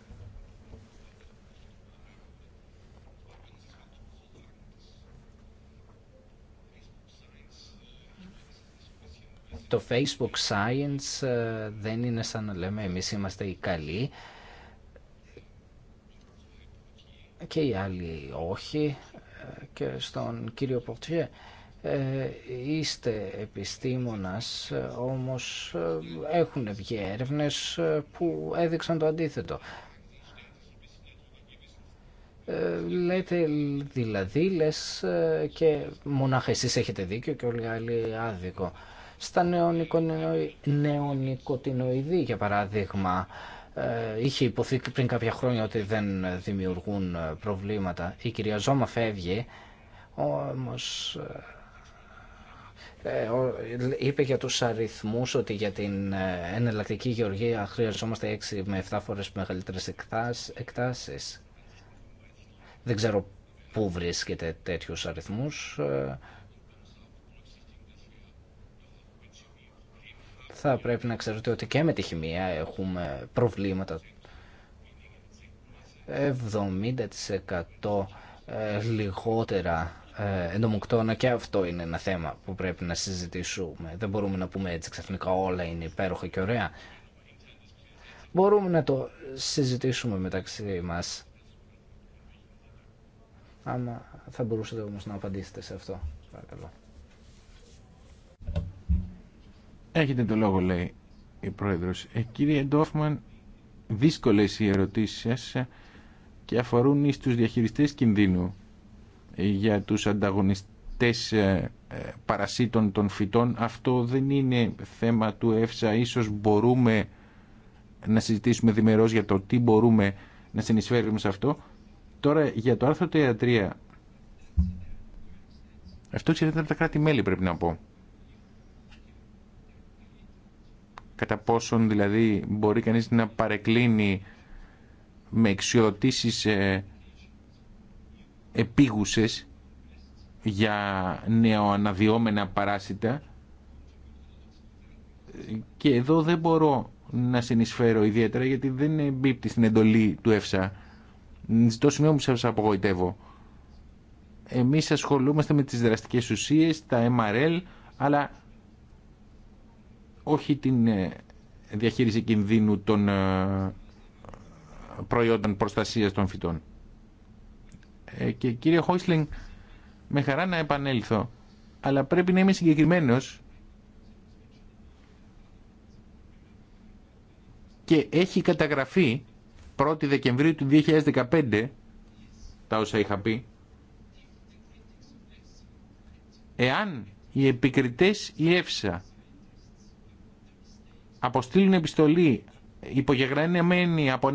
το Facebook Science ε, δεν είναι σαν να λέμε εμείς είμαστε οι καλοί και οι άλλοι όχι ε, και στον κύριο Πορτιέ ε, είστε επιστήμονας όμως έχουν βγει που έδειξαν το αντίθετο λέτε δηλαδή λες και μονάχα εσείς έχετε δίκιο και όλοι οι άλλοι άδικο στα νεονικοτινοειδή για παράδειγμα ε, είχε υποθεί πριν κάποια χρόνια ότι δεν δημιουργούν ε, προβλήματα. Η κυρία Ζώμα φεύγει, όμως ε, είπε για τους αριθμούς ότι για την εναλλακτική γεωργία χρειαζόμαστε 6 με 7 φορές μεγαλύτερες εκτάσεις. Δεν ξέρω πού βρίσκεται τέτοιους αριθμούς. θα πρέπει να ξέρετε ότι και με τη χημεία έχουμε προβλήματα. 70% ε, λιγότερα ε, εντομοκτώνα και αυτό είναι ένα θέμα που πρέπει να συζητήσουμε. Δεν μπορούμε να πούμε έτσι ξαφνικά όλα είναι υπέροχα και ωραία. Μπορούμε να το συζητήσουμε μεταξύ μας. Άμα θα μπορούσατε όμως να απαντήσετε σε αυτό, παρακαλώ. Έχετε το λόγο, λέει η Πρόεδρος. Ε, κύριε Ντόφμαν, δύσκολες οι ερωτήσεις σας και αφορούν εις τους διαχειριστές κινδύνου ε, για τους ανταγωνιστές ε, ε, παρασίτων των φυτών. Αυτό δεν είναι θέμα του ΕΦΣΑ. Ίσως μπορούμε να συζητήσουμε διμερώς για το τι μπορούμε να συνεισφέρουμε σε αυτό. Τώρα για το άρθρο 3-3. Αυτό ξέρετε από τα κράτη-μέλη πρέπει να πω. κατά πόσον δηλαδή μπορεί κανείς να παρεκκλίνει με εξιωτήσεις ε, επίγουσες για νεοαναδιόμενα παράσιτα και εδώ δεν μπορώ να συνεισφέρω ιδιαίτερα γιατί δεν εμπίπτει στην εντολή του ΕΦΣΑ. Στο σημείο που σας απογοητεύω. Εμείς ασχολούμαστε με τις δραστικές ουσίες, τα MRL, αλλά όχι την ε, διαχείριση κινδύνου των ε, προϊόντων προστασίας των φυτών. Ε, και κύριε Χόισλινγκ, με χαρά να επανέλθω, αλλά πρέπει να είμαι συγκεκριμένος και έχει καταγραφεί 1η Δεκεμβρίου του 2015 τα όσα είχα πει εάν οι επικριτές η ΕΦΣΑ αποστείλουν επιστολή υπογεγραμμένη από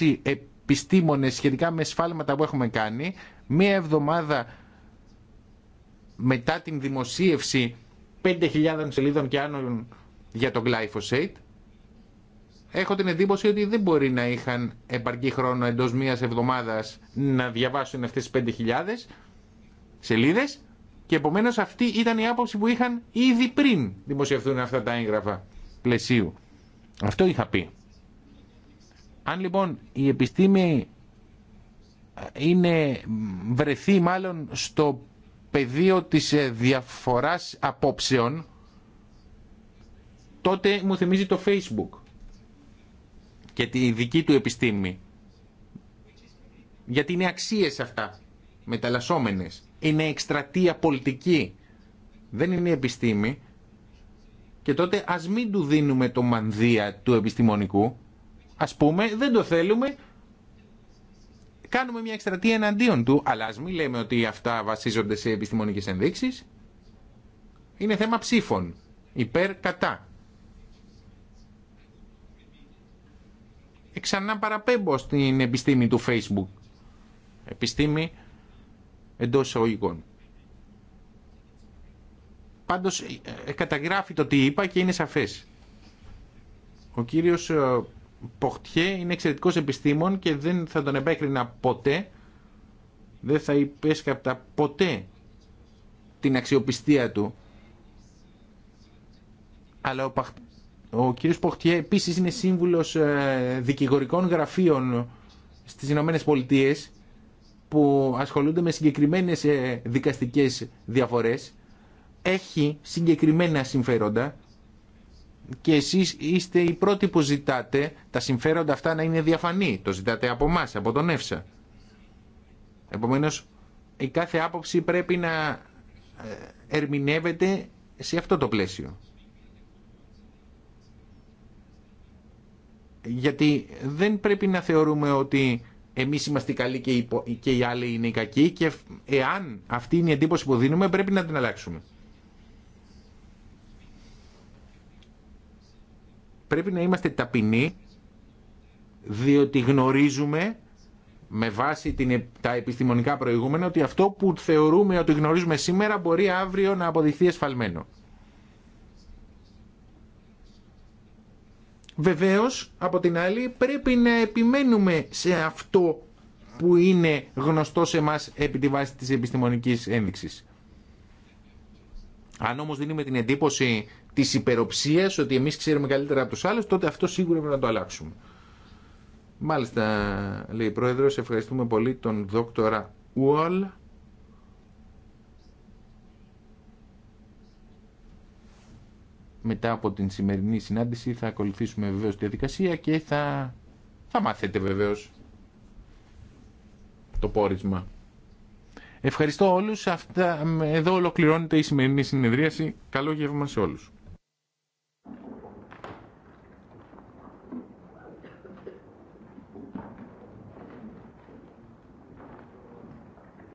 96 επιστήμονες σχετικά με σφάλματα που έχουμε κάνει, μία εβδομάδα μετά την δημοσίευση 5.000 σελίδων και άνω για το glyphosate, έχω την εντύπωση ότι δεν μπορεί να είχαν επαρκή χρόνο εντός μίας εβδομάδας να διαβάσουν αυτές τις 5.000 σελίδες και επομένως αυτή ήταν η άποψη που είχαν ήδη πριν δημοσιευθούν αυτά τα έγγραφα. Αυτό είχα πει. Αν λοιπόν η επιστήμη ε, είναι βρεθεί μάλλον στο πεδίο της ε, διαφοράς απόψεων, τότε μου θυμίζει το Facebook και τη δική του επιστήμη. Γιατί είναι αξίες αυτά, μεταλλασσόμενες. Είναι εκστρατεία πολιτική. Δεν είναι επιστήμη. Και τότε ας μην του δίνουμε το μανδύα του επιστημονικού. Ας πούμε, δεν το θέλουμε, κάνουμε μια εκστρατεία εναντίον του, αλλά ας μην λέμε ότι αυτά βασίζονται σε επιστημονικές ενδείξεις. Είναι θέμα ψήφων. Υπέρ, κατά. Ξανά παραπέμπω στην επιστήμη του Facebook. Επιστήμη εντός οικών. Πάντως ε, ε, καταγράφει το τι είπα και είναι σαφές. Ο κύριος ε, Ποχτιέ είναι εξαιρετικός επιστήμων και δεν θα τον επέκρινα ποτέ, δεν θα υπέσκαπτα ποτέ την αξιοπιστία του. Αλλά ο, Παχ... κύριος Ποχτιέ επίσης είναι σύμβουλος δικηγορικών γραφείων στις Ηνωμένες Πολιτείες που ασχολούνται με συγκεκριμένες δικαστικές διαφορές έχει συγκεκριμένα συμφέροντα και εσείς είστε οι πρώτοι που ζητάτε τα συμφέροντα αυτά να είναι διαφανή. Το ζητάτε από εμά, από τον ΕΦΣΑ. Επομένως, η κάθε άποψη πρέπει να ε, ερμηνεύεται σε αυτό το πλαίσιο. Γιατί δεν πρέπει να θεωρούμε ότι εμείς είμαστε καλοί και οι άλλοι είναι οι κακοί και εάν αυτή είναι η εντύπωση που δίνουμε πρέπει να την αλλάξουμε. πρέπει να είμαστε ταπεινοί διότι γνωρίζουμε με βάση την, τα επιστημονικά προηγούμενα ότι αυτό που θεωρούμε ότι γνωρίζουμε σήμερα μπορεί αύριο να αποδειχθεί εσφαλμένο. Βεβαίως, από την άλλη, πρέπει να επιμένουμε σε αυτό που είναι γνωστό σε μας επί τη βάση της επιστημονικής ένδειξης. Αν όμως δίνουμε την εντύπωση Τη υπεροψία ότι εμείς ξέρουμε καλύτερα από τους άλλους, τότε αυτό σίγουρα πρέπει να το αλλάξουμε. Μάλιστα, λέει η Πρόεδρος, ευχαριστούμε πολύ τον δόκτορα Ουόλ. Μετά από την σημερινή συνάντηση θα ακολουθήσουμε βεβαίως τη διαδικασία και θα, θα μάθετε βεβαίως το πόρισμα. Ευχαριστώ όλους. Αυτά, εδώ ολοκληρώνεται η σημερινή συνεδρίαση. Καλό γεύμα σε όλους.